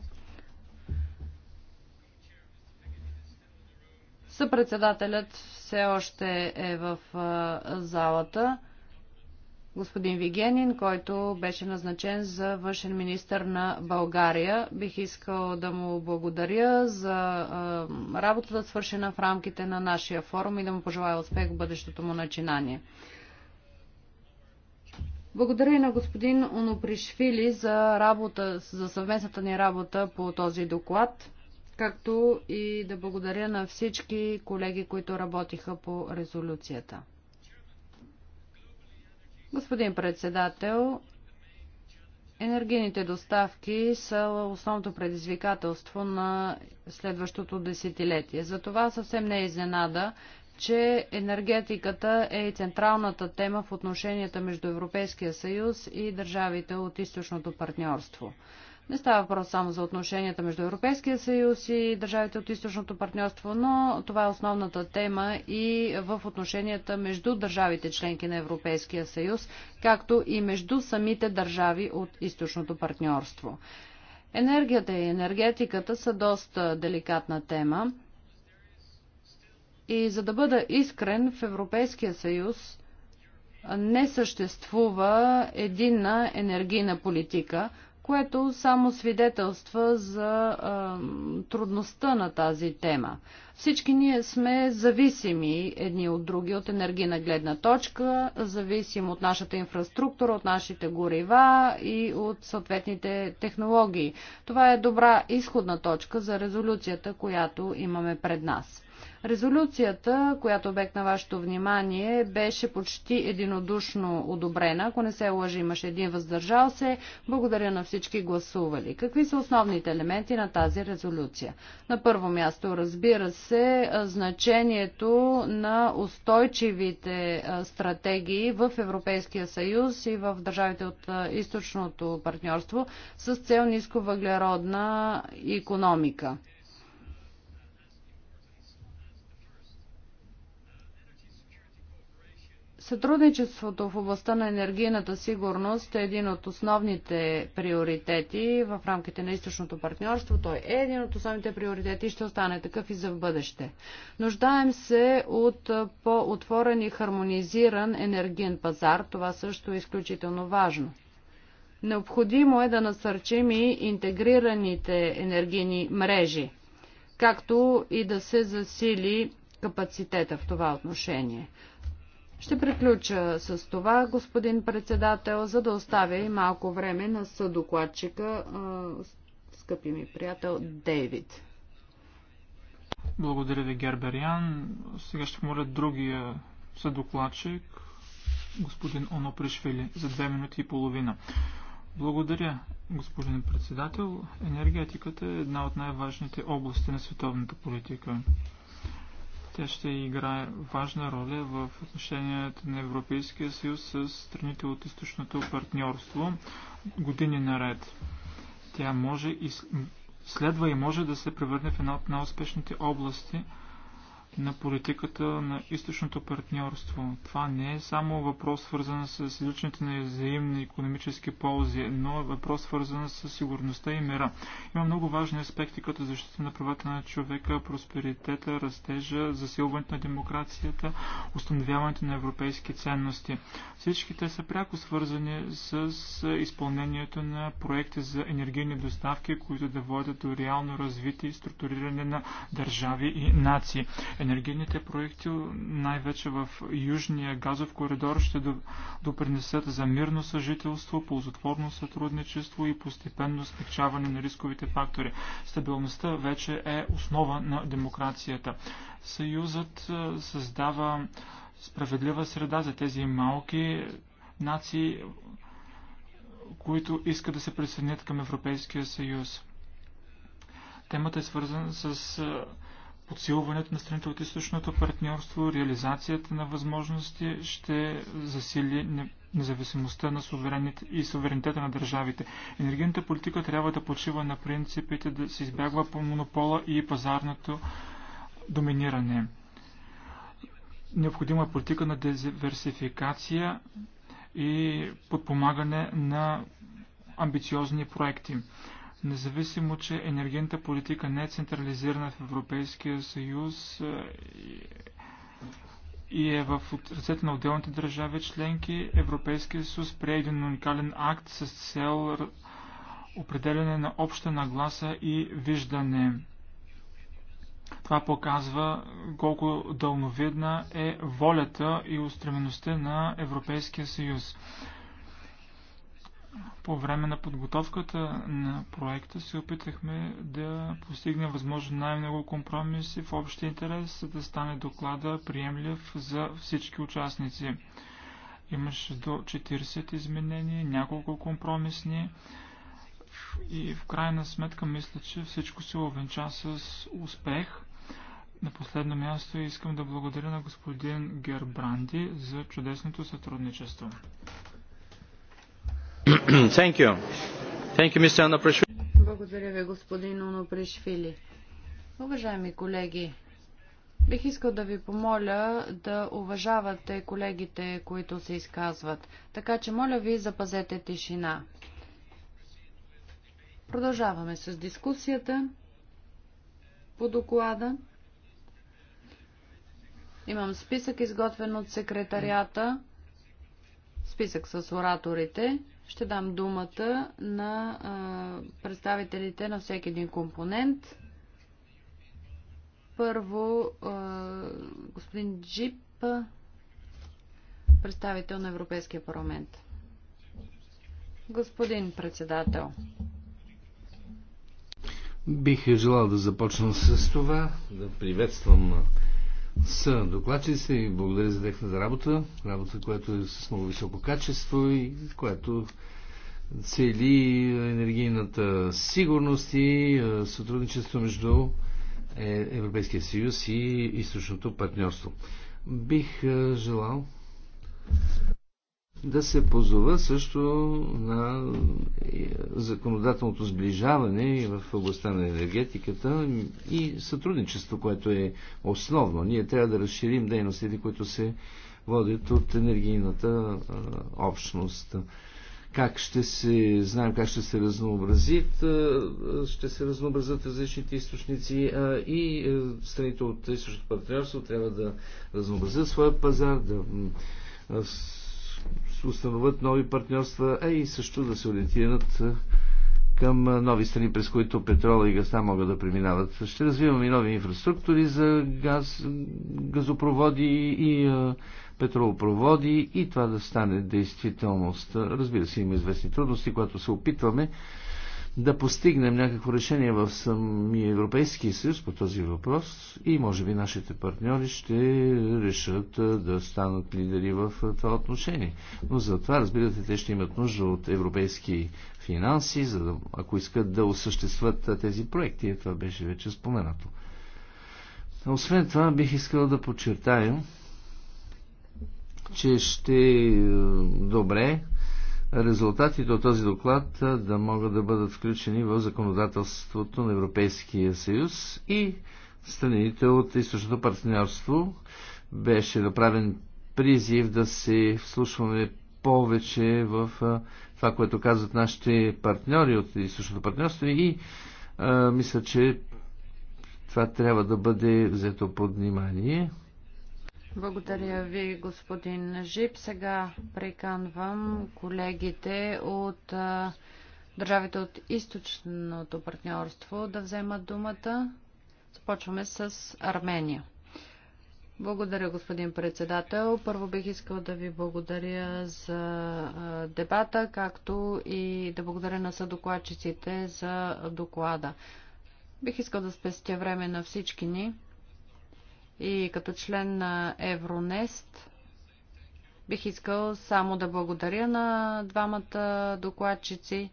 Съпредседателят все още е в залата. Господин Вигенин, който беше назначен за външен министр на България. Бих искал да му благодаря за работата свършена в рамките на нашия форум и да му пожелая успех в бъдещото му начинание. Благодаря и на господин Онопришвили за, работа, за съвместната ни работа по този доклад както и да благодаря на всички колеги, които работиха по резолюцията. Господин председател, енергийните доставки са основното предизвикателство на следващото десетилетие. Затова съвсем не е изненада, че енергетиката е и централната тема в отношенията между Европейския съюз и държавите от източното партньорство. Не става въпрос само за отношенията между Европейския съюз и държавите от източното партньорство, но това е основната тема и в отношенията между държавите членки на Европейския съюз, както и между самите държави от източното партньорство. Енергията и енергетиката са доста деликатна тема. И за да бъда искрен, в Европейския съюз не съществува единна енергийна политика, което само свидетелства за а, трудността на тази тема. Всички ние сме зависими едни от други от енергийна гледна точка, зависим от нашата инфраструктура, от нашите горива и от съответните технологии. Това е добра изходна точка за резолюцията, която имаме пред нас. Резолюцията, която обект на вашето внимание, беше почти единодушно одобрена. Ако не се лъжи, имаше един въздържал се. Благодаря на всички гласували. Какви са основните елементи на тази резолюция? На първо място, разбира се, значението на устойчивите стратегии в Европейския съюз и в държавите от източното партньорство с цел нисковъглеродна економика. Сътрудничеството в областта на енергийната сигурност е един от основните приоритети в рамките на източното партньорство. Той е един от основните приоритети и ще остане такъв и за в бъдеще. Нуждаем се от по-отворен и хармонизиран енергиен пазар. Това също е изключително важно. Необходимо е да насърчим и интегрираните енергийни мрежи, както и да се засили капацитета в това отношение. Ще приключа с това, господин председател, за да оставя и малко време на съдокладчика, скъпи ми приятел Дейвид. Благодаря ви, Герберян. Сега ще помоля другия съдокладчик, господин Оно Пришвили, за две минути и половина. Благодаря, господин председател. Енергетиката е една от най-важните области на световната политика. Тя ще играе важна роля в отношенията на Европейския съюз с страните от източното партньорство години наред. Тя може и следва и може да се превърне в една от най-успешните области – на политиката на източното партньорство. Това не е само въпрос свързан с изличането на взаимни економически ползи, но е въпрос свързан с сигурността и мира. Има много важни аспекти, като защита на правата на човека, просперитета, растежа, засилването на демокрацията, установяването на европейски ценности. Всички те са пряко свързани с изпълнението на проекти за енергийни доставки, които да водят до реално развитие и структуриране на държави и нации енергийните проекти, най-вече в Южния газов коридор, ще допринесат за мирно съжителство, ползотворно сътрудничество и постепенно смягчаване на рисковите фактори. Стабилността вече е основа на демокрацията. Съюзът е, създава справедлива среда за тези малки нации, които искат да се присъединят към Европейския съюз. Темата е свързана с е, подсилването на страните от източното партньорство, реализацията на възможности ще засили независимостта на суверените и суверенитета на държавите. Енергийната политика трябва да почива на принципите да се избягва по монопола и пазарното доминиране. Необходима е политика на диверсификация и подпомагане на амбициозни проекти. Независимо, че енергийната политика не е централизирана в Европейския съюз е, и е в ръцете на отделните държави членки, Европейския съюз прие един уникален акт с цел определене на обща нагласа и виждане. Това показва колко дълновидна е волята и устремеността на Европейския съюз. По време на подготовката на проекта се опитахме да постигнем възможно най-много компромиси в общия интерес, за да стане доклада приемлив за всички участници. Имаше до 40 изменения, няколко компромисни и в крайна сметка мисля, че всичко се овенча с успех. На последно място искам да благодаря на господин Гербранди за чудесното сътрудничество. Благодаря ви, господин Онопришвили. Уважаеми колеги, бих искал да ви помоля да уважавате колегите, които се изказват. Така че, моля ви, запазете тишина. Продължаваме с дискусията по доклада. Имам списък, изготвен от секретарията, списък с ораторите. Ще дам думата на представителите на всеки един компонент. Първо, господин Джип, представител на Европейския парламент. Господин председател. Бих желал да започна с това, да приветствам са докладчици и благодаря за техната работа. Работа, която е с много високо качество и която цели енергийната сигурност и сътрудничество между е, Европейския съюз и източното партньорство. Бих желал да се позова също на е, законодателното сближаване в областта на енергетиката и сътрудничество, което е основно. Ние трябва да разширим дейностите, които се водят от енергийната е, общност. Как ще се, знаем как ще се разнообразят, е, ще се разнообразят различните източници и страните от източното партньорство трябва да разнообразят своя пазар, да установят нови партньорства, а и също да се ориентират към нови страни, през които петрола и газа могат да преминават. Ще развиваме и нови инфраструктури за газ, газопроводи и петролопроводи и това да стане действителност. Разбира се, има известни трудности, когато се опитваме да постигнем някакво решение в самия Европейски съюз по този въпрос и може би нашите партньори ще решат да станат лидери в това отношение. Но за това, разбирате, те ще имат нужда от европейски финанси, за да, ако искат да осъществят тези проекти. Е, това беше вече споменато. Освен това, бих искал да подчертая, че ще добре резултатите от този доклад да могат да бъдат включени в законодателството на Европейския съюз и страните от източното партньорство. Беше направен призив да се вслушваме повече в това, което казват нашите партньори от източното партньорство и а, мисля, че това трябва да бъде взето под внимание. Благодаря ви, господин Жип. Сега приканвам колегите от държавите от източното партньорство да вземат думата. Започваме с Армения. Благодаря, господин председател. Първо бих искал да ви благодаря за дебата, както и да благодаря на съдокладчиците за доклада. Бих искал да спестя време на всички ни. И като член на Евронест бих искал само да благодаря на двамата докладчици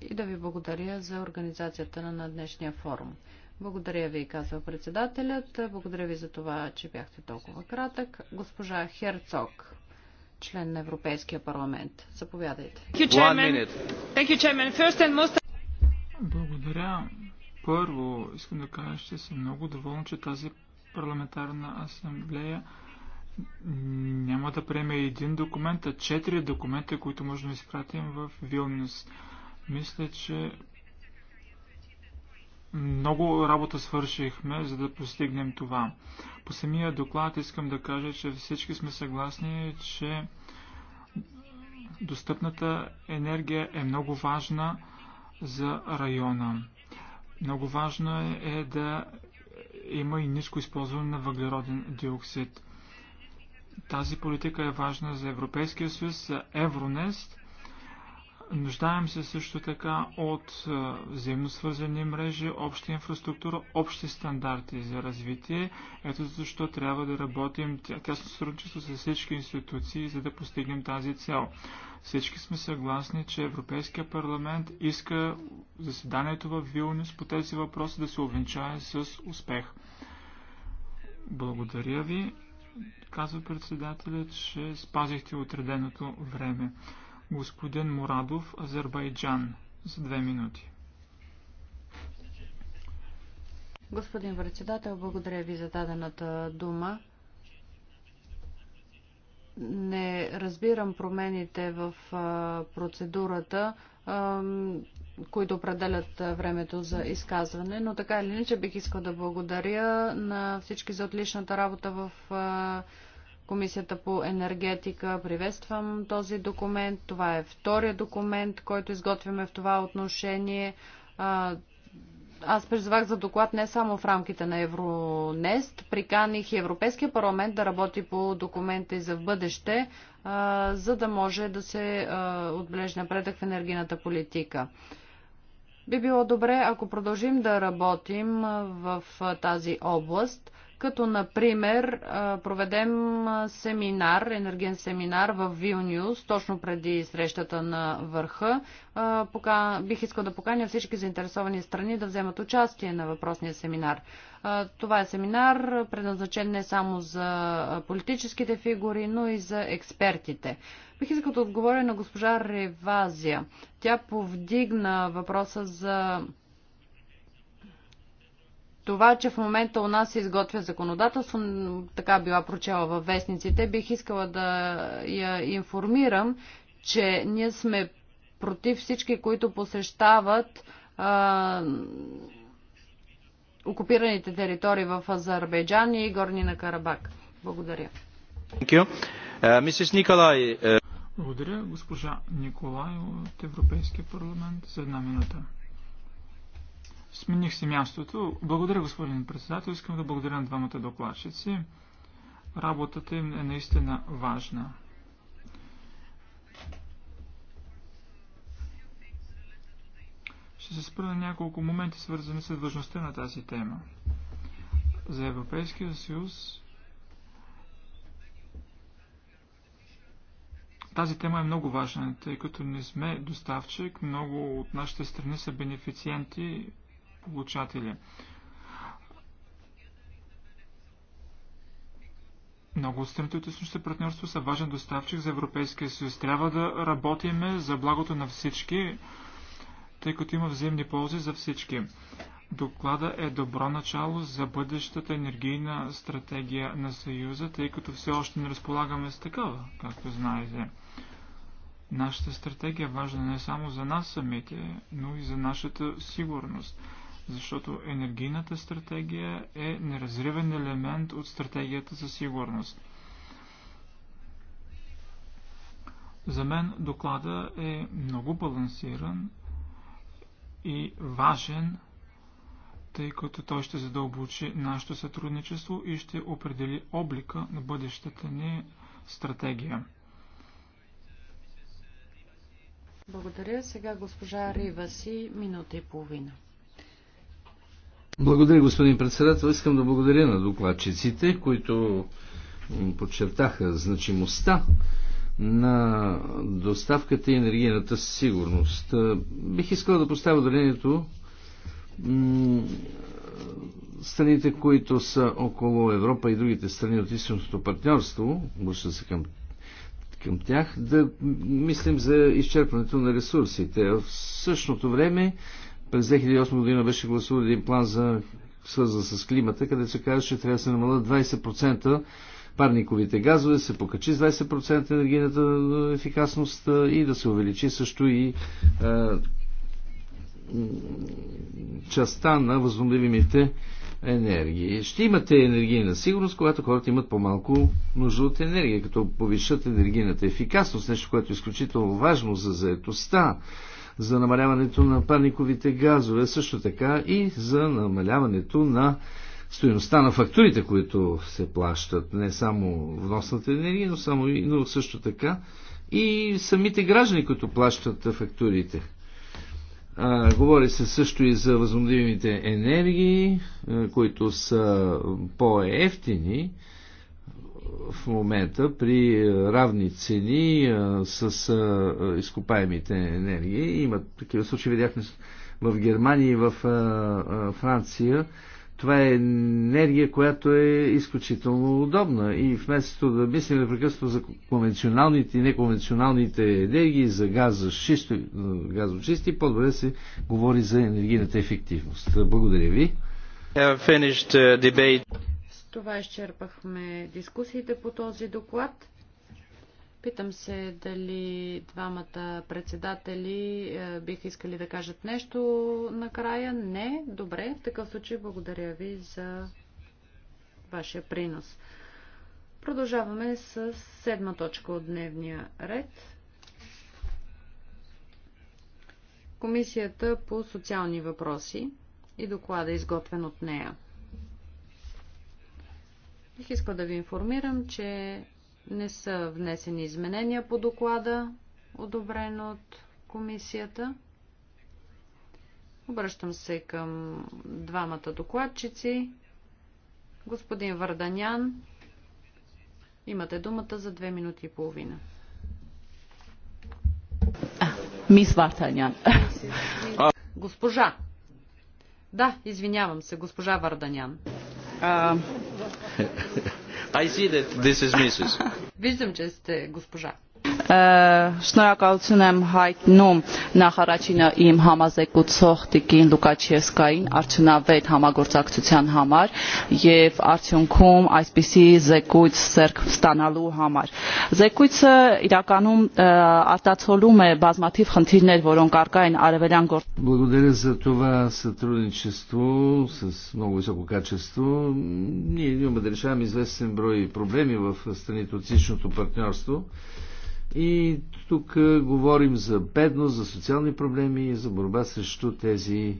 и да ви благодаря за организацията на днешния форум. Благодаря ви, казва председателят. Благодаря ви за това, че бяхте толкова кратък. Госпожа Херцог, член на Европейския парламент. Заповядайте. Благодаря. Първо, искам да кажа, че съм много доволен, че тази парламентарна асамблея няма да приеме един документ, а четири документа, които можем да изпратим в Вилнюс. Мисля, че много работа свършихме, за да постигнем това. По самия доклад искам да кажа, че всички сме съгласни, че достъпната енергия е много важна за района. Много важно е, да има и ниско използване на въглероден диоксид. Тази политика е важна за Европейския съюз, за Евронест Нуждаем се също така от взаимно свързани мрежи, обща инфраструктура, общи стандарти за развитие. Ето защо трябва да работим тясно сътрудничество с всички институции, за да постигнем тази цел. Всички сме съгласни, че Европейския парламент иска заседанието в Вилнюс по тези въпроси да се увенчае с успех. Благодаря ви, казва председателят, че спазихте отреденото време господин Мурадов, Азербайджан, за две минути. Господин председател, благодаря ви за дадената дума. Не разбирам промените в процедурата, които определят времето за изказване, но така или иначе бих искал да благодаря на всички за отличната работа в Комисията по енергетика. Приветствам този документ. Това е втория документ, който изготвяме в това отношение. Аз призвах за доклад не само в рамките на Евронест, приканих и Европейския парламент да работи по документа и за в бъдеще, за да може да се отбележи напредък в енергийната политика. Би било добре, ако продължим да работим в тази област – като например проведем семинар, енерген семинар в Вилнюс, точно преди срещата на върха. Пока, бих искал да поканя всички заинтересовани страни да вземат участие на въпросния семинар. Това е семинар, предназначен не само за политическите фигури, но и за експертите. Бих искал да отговоря на госпожа Ревазия. Тя повдигна въпроса за това, че в момента у нас се изготвя законодателство, така била прочела във вестниците, бих искала да я информирам, че ние сме против всички, които посещават а, окупираните територии в Азербайджан и Горни на Карабак. Благодаря. Uh, uh, Благодаря, госпожа Николай от Европейския парламент, за една минута. Смених си мястото. Благодаря, господин председател. Искам да благодаря на двамата докладчици. Работата им е наистина важна. Ще се спра на няколко моменти, свързани с важността на тази тема. За Европейския съюз Тази тема е много важна, тъй като не сме доставчик, много от нашите страни са бенефициенти получателя. Много от страните от източното партньорство са важен доставчик за Европейския съюз. Трябва да работиме за благото на всички, тъй като има взаимни ползи за всички. Доклада е добро начало за бъдещата енергийна стратегия на Съюза, тъй като все още не разполагаме с такава, както знаете. Нашата стратегия е важна не само за нас самите, но и за нашата сигурност защото енергийната стратегия е неразривен елемент от стратегията за сигурност. За мен доклада е много балансиран и важен, тъй като той ще задълбочи нашето сътрудничество и ще определи облика на бъдещата ни стратегия. Благодаря. Сега госпожа Рива си минута и половина. Благодаря, господин председател. Искам да благодаря на докладчиците, които подчертаха значимостта на доставката и енергийната сигурност. Бих искал да поставя дарението страните, които са около Европа и другите страни от източното партньорство, обръща се към, към тях, да мислим за изчерпването на ресурсите. в същото време през 2008 година беше гласуван един план за свързан с климата, където се казва, че трябва да се намалят 20% парниковите газове, се покачи с 20% енергийната ефикасност и да се увеличи също и а, частта на възобновимите енергии. Ще имате енергийна сигурност, когато хората имат по-малко нужда от енергия, като повишат енергийната ефикасност, нещо, което е изключително важно за заетостта, за намаляването на парниковите газове, също така и за намаляването на стоеността на фактурите, които се плащат, не само вносната енергия, но, само, но също така и самите граждани, които плащат фактурите. А, говори се също и за възобновимите енергии, които са по-ефтини, в момента при е, равни цени е, с е, изкопаемите енергии. Има такива случаи, видяхме в Германия и в Франция. Това е енергия, която е изключително удобна и вместо да мислим непрекъснато за конвенционалните и неконвенционалните енергии, за газ, за шисто, газочисти, по-добре се говори за енергийната ефективност. Благодаря ви. Uh, това изчерпахме дискусиите по този доклад. Питам се дали двамата председатели е, бих искали да кажат нещо накрая. Не? Добре. В такъв случай благодаря ви за вашия принос. Продължаваме с седма точка от дневния ред. Комисията по социални въпроси и доклада, изготвен от нея. Бих искал да ви информирам, че не са внесени изменения по доклада, одобрен от комисията. Обръщам се към двамата докладчици. Господин Варданян, имате думата за две минути и половина. Мис Варданян. Госпожа. Да, извинявам се, госпожа Варданян. Виждам, че сте госпожа. Շնորհակալություն եմ հայտնում նախարարինը իմ համազեկուցող Տիկին Լուկաչեսկային արժանավետ համագործակցության համար եւ արդյունքում այսպիսի զեկույց ծերք ստանալու համար։ Զեկույցը իրականում արտացոլում է բազմաթիվ խնդիրներ, որոնք առկա են արևելյան գործ Благодаря за това сътрудничество с много високо качество. Ние имаме да решаваме известен брой проблеми в страните от всичното партньорство. И тук говорим за бедност, за социални проблеми и за борба срещу тези,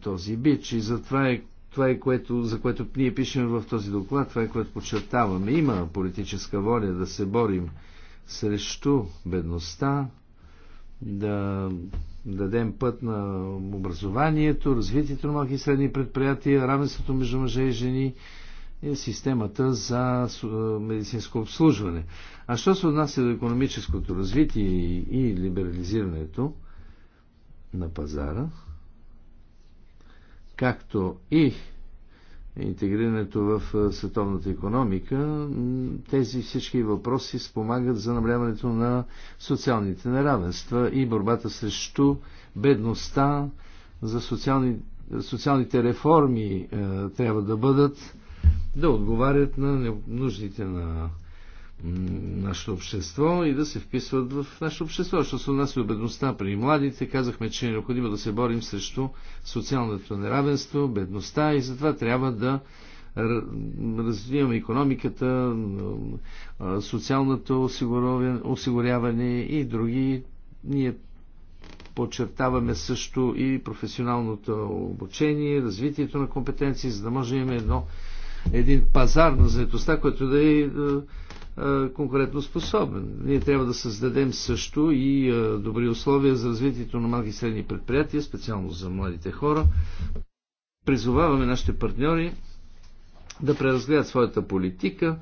този бич. И това е това е което, за което ние пишем в този доклад, това е което подчертаваме. Има политическа воля да се борим срещу бедността, да дадем път на образованието, развитието на малки и средни предприятия, равенството между мъже и жени и системата за медицинско обслужване. А що се отнася до економическото развитие и, либерализирането на пазара, както и интегрирането в световната економика, тези всички въпроси спомагат за намаляването на социалните неравенства и борбата срещу бедността за социални, социалните реформи трябва да бъдат да отговарят на нуждите на нашето общество и да се вписват в нашето общество. защото у нас до бедността при младите, казахме, че е необходимо да се борим срещу социалното неравенство, бедността и затова трябва да развиваме економиката, социалното осигуряване и други. Ние подчертаваме също и професионалното обучение, развитието на компетенции, за да може да имаме едно един пазар на заедостта, който да е, е, е конкурентно способен. Ние трябва да създадем също и е, добри условия за развитието на малки и средни предприятия, специално за младите хора. Призоваваме нашите партньори да преразгледат своята политика,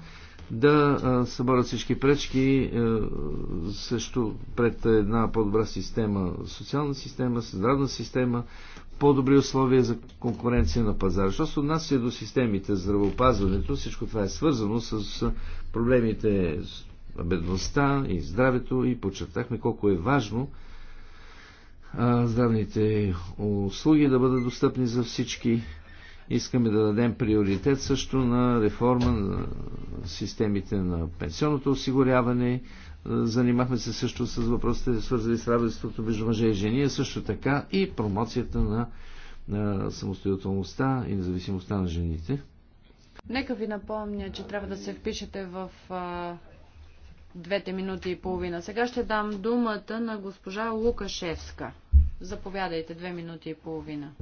да съборят всички пречки също пред една по-добра система, социална система, здравна система, по-добри условия за конкуренция на пазара. Що се отнася до системите за здравеопазването, всичко това е свързано с проблемите с бедността и здравето и подчертахме колко е важно здравните услуги да бъдат достъпни за всички. Искаме да дадем приоритет също на реформа на системите на пенсионното осигуряване, Занимахме се също с въпросите, свързани с равенството между мъже и жени, а също така и промоцията на, на самостоятелността и независимостта на жените. Нека ви напомня, че трябва да се впишете в а, двете минути и половина. Сега ще дам думата на госпожа Лукашевска. Заповядайте, две минути и половина.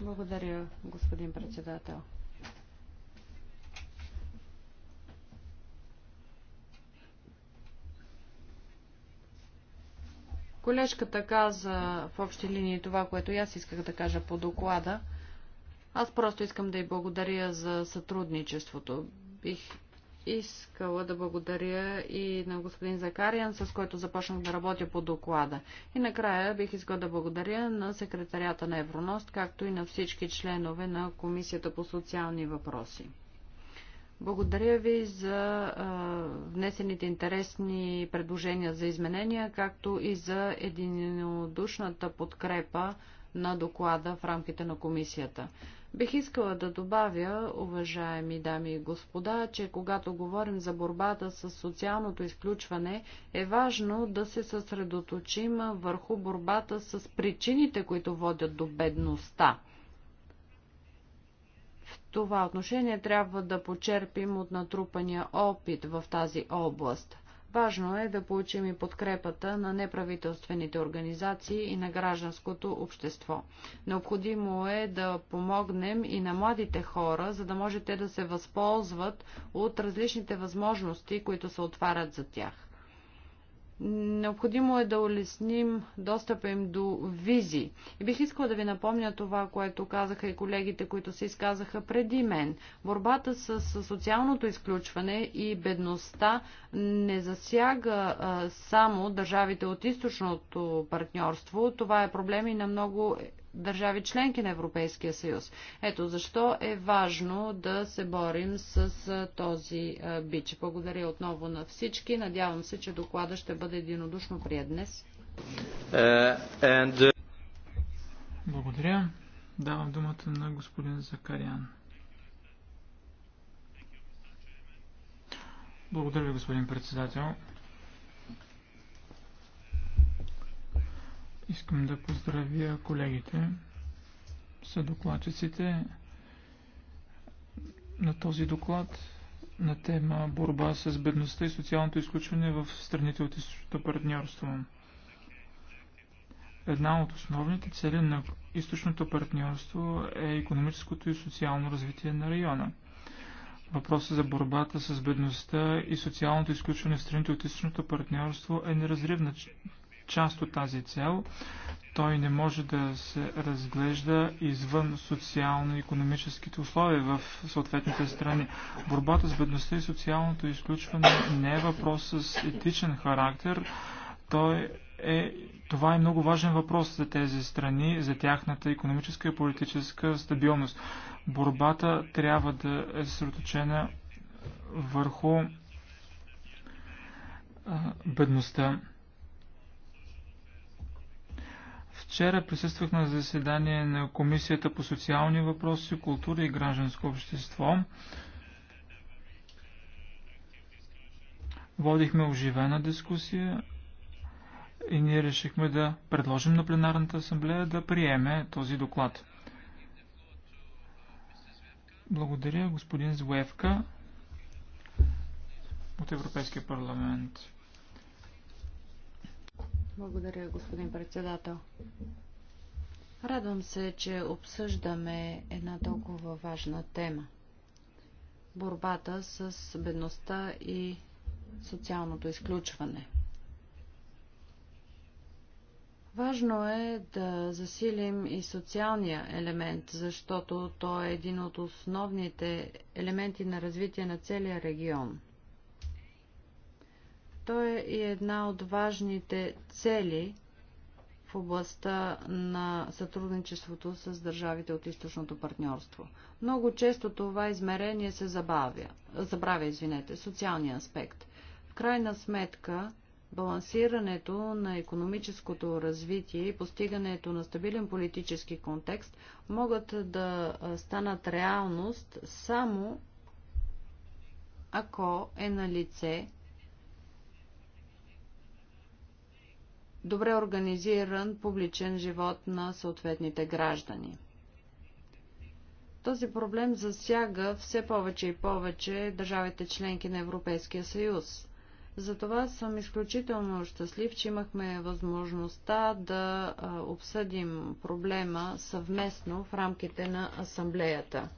Благодаря, господин председател. Колежката каза в общи линии това, което и аз исках да кажа по доклада. Аз просто искам да й благодаря за сътрудничеството. Бих искала да благодаря и на господин Закариан, с който започнах да работя по доклада. И накрая бих искала да благодаря на секретарята на Евроност, както и на всички членове на Комисията по социални въпроси. Благодаря ви за а, внесените интересни предложения за изменения, както и за единодушната подкрепа на доклада в рамките на комисията. Бих искала да добавя, уважаеми дами и господа, че когато говорим за борбата с социалното изключване, е важно да се съсредоточим върху борбата с причините, които водят до бедността това отношение трябва да почерпим от натрупания опит в тази област. Важно е да получим и подкрепата на неправителствените организации и на гражданското общество. Необходимо е да помогнем и на младите хора, за да може те да се възползват от различните възможности, които се отварят за тях. Необходимо е да улесним достъпа им до визи. И бих искала да ви напомня това, което казаха и колегите, които се изказаха преди мен. Борбата с социалното изключване и бедността не засяга само държавите от източното партньорство. Това е проблем и на много държави членки на Европейския съюз. Ето защо е важно да се борим с този бич. Благодаря отново на всички. Надявам се, че доклада ще бъде единодушно прият днес. Е, uh, and... Благодаря. Давам думата на господин Закарян. Благодаря ви, господин председател. Искам да поздравя колегите, съдокладчиците на този доклад на тема борба с бедността и социалното изключване в страните от източното партньорство. Една от основните цели на източното партньорство е економическото и социално развитие на района. Въпросът за борбата с бедността и социалното изключване в страните от източното партньорство е неразривна част от тази цел. Той не може да се разглежда извън социално-економическите условия в съответните страни. Борбата с бедността и социалното изключване не е въпрос с етичен характер. Той е, това е много важен въпрос за тези страни, за тяхната економическа и политическа стабилност. Борбата трябва да е съсредоточена върху бедността. Вчера присъствах на заседание на Комисията по социални въпроси, култура и гражданско общество. Водихме оживена дискусия и ние решихме да предложим на пленарната асамблея да приеме този доклад. Благодаря, господин Зуевка от Европейския парламент. Благодаря, господин председател. Радвам се, че обсъждаме една толкова важна тема. Борбата с бедността и социалното изключване. Важно е да засилим и социалния елемент, защото той е един от основните елементи на развитие на целия регион – той е и една от важните цели в областта на сътрудничеството с държавите от източното партньорство. Много често това измерение се забавя, забравя извинете, социалния аспект. В крайна сметка, балансирането на економическото развитие и постигането на стабилен политически контекст могат да станат реалност само ако е на лице добре организиран публичен живот на съответните граждани. Този проблем засяга все повече и повече държавите членки на Европейския съюз. Затова съм изключително щастлив, че имахме възможността да обсъдим проблема съвместно в рамките на асамблеята.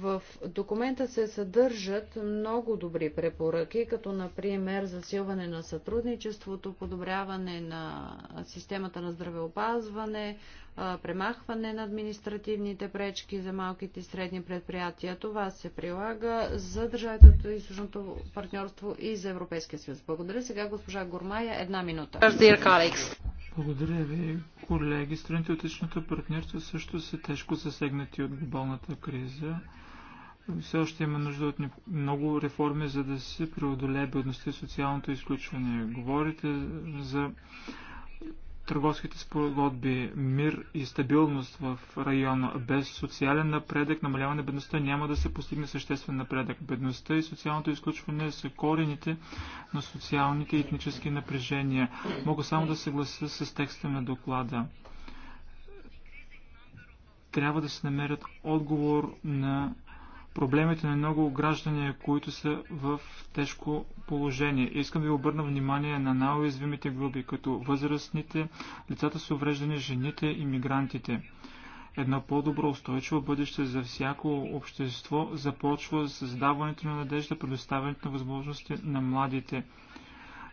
В документа се съдържат много добри препоръки, като например засилване на сътрудничеството, подобряване на системата на здравеопазване, премахване на административните пречки за малките и средни предприятия. Това се прилага за държавите от източното партньорство и за Европейския съюз. Благодаря сега госпожа Гормая. Една минута. Благодаря ви, колеги. Страните от личното партньорство също са тежко засегнати от глобалната криза. Все още има нужда от много реформи, за да се преодолее бедността и социалното изключване. Говорите за търговските спогодби, мир и стабилност в района. Без социален напредък, намаляване на бедността няма да се постигне съществен напредък. Бедността и социалното изключване са корените на социалните и етнически напрежения. Мога само да съглася с текста на доклада. Трябва да се намерят отговор на проблемите на много граждани, които са в тежко положение. Искам да ви обърна внимание на най-уязвимите групи, като възрастните, лицата с увреждане, жените и мигрантите. Едно по-добро устойчиво бъдеще за всяко общество започва с създаването на надежда, предоставянето на възможности на младите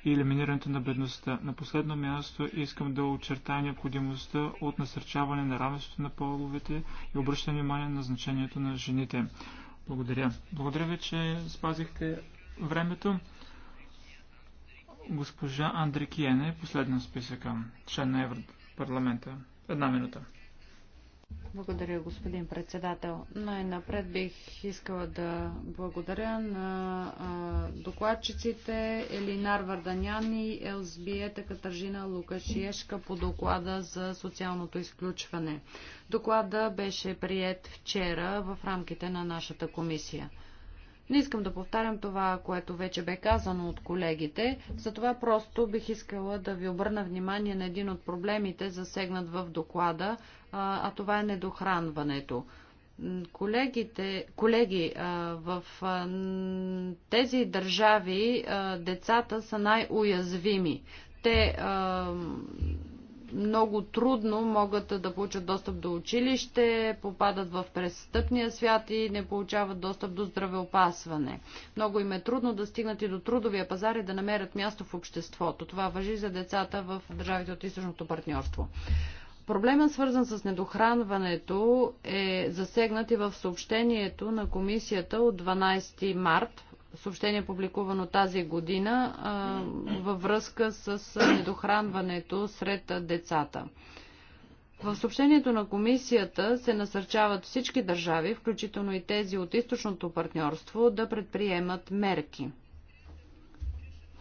и елиминирането на бедността. На последно място искам да очертая необходимостта от насърчаване на равенството на половете и обръщане внимание на значението на жените. Благодаря. Благодаря ви, че спазихте времето. Госпожа Андрикиене, последна списъка, член на Европарламента. Една минута. Благодаря, господин председател. Най-напред бих искала да благодаря на докладчиците Елинар Варданян и Елзбиета Катържина Лукашиешка по доклада за социалното изключване. Доклада беше прият вчера в рамките на нашата комисия. Не искам да повтарям това, което вече бе казано от колегите, затова просто бих искала да ви обърна внимание на един от проблемите, засегнат в доклада, а, а това е недохранването. Колегите, колеги, в тези държави децата са най-уязвими. Те много трудно могат да получат достъп до училище, попадат в престъпния свят и не получават достъп до здравеопасване. Много им е трудно да стигнат и до трудовия пазар и да намерят място в обществото. Това въжи за децата в държавите от източното партньорство. Проблемът, свързан с недохранването, е засегнат и в съобщението на комисията от 12 март, съобщение публикувано тази година, във връзка с недохранването сред децата. В съобщението на комисията се насърчават всички държави, включително и тези от източното партньорство, да предприемат мерки.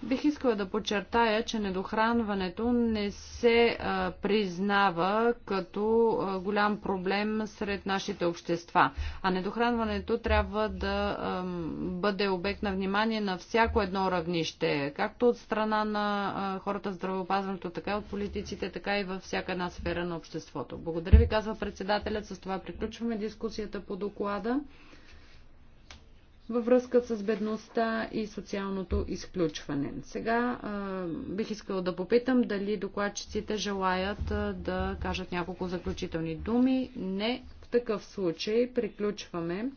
Бих искала да подчертая, че недохранването не се а, признава като а, голям проблем сред нашите общества. А недохранването трябва да а, бъде обект на внимание на всяко едно равнище, както от страна на а, хората в здравеопазването, така и от политиците, така и във всяка една сфера на обществото. Благодаря ви, казва председателят. С това приключваме дискусията по доклада във връзка с бедността и социалното изключване. Сега а, бих искала да попитам дали докладчиците желаят а, да кажат няколко заключителни думи. Не, в такъв случай приключваме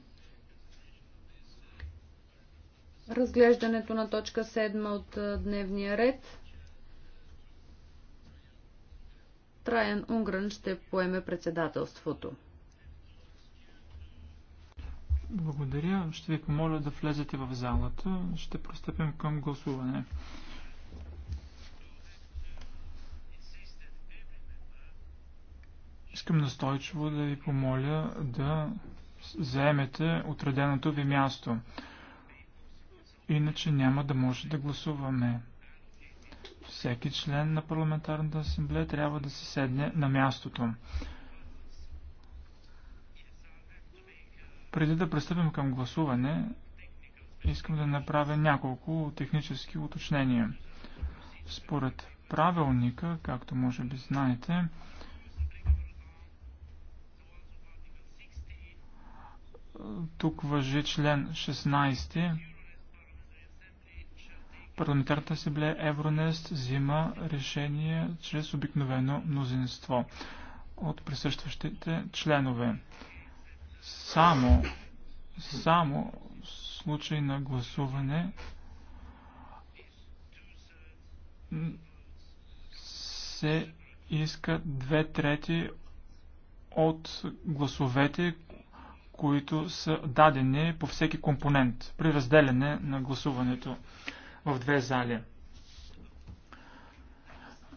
разглеждането на точка 7 от а, дневния ред. Траян Унгрън ще поеме председателството. Благодаря. Ще ви помоля да влезете в залата. Ще пристъпим към гласуване. Искам настойчиво да ви помоля да заемете отреденото ви място. Иначе няма да може да гласуваме. Всеки член на парламентарната асамблея трябва да се седне на мястото. Преди да пристъпим към гласуване, искам да направя няколко технически уточнения. Според правилника, както може би знаете, тук въжи член 16. Парламентарната асамблея Евронест взима решение чрез обикновено мнозинство от присъстващите членове само, само случай на гласуване се иска две трети от гласовете, които са дадени по всеки компонент при разделяне на гласуването в две зали.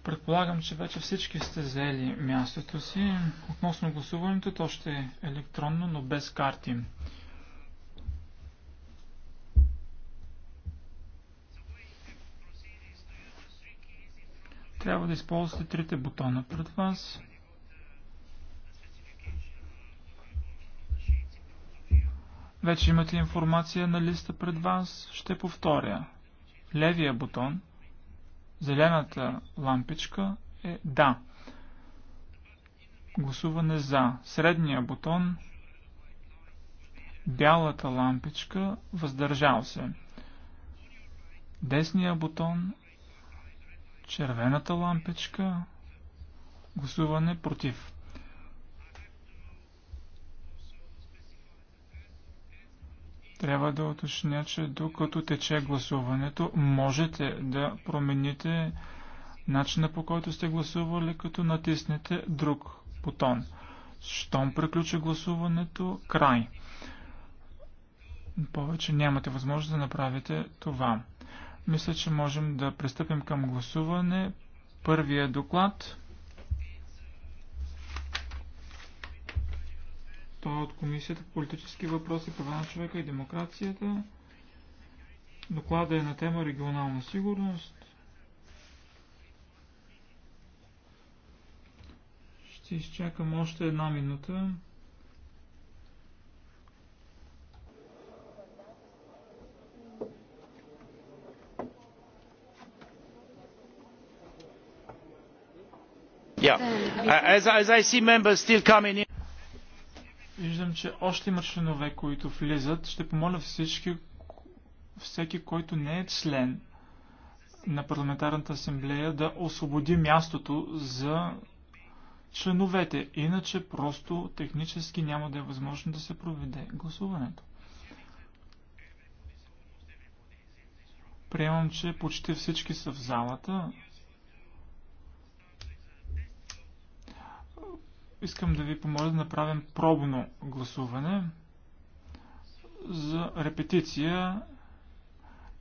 Предполагам, че вече всички сте взели мястото си. Относно гласуването, то ще е електронно, но без карти. Трябва да използвате трите бутона пред вас. Вече имате информация на листа пред вас. Ще повторя. Левия бутон – Зелената лампичка е да. Гласуване за. Средния бутон. Бялата лампичка. Въздържал се. Десния бутон. Червената лампичка. Гласуване против. Трябва да уточня, че докато тече гласуването, можете да промените начина по който сте гласували, като натиснете друг бутон. Щом приключи гласуването, край. Повече нямате възможност да направите това. Мисля, че можем да пристъпим към гласуване. Първия доклад Той е от Комисията по политически въпроси, права на човека и демокрацията. Доклада е на тема регионална сигурност. Ще изчакам още една минута. Yeah. Uh, uh, as, as I see members still coming in. Виждам, че още има членове, които влизат. Ще помоля всички, всеки, който не е член на парламентарната асамблея, да освободи мястото за членовете. Иначе просто технически няма да е възможно да се проведе гласуването. Приемам, че почти всички са в залата. Искам да ви помоля да направим пробно гласуване за репетиция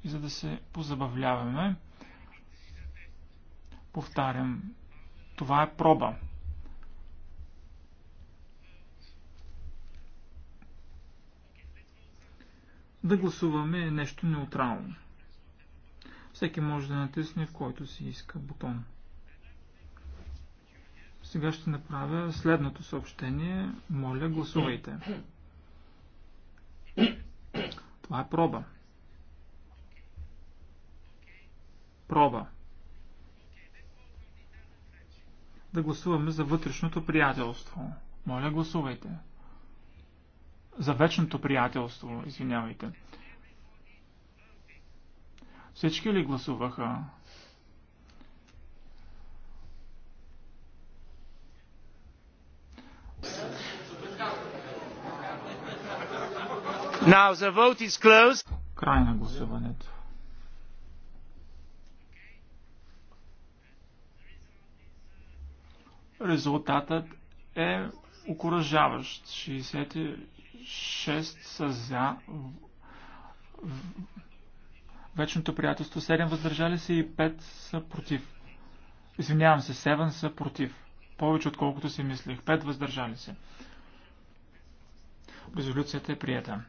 и за да се позабавляваме. Повтарям, това е проба. Да гласуваме нещо неутрално. Всеки може да натисне в който си иска бутон. Сега ще направя следното съобщение. Моля, гласувайте. Това е проба. Проба. Да гласуваме за вътрешното приятелство. Моля, гласувайте. За вечното приятелство, извинявайте. Всички ли гласуваха? Now the vote is closed. Край на гласуването. Резултатът е окоръжаващ. 66 са за. Вечното приятелство 7 въздържали се и 5 са против. Извинявам се, 7 са против. Повече отколкото си мислих. 5 въздържали се. Резолюцията е прията.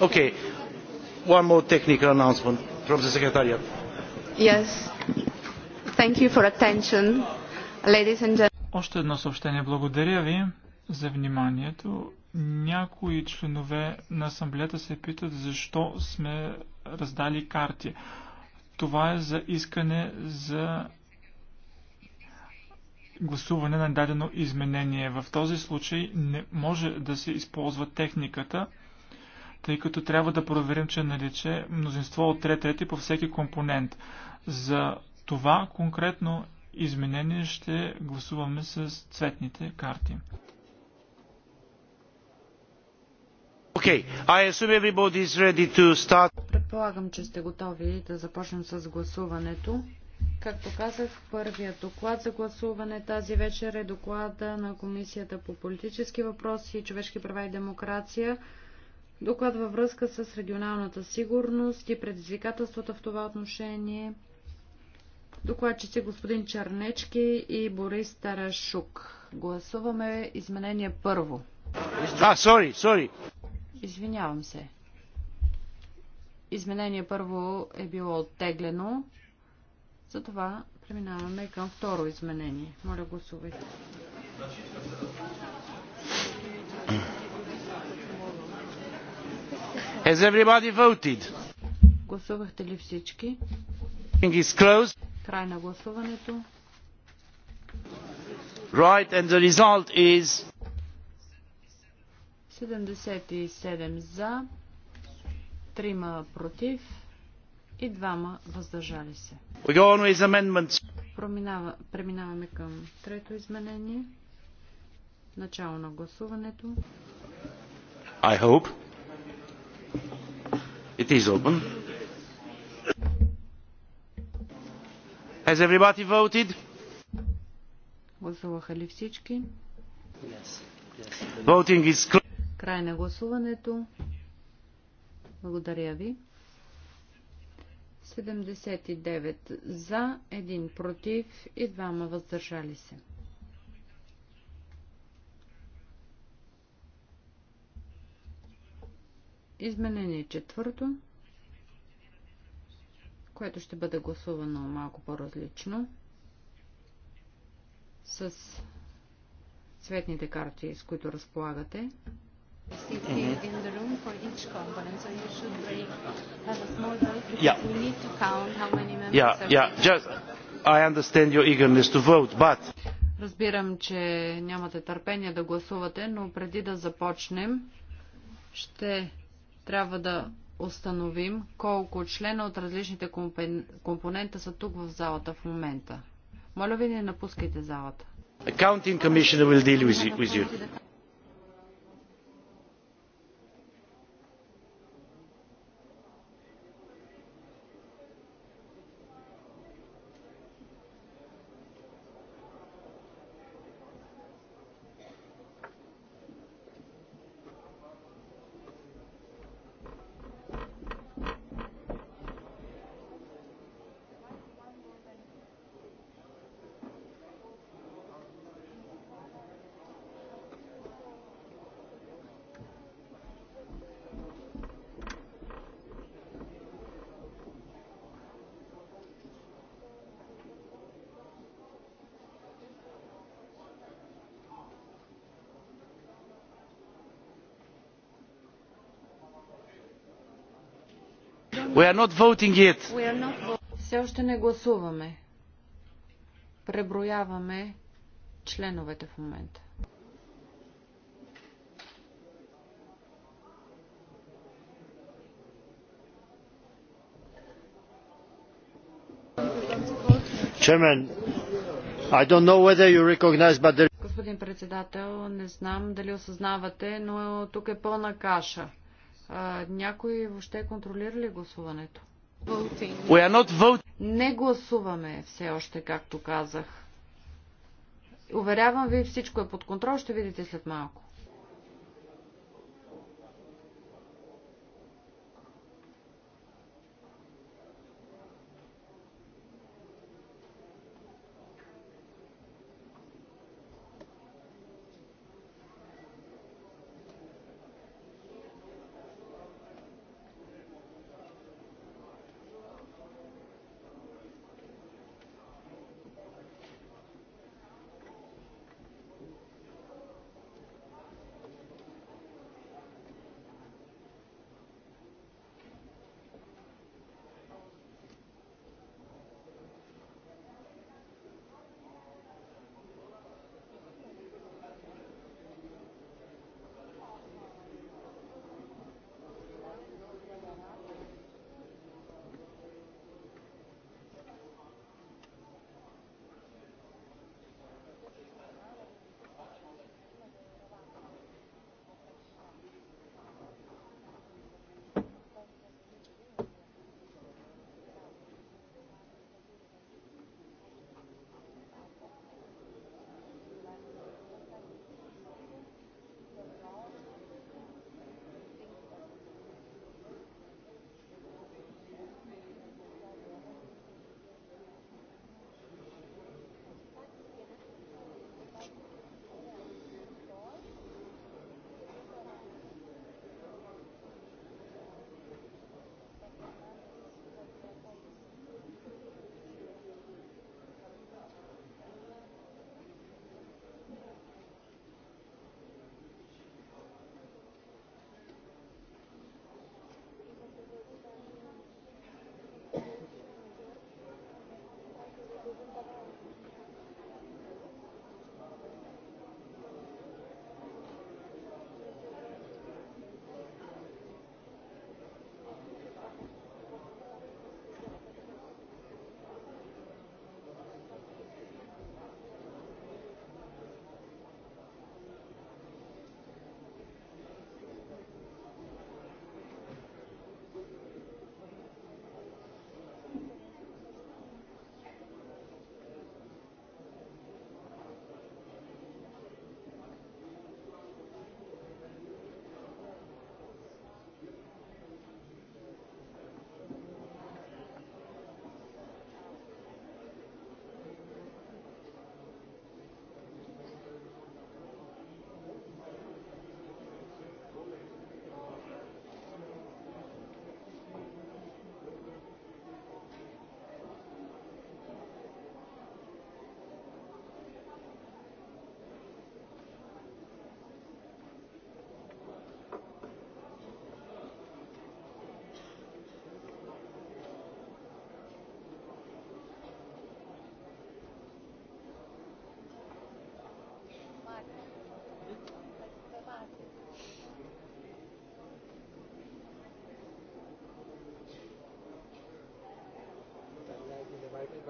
Okay. One more technical announcement from the Secretariat. Yes. Thank you for attention, ladies and gentlemen. Още едно съобщение. Благодаря ви за вниманието. Някои членове на асамблеята се питат защо сме раздали карти. Това е за искане за гласуване на дадено изменение. В този случай не може да се използва техниката тъй като трябва да проверим, че е наличе мнозинство от трет трети по всеки компонент. За това конкретно изменение ще гласуваме с цветните карти. Okay. Предполагам, че сте готови да започнем с гласуването. Както казах, първият доклад за гласуване тази вечер е доклада на Комисията по политически въпроси, и човешки права и демокрация. Доклад във връзка с регионалната сигурност и предизвикателствата в това отношение. Докладчици е господин Чернечки и Борис Тарашук. Гласуваме изменение първо. А, сори, сори. Извинявам се. Изменение първо е било оттеглено, затова преминаваме към второ изменение. Моля, гласувайте. Has everybody voted? Гласувахте ли всички? Is closed. Край на гласуването. Right, and the result is 77 за, 3 против и 2 въздържали се. We go on with amendments. Проминава, преминаваме към трето изменение. Начало на гласуването. I hope. It is open. Has everybody voted? Гласуваха ли всички? Yes. Yes. Voting is Край на гласуването. Благодаря ви. 79 за, 1 против и 2 въздържали се. Изменение четвърто, което ще бъде гласувано малко по-различно, с цветните карти, с които разполагате. Разбирам, че нямате търпение да гласувате, но преди да започнем, ще трябва да установим колко члена от различните компонента са тук в залата в момента. Моля ви, не напускайте залата. are not voting yet. Все още не гласуваме. Преброяваме членовете в момента. Господин председател, не знам дали осъзнавате, но тук е пълна каша някой въобще контролира ли гласуването? Не гласуваме все още, както казах. Уверявам ви, всичко е под контрол, ще видите след малко.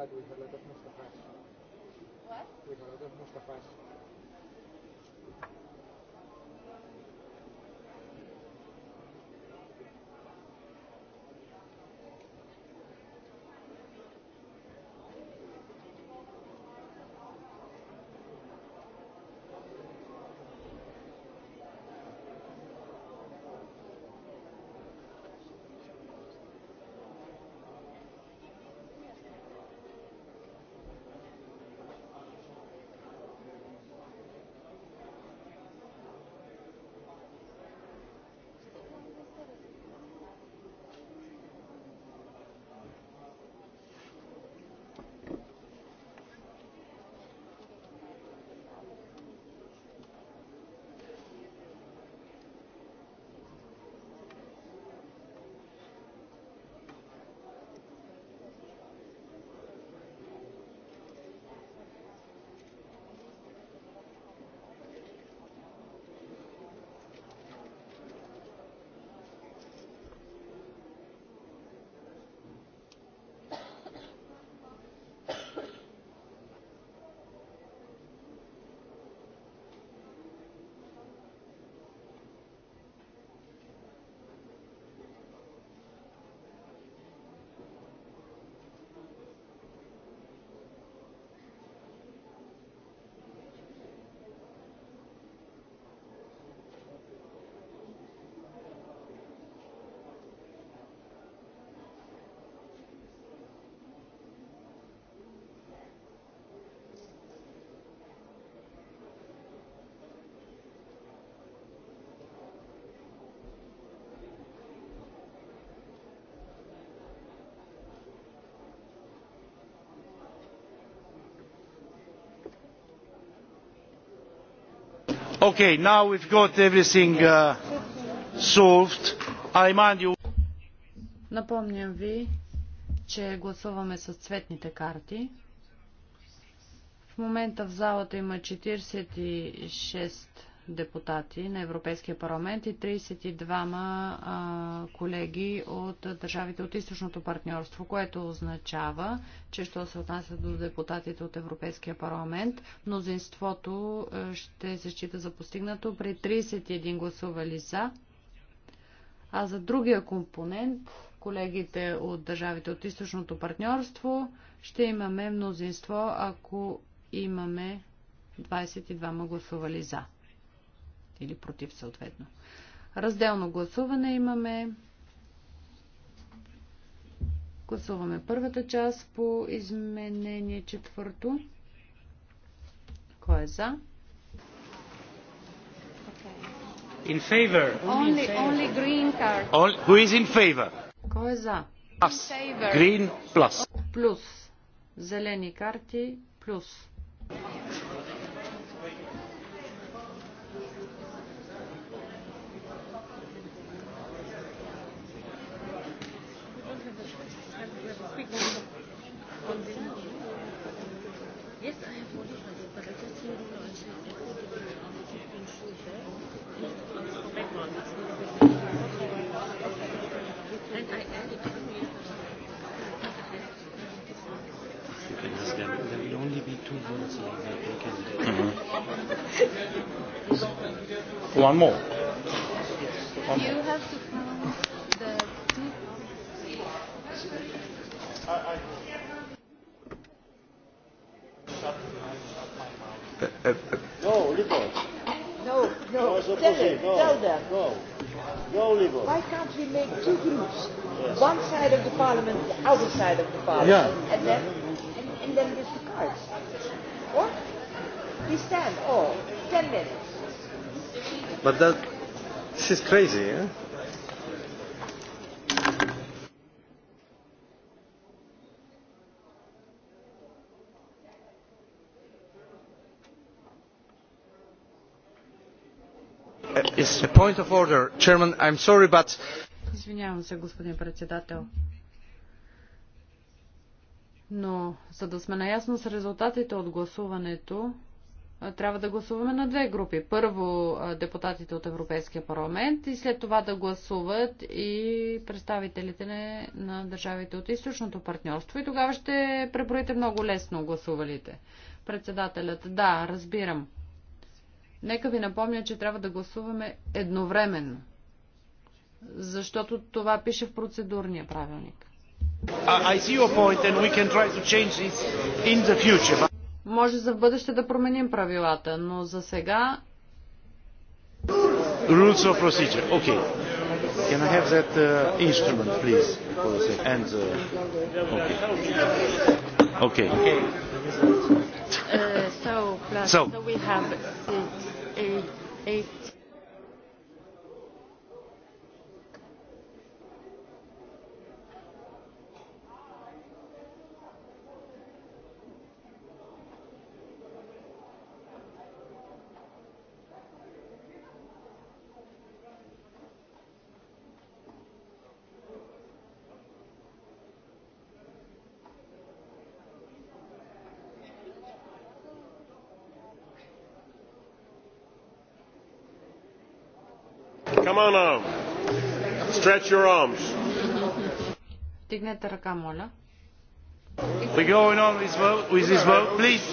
glad we had a lot of Mustafas. What? We had a lot of Mustafas. Uh, Напомням ви, че гласуваме с цветните карти. В момента в залата има 46 депутати на Европейския парламент и 32 колеги от държавите от източното партньорство, което означава, че що се отнася до депутатите от Европейския парламент, мнозинството ще се счита за постигнато при 31 гласували за. А за другия компонент, колегите от държавите от източното партньорство, ще имаме мнозинство, ако имаме 22 ма гласували за или против съответно. Разделно гласуване имаме. Гласуваме първата част по изменение четвърто. Кой е за? In favor. Only, only green card. All, who is in favor? Кой е за? Plus. Green plus. Плюс. Зелени карти плюс. One more. One more. You have to count the two. no, report. No, no. Tell them. No. Tell them. No. No, report. Why can't we make two groups? Yes. One side of the parliament, the other side of the parliament, yeah. and then and, and then with the cards. Or? We stand all ten minutes. But that, this is crazy, yeah? It's a point of order. Chairman, I'm sorry, but... Извинявам се, господин председател. Но, за да сме наясно с резултатите от гласуването, трябва да гласуваме на две групи. Първо депутатите от Европейския парламент и след това да гласуват и представителите на държавите от източното партньорство и тогава ще преброите много лесно гласувалите. Председателят, да, разбирам. Нека ви напомня, че трябва да гласуваме едновременно, защото това пише в процедурния правилник. I see your point and we can try to change this in the future. Може за в бъдеще да променим правилата, но за сега... Rules of procedure. Okay. Can I have that uh, instrument, please? Because it ends... Uh... Okay. Okay. okay. Uh, so, plus, so, so we have eight, eight on now. Stretch your arms. Дигнете ръка, моля. We going on this vote, with this vote, please.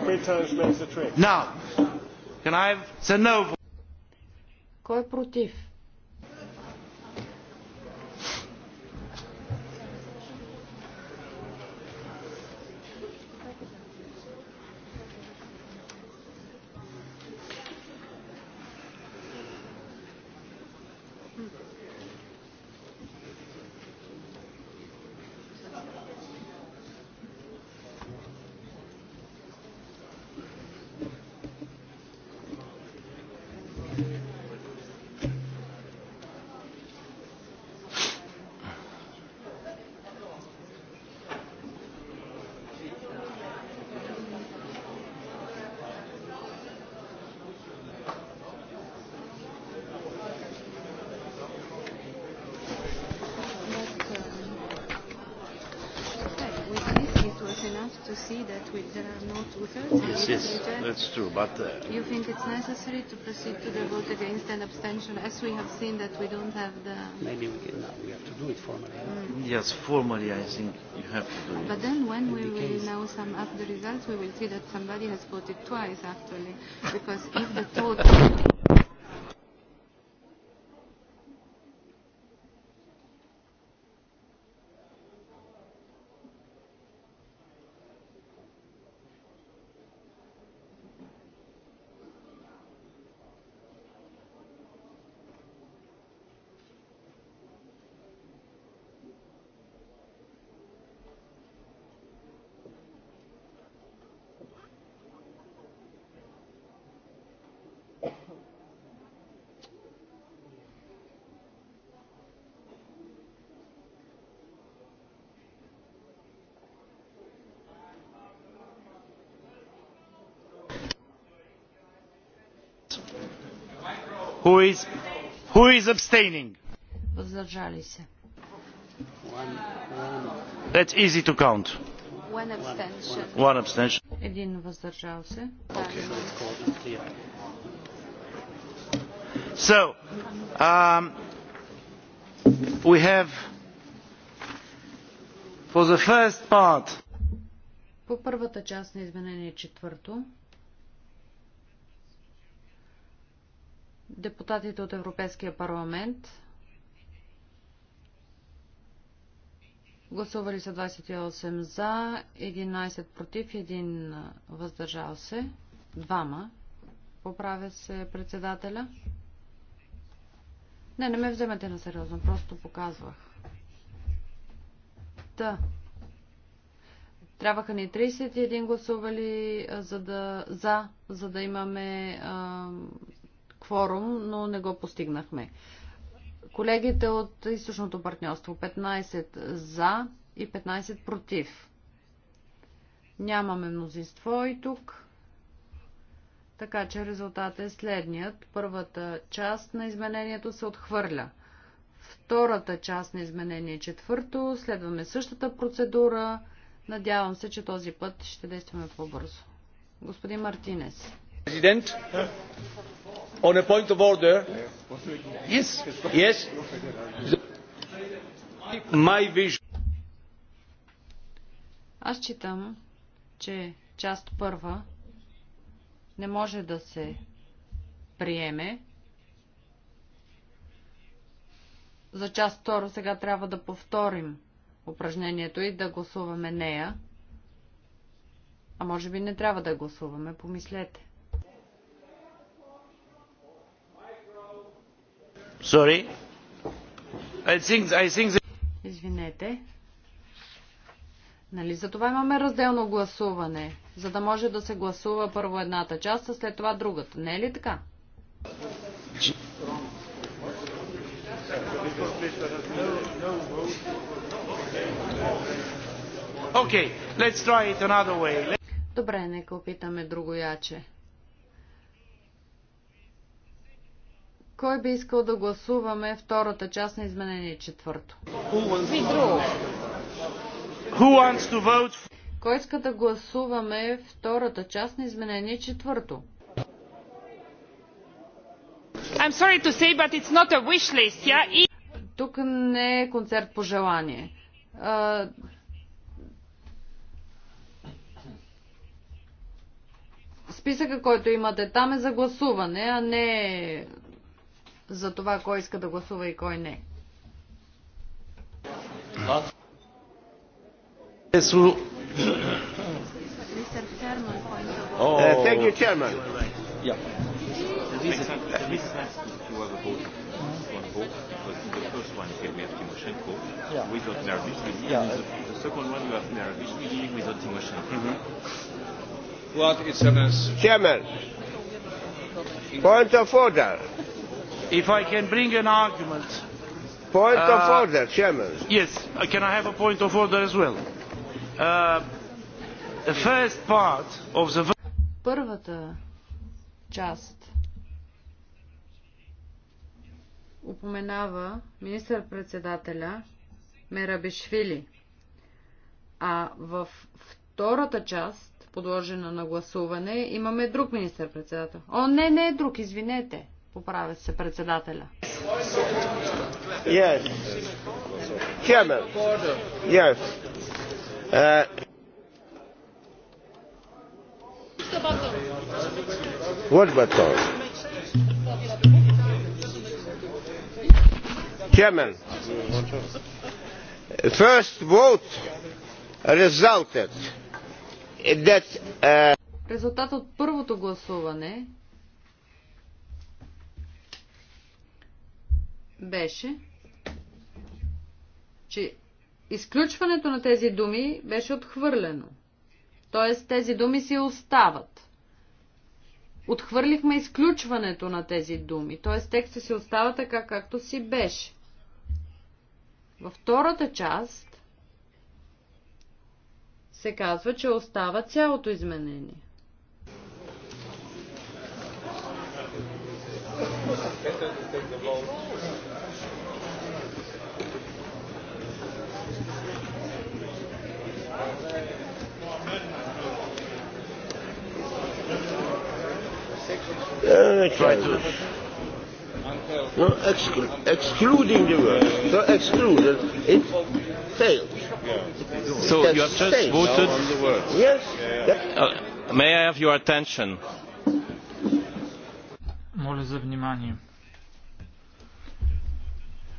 Three times makes the trick. Now, can I have the no vote? Кой е против? that's true, but... Uh, you think it's necessary to proceed to the vote against an abstention, as we have seen that we don't have the... Maybe we can, no, we have to do it formally. Mm. Yes, formally I think you have to do it. But then when In we the will now sum up the results, we will see that somebody has voted twice, actually, because if the total Who is, who is abstaining? Въздържали се. That's easy to count. One abstention. One abstention. Един въздържал се. Okay. So, um, we have for the first part. По първата част на изменение четвърто. депутатите от Европейския парламент. Гласували са 28 за, 11 против, 1 въздържал се, двама. Поправя се председателя. Не, не ме вземете на сериозно, просто показвах. Та. Трябваха ни 31 гласували за да, за, за да имаме кворум, но не го постигнахме. Колегите от източното партньорство 15 за и 15 против. Нямаме мнозинство и тук. Така че резултатът е следният. Първата част на изменението се отхвърля. Втората част на изменение е четвърто. Следваме същата процедура. Надявам се, че този път ще действаме по-бързо. Господин Мартинес. Аз читам, че част първа не може да се приеме. За част второ, сега трябва да повторим упражнението и да гласуваме нея. А може би не трябва да гласуваме, помислете. Извинете. Нали за това имаме разделно гласуване, за да може да се гласува първо едната част, а след това другата. Не е ли така? Okay, let's try it another way. Добре, нека опитаме друго яче. Кой би искал да гласуваме втората част на изменение четвърто? Кой иска да гласуваме втората част на изменение четвърто? I'm sorry to say, but it's not a wish list, yeah? Тук не е концерт по желание. А... Списъка, който имате там е за гласуване, а не за това кой иска да гласува и кой не. Е, mm-hmm. What is Chairman, point of order. If I can bring an argument. Point of uh, order, Chairman. Yes, uh, can I have a point of order as well? Uh, the first part of the. Първата част упоменава министър-председателя Мерабешвили, а в втората част, подложена на гласуване, имаме друг министър-председател. О, не, не е друг, извинете. Поправя се председателя. Yes. Chairman. Yes. Uh... What button? Chairman. First vote resulted that. Uh... Резултат от първото гласуване беше, че изключването на тези думи беше отхвърлено. Тоест тези думи си остават. Отхвърлихме изключването на тези думи, т.е. текста си остава така, както си беше. Във втората част се казва, че остава цялото изменение. No, exclu- excluding the word. So excluded, it failed. So it you have just failed. voted. No, on the word. Yes. Yeah. Uh, may I have your attention? Моля за внимание.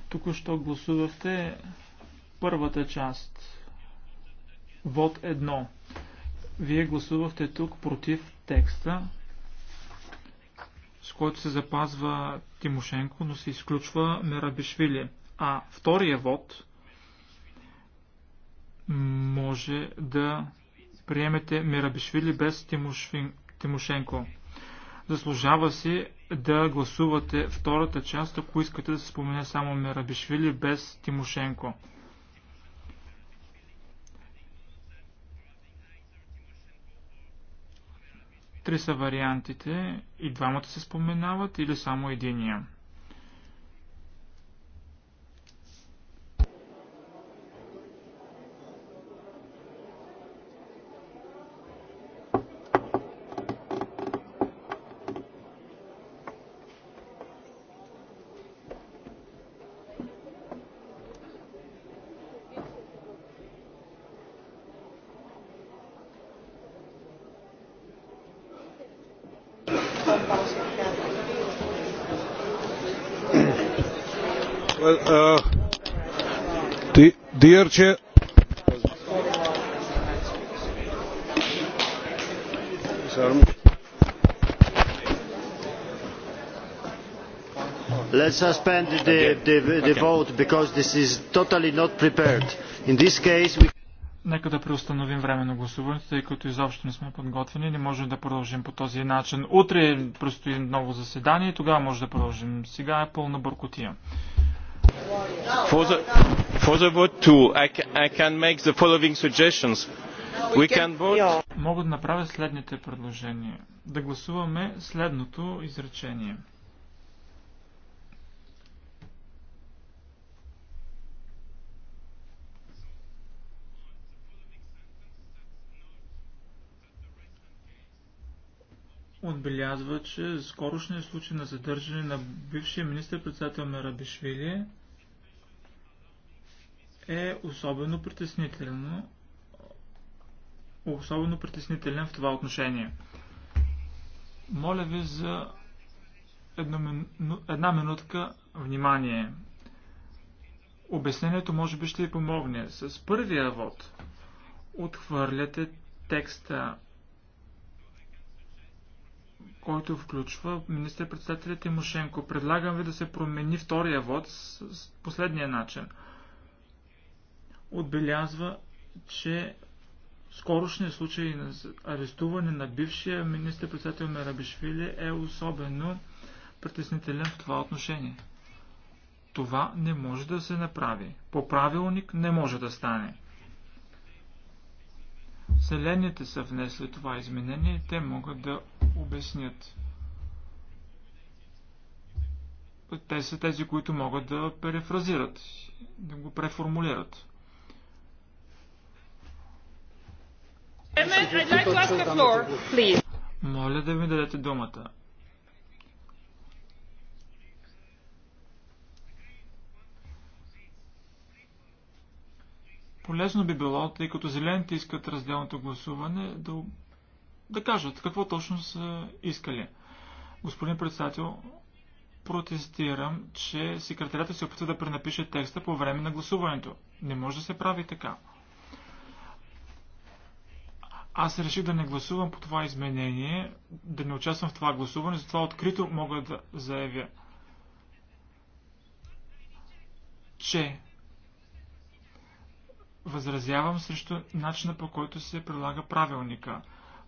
Току-що гласувахте първата част. Вод едно. Вие гласувахте тук против текста, с който се запазва Тимошенко, но се изключва Мерабишвили. А втория вод може да приемете Мерабишвили без Тимошвин... Тимошенко. Заслужава си да гласувате втората част, ако искате да се спомене само Мерабишвили без Тимошенко. Три са вариантите и двамата се споменават или само единия. Макар, let's suspend the, the, the vote because this is totally not prepared. In this case we... Нека да преустановим време на гласуването, тъй като изобщо не сме подготвени. Не можем да продължим по този начин. Утре предстои ново заседание и тогава може да продължим. Сега е пълна бъркотия. For the, vote too, I, can, I can make the following suggestions. We can vote... Мога да направя следните предложения. Да гласуваме следното изречение. отбелязва, че скорошният случай на задържане на бившия министър председател Мерабишвили е особено притеснително, особено притеснителен в това отношение. Моля ви за едно, една минутка внимание. Обяснението може би ще ви помогне. С първия вод отхвърляте текста, който включва министър председателя Тимошенко. Предлагам ви да се промени втория вод с последния начин – отбелязва, че скорошния случай на арестуване на бившия министр-председател Мерабишвили е особено притеснителен в това отношение. Това не може да се направи. По правилник не може да стане. Селените са внесли това изменение, те могат да обяснят. Те са тези, които могат да перефразират, да го преформулират. Моля да ми дадете думата. Полезно би било, тъй като зелените искат разделното гласуване, да, да кажат какво точно са искали. Господин председател, протестирам, че секретарята се опитва да пренапише текста по време на гласуването. Не може да се прави така. Аз реших да не гласувам по това изменение, да не участвам в това гласуване, затова открито мога да заявя, че възразявам срещу начина по който се прилага правилника.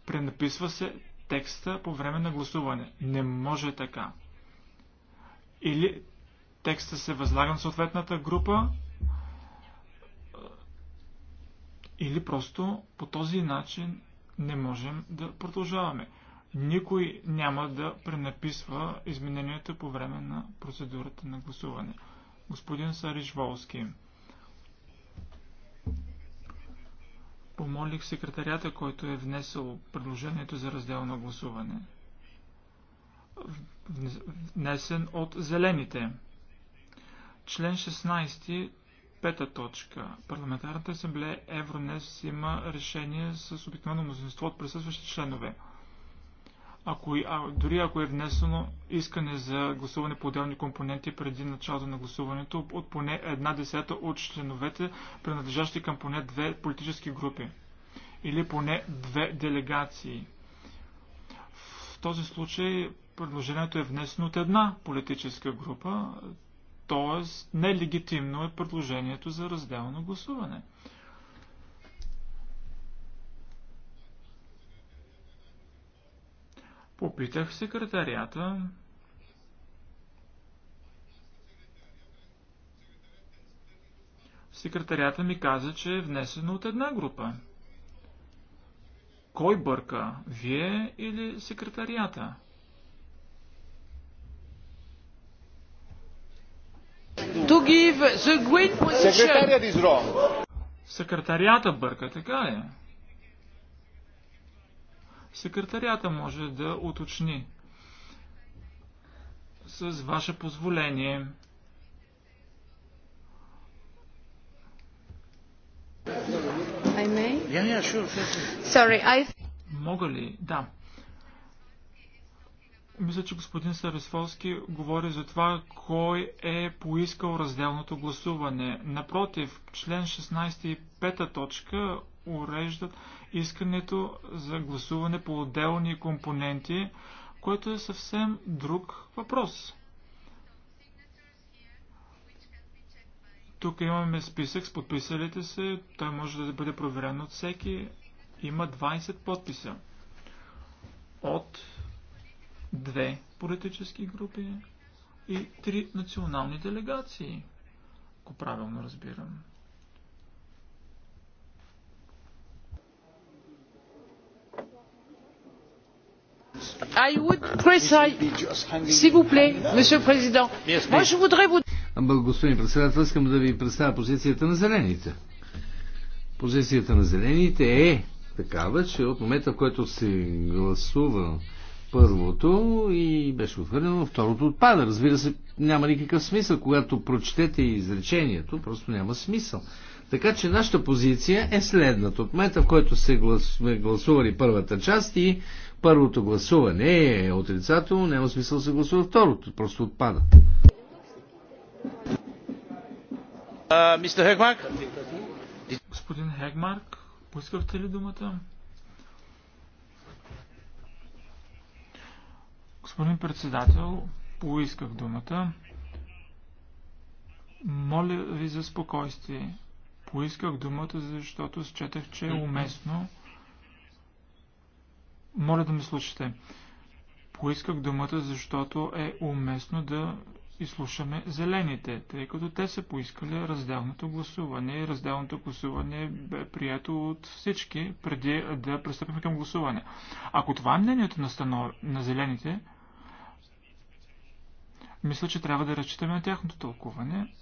Пренаписва се текста по време на гласуване. Не може така. Или текста се възлага на съответната група, Или просто по този начин не можем да продължаваме. Никой няма да пренаписва измененията по време на процедурата на гласуване. Господин Сариш Волски. Помолих секретарята, който е внесъл предложението за разделно гласуване. Внесен от зелените. Член 16 Пета точка. Парламентарната асамблея Евронес има решение с обикновено мнозинство от присъстващите членове. Ако, а, дори ако е внесено искане за гласуване по отделни компоненти преди началото на гласуването от поне една десета от членовете, принадлежащи към поне две политически групи или поне две делегации. В този случай предложението е внесено от една политическа група, т.е. нелегитимно е предложението за разделно гласуване. Попитах секретарията. Секретарията ми каза, че е внесено от една група. Кой бърка? Вие или секретарията? To give the green position. Секретарията бърка, така ли? Е. Секретарията може да уточни. С ваше позволение. I may? Yeah, yeah, sure, sure, sure. Sorry, I... Мога ли? Да. Мисля, че господин Сарисфолски говори за това, кой е поискал разделното гласуване. Напротив, член 16 и 5 точка уреждат искането за гласуване по отделни компоненти, което е съвсем друг въпрос. Тук имаме списък с подписалите се, той може да бъде проверен от всеки. Има 20 подписа от две политически групи и три национални делегации, ако правилно разбирам. Господин председател, искам да ви представя позицията на зелените. Позицията на зелените е такава, че от момента, в който се гласува първото и беше отхвърлено, второто отпада. Разбира се, няма никакъв смисъл. Когато прочетете изречението, просто няма смисъл. Така че нашата позиция е следната. От момента, в който се глас... гласували първата част и първото гласуване е отрицателно, няма смисъл да се гласува второто. Просто отпада. Мистер Хегмарк? Господин Хегмарк, поискахте ли думата? Господин председател, поисках думата. Моля ви за спокойствие. Поисках думата, защото счетах, че е уместно. Моля да ме слушате. Поисках думата, защото е уместно да изслушаме зелените, тъй като те са поискали разделното гласуване. Разделното гласуване бе прието от всички преди да пристъпим към гласуване. Ако това е мнението на, станов... на зелените, мисля, че трябва да разчитаме на тяхното тълкуване.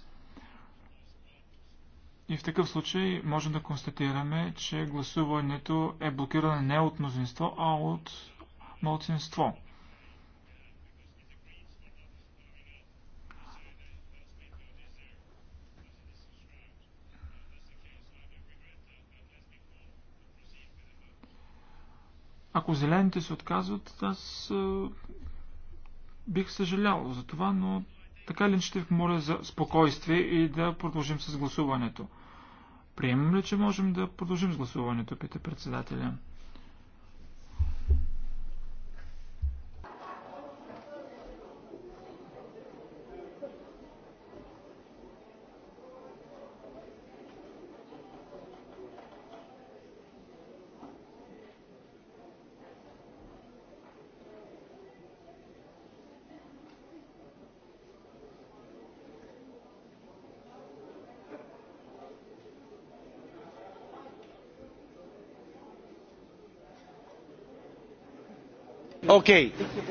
И в такъв случай можем да констатираме, че гласуването е блокирано не от мнозинство, а от малцинство. Ако зелените се отказват, аз Бих съжалял за това, но така ли ще ви моля за спокойствие и да продължим с гласуването? Приемам ли, че можем да продължим с гласуването, пита председателя.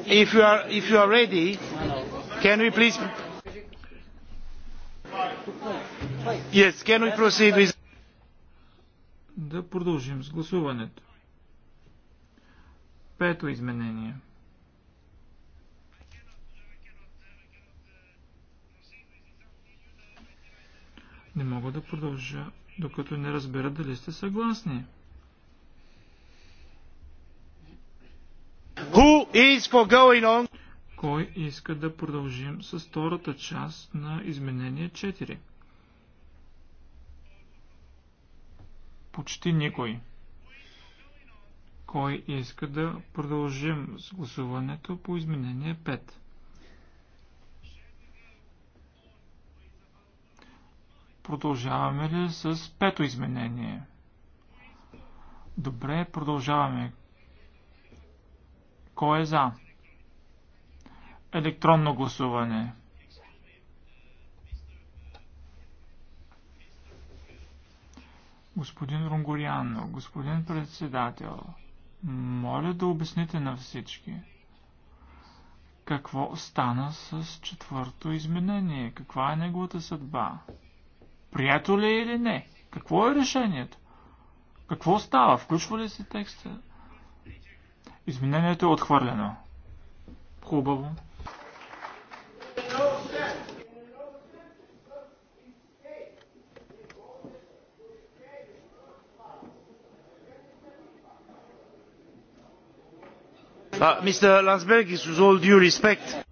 if you are ready, can we please Yes, can we proceed with Да продължим с гласуването. Пето изменение. Не мога да продължа, докато не разбера дали сте съгласни. is for going on. Кой иска да продължим с втората част на изменение 4? Почти никой. Кой иска да продължим с гласуването по изменение 5? Продължаваме ли с пето изменение? Добре, продължаваме. Кой е за? Електронно гласуване. Господин Рунгоряно, господин председател, моля да обясните на всички. Какво стана с четвърто изменение? Каква е неговата съдба? Прието ли е или не? Какво е решението? Какво става? Включва ли се текста? Изменението е отхвърлено. Хубаво.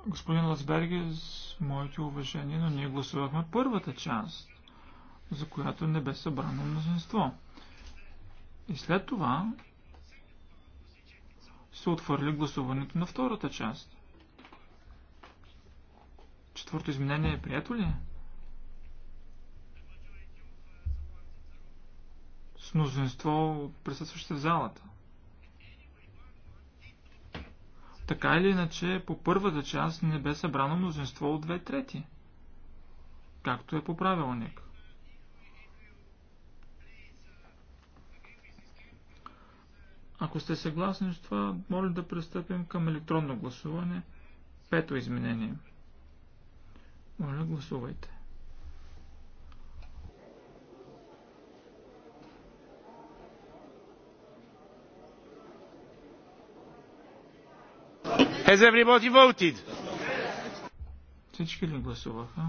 Господин Лансберги, с моите уважения, но ние гласувахме първата част, за която не бе събрано мнозинство. И след това се отвърли гласуването на втората част. Четвърто изменение е прието ли? С мнозинство от присъстващите в залата. Така или иначе, по първата част не бе събрано мнозинство от две трети, както е по правилник. Ако сте съгласни с това, моля да пристъпим към електронно гласуване. Пето изменение. Моля, гласувайте. Has everybody voted? Всички ли гласуваха?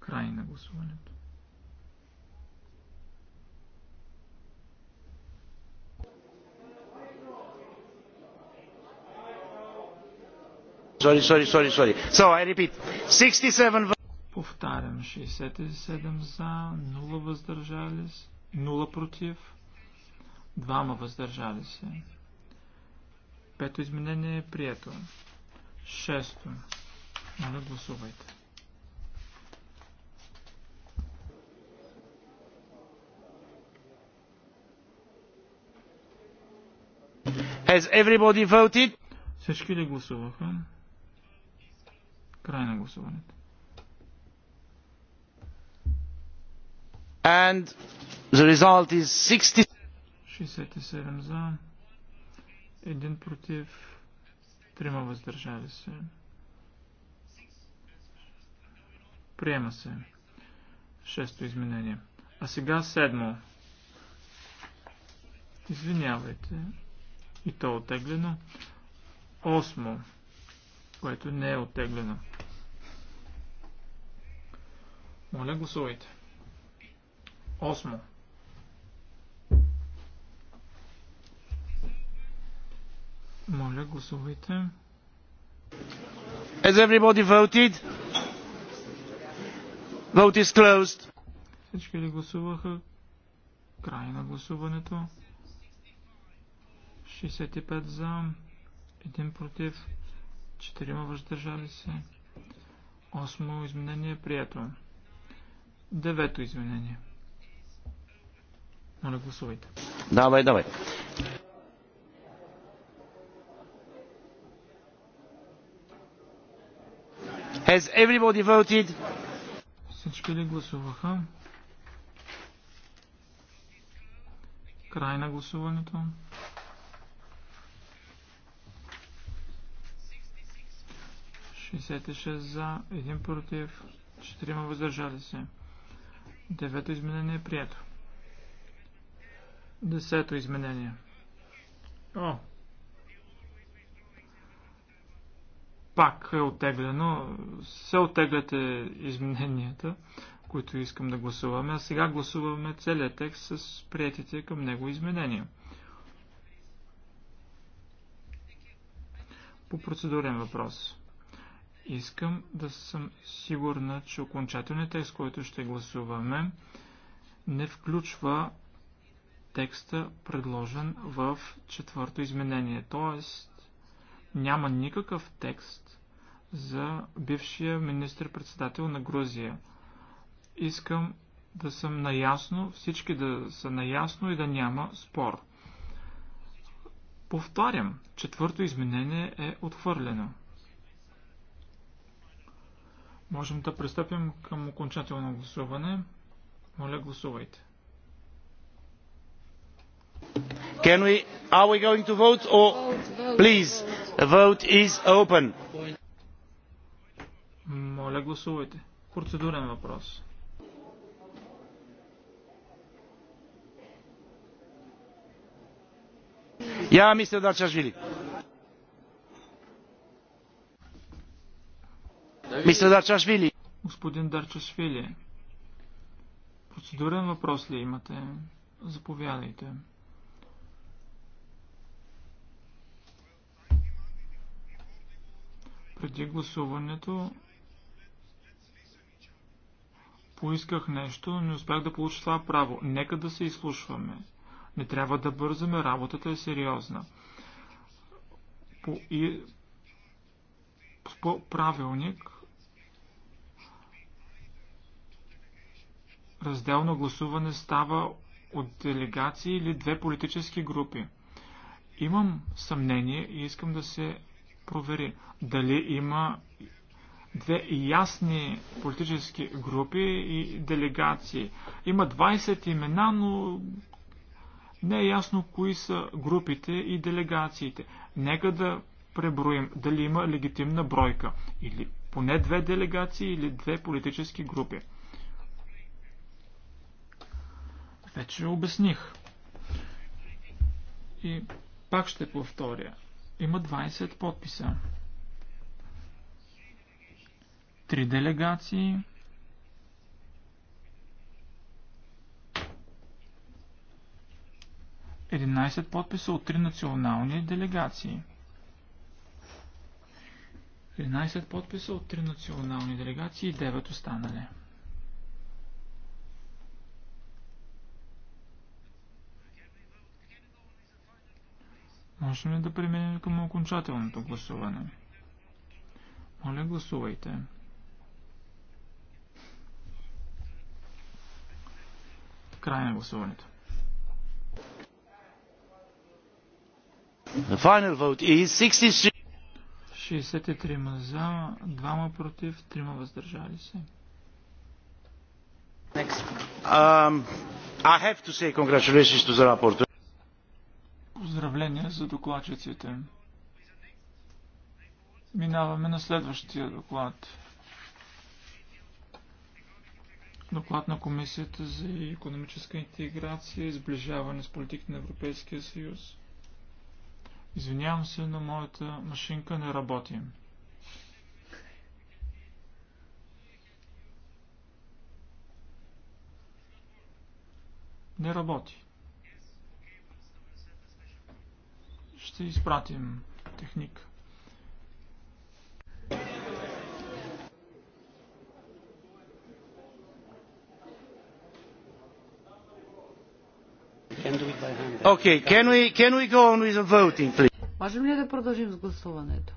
Край на гласуването. Sorry, sorry, sorry, sorry. So I repeat, 67... Повтарям, 67 за, 0 въздържали се, 0 против, 2 въздържали се. Пето изменение е прието. Шесто. Моля, гласувайте. Has everybody voted? Всички ли гласуваха? Край на гласуването. And the result is 60... 67 за, 1 против, 3 въздържали се. Приема се. Шесто изменение. А сега седмо. Извинявайте. И то е оттеглено. Осмо, което не е отеглено. Моля, гласувайте. Осмо. Моля, гласувайте. Has everybody voted? Vote is closed. Всички ли гласуваха? Край на гласуването. 65 за, 1 против, 4 въздържали се. Осмо изменение е прието. Девето изменение. Моля, гласувайте. Давай, давай. Has everybody voted? Всички ли гласуваха? Край на гласуването. 66 за, 1 против, 4 въздържали се. Девето изменение е прието. Десето изменение. О! Пак е отеглено. Се оттегляте измененията, които искам да гласуваме. А сега гласуваме целият текст с приятите към него изменения. По процедурен въпрос. Искам да съм сигурна, че окончателният текст, който ще гласуваме, не включва текста, предложен в четвърто изменение. Тоест, няма никакъв текст за бившия министр-председател на Грузия. Искам да съм наясно, всички да са наясно и да няма спор. Повтарям, четвърто изменение е отхвърлено. Можем да пристъпим към окончателно гласуване. Моля, гласувайте. Can we, are we going to vote or please, the vote is open. Моля, гласувайте. Процедурен въпрос. Я мисля да Дачашвили. Мистер Дарчашвили. Господин Дарчашвили, процедурен въпрос ли имате? Заповядайте. Преди гласуването поисках нещо, не успях да получа това право. Нека да се изслушваме. Не трябва да бързаме, работата е сериозна. По, и, по правилник разделно гласуване става от делегации или две политически групи. Имам съмнение и искам да се провери дали има две ясни политически групи и делегации. Има 20 имена, но не е ясно кои са групите и делегациите. Нека да преброим дали има легитимна бройка или поне две делегации или две политически групи. Вече обясних. И пак ще повторя. Има 20 подписа. Три делегации. Единайсет подписа от три национални делегации. 11 подписа от три национални делегации и 9 останали. Можем ли да преминем към окончателното гласуване? Моля, гласувайте. Край на гласуването. The final vote is 63. 63 за, 2 против, 3 въздържали се. Um, I have to say congratulations to the rapporteur. Поздравления за докладчиците. Минаваме на следващия доклад. Доклад на Комисията за економическа интеграция и сближаване с политиките на Европейския съюз. Извинявам се, но моята машинка не работи. Не работи. ще изпратим техник. Okay, can we, can we go on with the voting, please? Можем ли да продължим с гласуването?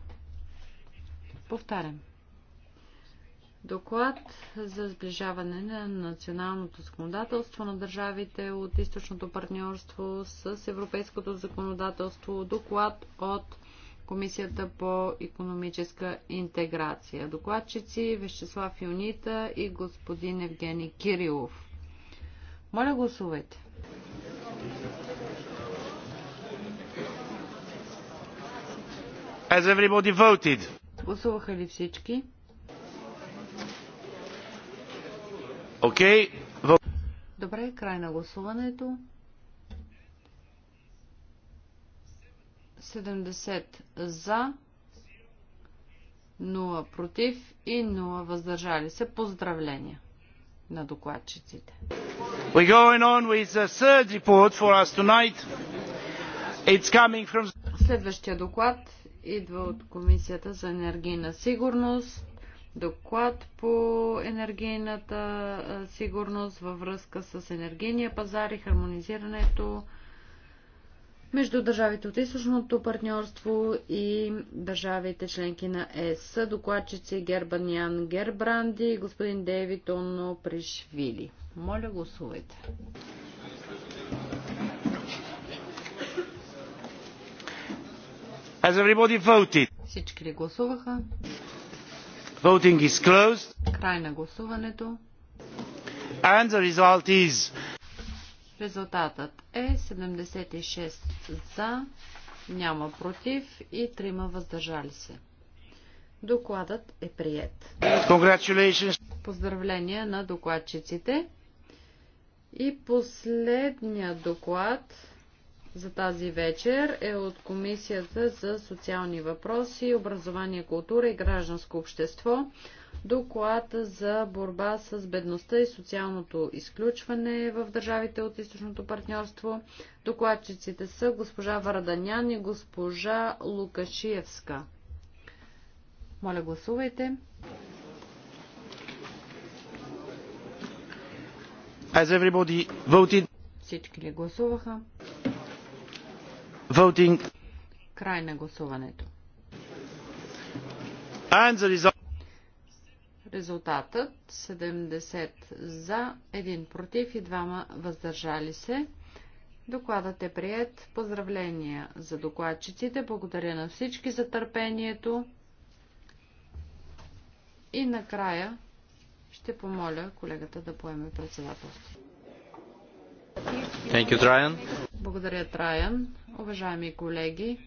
Повтарям. Доклад за сближаване на националното законодателство на държавите от източното партньорство с европейското законодателство. Доклад от Комисията по економическа интеграция. Докладчици Вещеслав Юнита и господин Евгений Кирилов. Моля гласувайте. As everybody voted. Гласуваха ли всички? Окей. Okay. Добре, край на гласуването. 70 за, 0 против и 0 въздържали се. Поздравления на докладчиците. We're going on with the third report for us tonight. It's coming from... Следващия доклад идва от Комисията за енергийна сигурност доклад по енергийната сигурност във връзка с енергийния пазар и хармонизирането между държавите от източното партньорство и държавите членки на ЕС. Докладчици Гербанян Гербранди и господин Дейвид Оно Пришвили. Моля, гласувайте. Has everybody voted? Всички ли гласуваха? Край на гласуването. And the result is... Резултатът е 76 за, няма против и 3 въздържали се. Докладът е прият. Поздравления на докладчиците. И последния доклад за тази вечер е от Комисията за социални въпроси, образование, култура и гражданско общество. Доклад за борба с бедността и социалното изключване в държавите от източното партньорство. Докладчиците са госпожа Варданян и госпожа Лукашиевска. Моля, гласувайте. As everybody voted. Всички ли гласуваха? Voting. Край на гласуването. Резултатът 70 за, 1 против и 2 въздържали се. Докладът е прият. Поздравления за докладчиците. Благодаря на всички за търпението. И накрая ще помоля колегата да поеме председателство. Thank you, Ryan. Благодаря, Траян. Уважаеми колеги,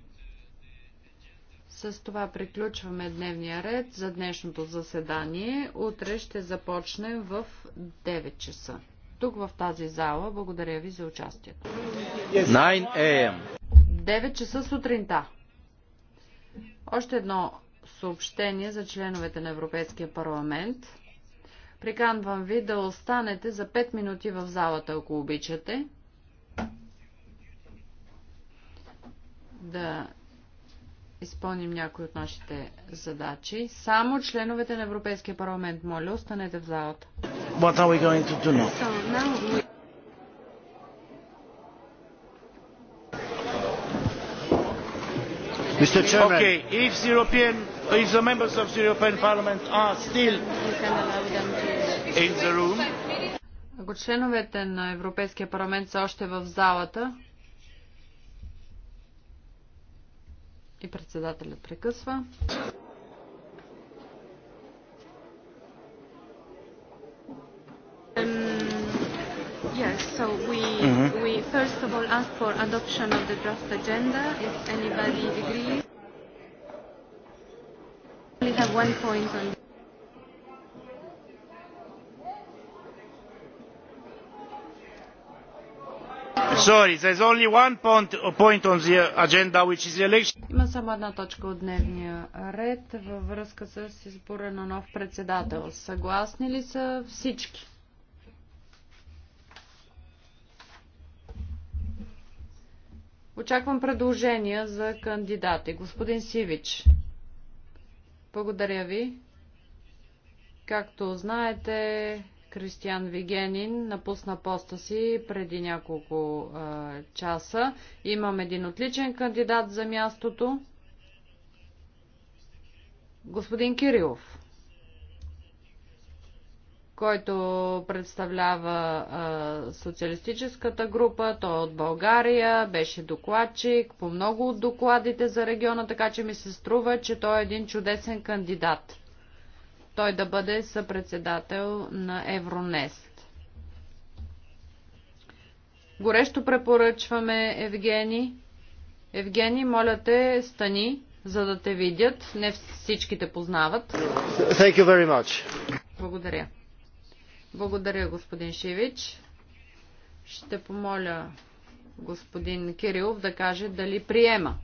с това приключваме дневния ред за днешното заседание. Утре ще започнем в 9 часа. Тук в тази зала. Благодаря ви за участието. 9 AM. 9 часа сутринта. Още едно съобщение за членовете на Европейския парламент. Приканвам ви да останете за 5 минути в залата, ако обичате. да изпълним някои от нашите задачи. Само членовете на Европейския парламент, моля, останете в залата. What are we going to do now? Mr. Chairman. Okay, if the European, if the members of the European Parliament are still in the room. Ако членовете на Европейския парламент са още в залата, И председателят прекъсва. Yes, so we, mm-hmm. we first of all ask for adoption of the draft agenda. If anybody agrees, we have one point on. this. Sorry, only one point on the agenda, which is election. Има само една точка от дневния ред във връзка с избора на нов председател. Съгласни ли са всички? Очаквам предложения за кандидати. Господин Сивич, благодаря ви. Както знаете, Кристиан Вигенин напусна поста си преди няколко а, часа. Имам един отличен кандидат за мястото. Господин Кирилов, който представлява а, социалистическата група, той е от България, беше докладчик по много от докладите за региона, така че ми се струва, че той е един чудесен кандидат той да бъде съпредседател на Евронест. Горещо препоръчваме Евгени. Евгени, моля те, стани, за да те видят. Не всички те познават. Thank you very much. Благодаря. Благодаря, господин Шивич. Ще помоля господин Кирилов да каже дали приема.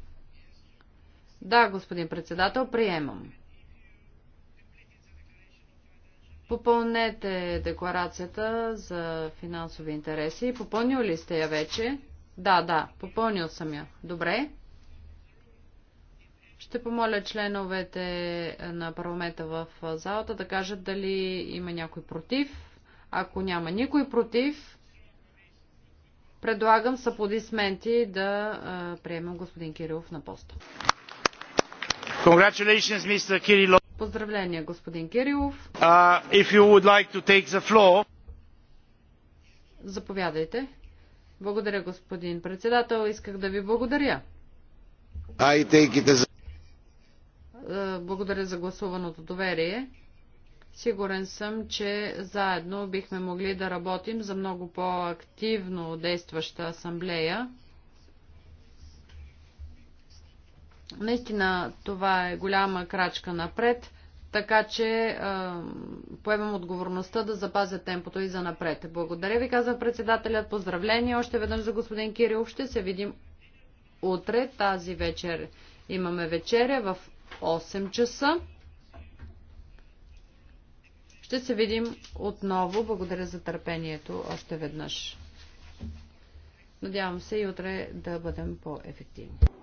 Да, господин председател, приемам. Попълнете декларацията за финансови интереси. Попълнил ли сте я вече? Да, да, попълнил съм я. Добре. Ще помоля членовете на парламента в залата да кажат дали има някой против. Ако няма никой против, предлагам с аплодисменти да приемем господин Кирилов на поста. Congratulations, Mr. Kirillov. Поздравления, господин Кирилов. Uh, if you would like to take the floor... Заповядайте. Благодаря, господин председател. Исках да ви благодаря. I take it as... Uh, благодаря за гласуваното доверие. Сигурен съм, че заедно бихме могли да работим за много по-активно действаща асамблея. Наистина това е голяма крачка напред. Така че поемам отговорността да запазя темпото и за напред. Благодаря ви, казва председателят. Поздравление още веднъж за господин Кирилов. Ще се видим утре, тази вечер. Имаме вечеря в 8 часа. Ще се видим отново. Благодаря за търпението още веднъж. Надявам се и утре да бъдем по-ефективни.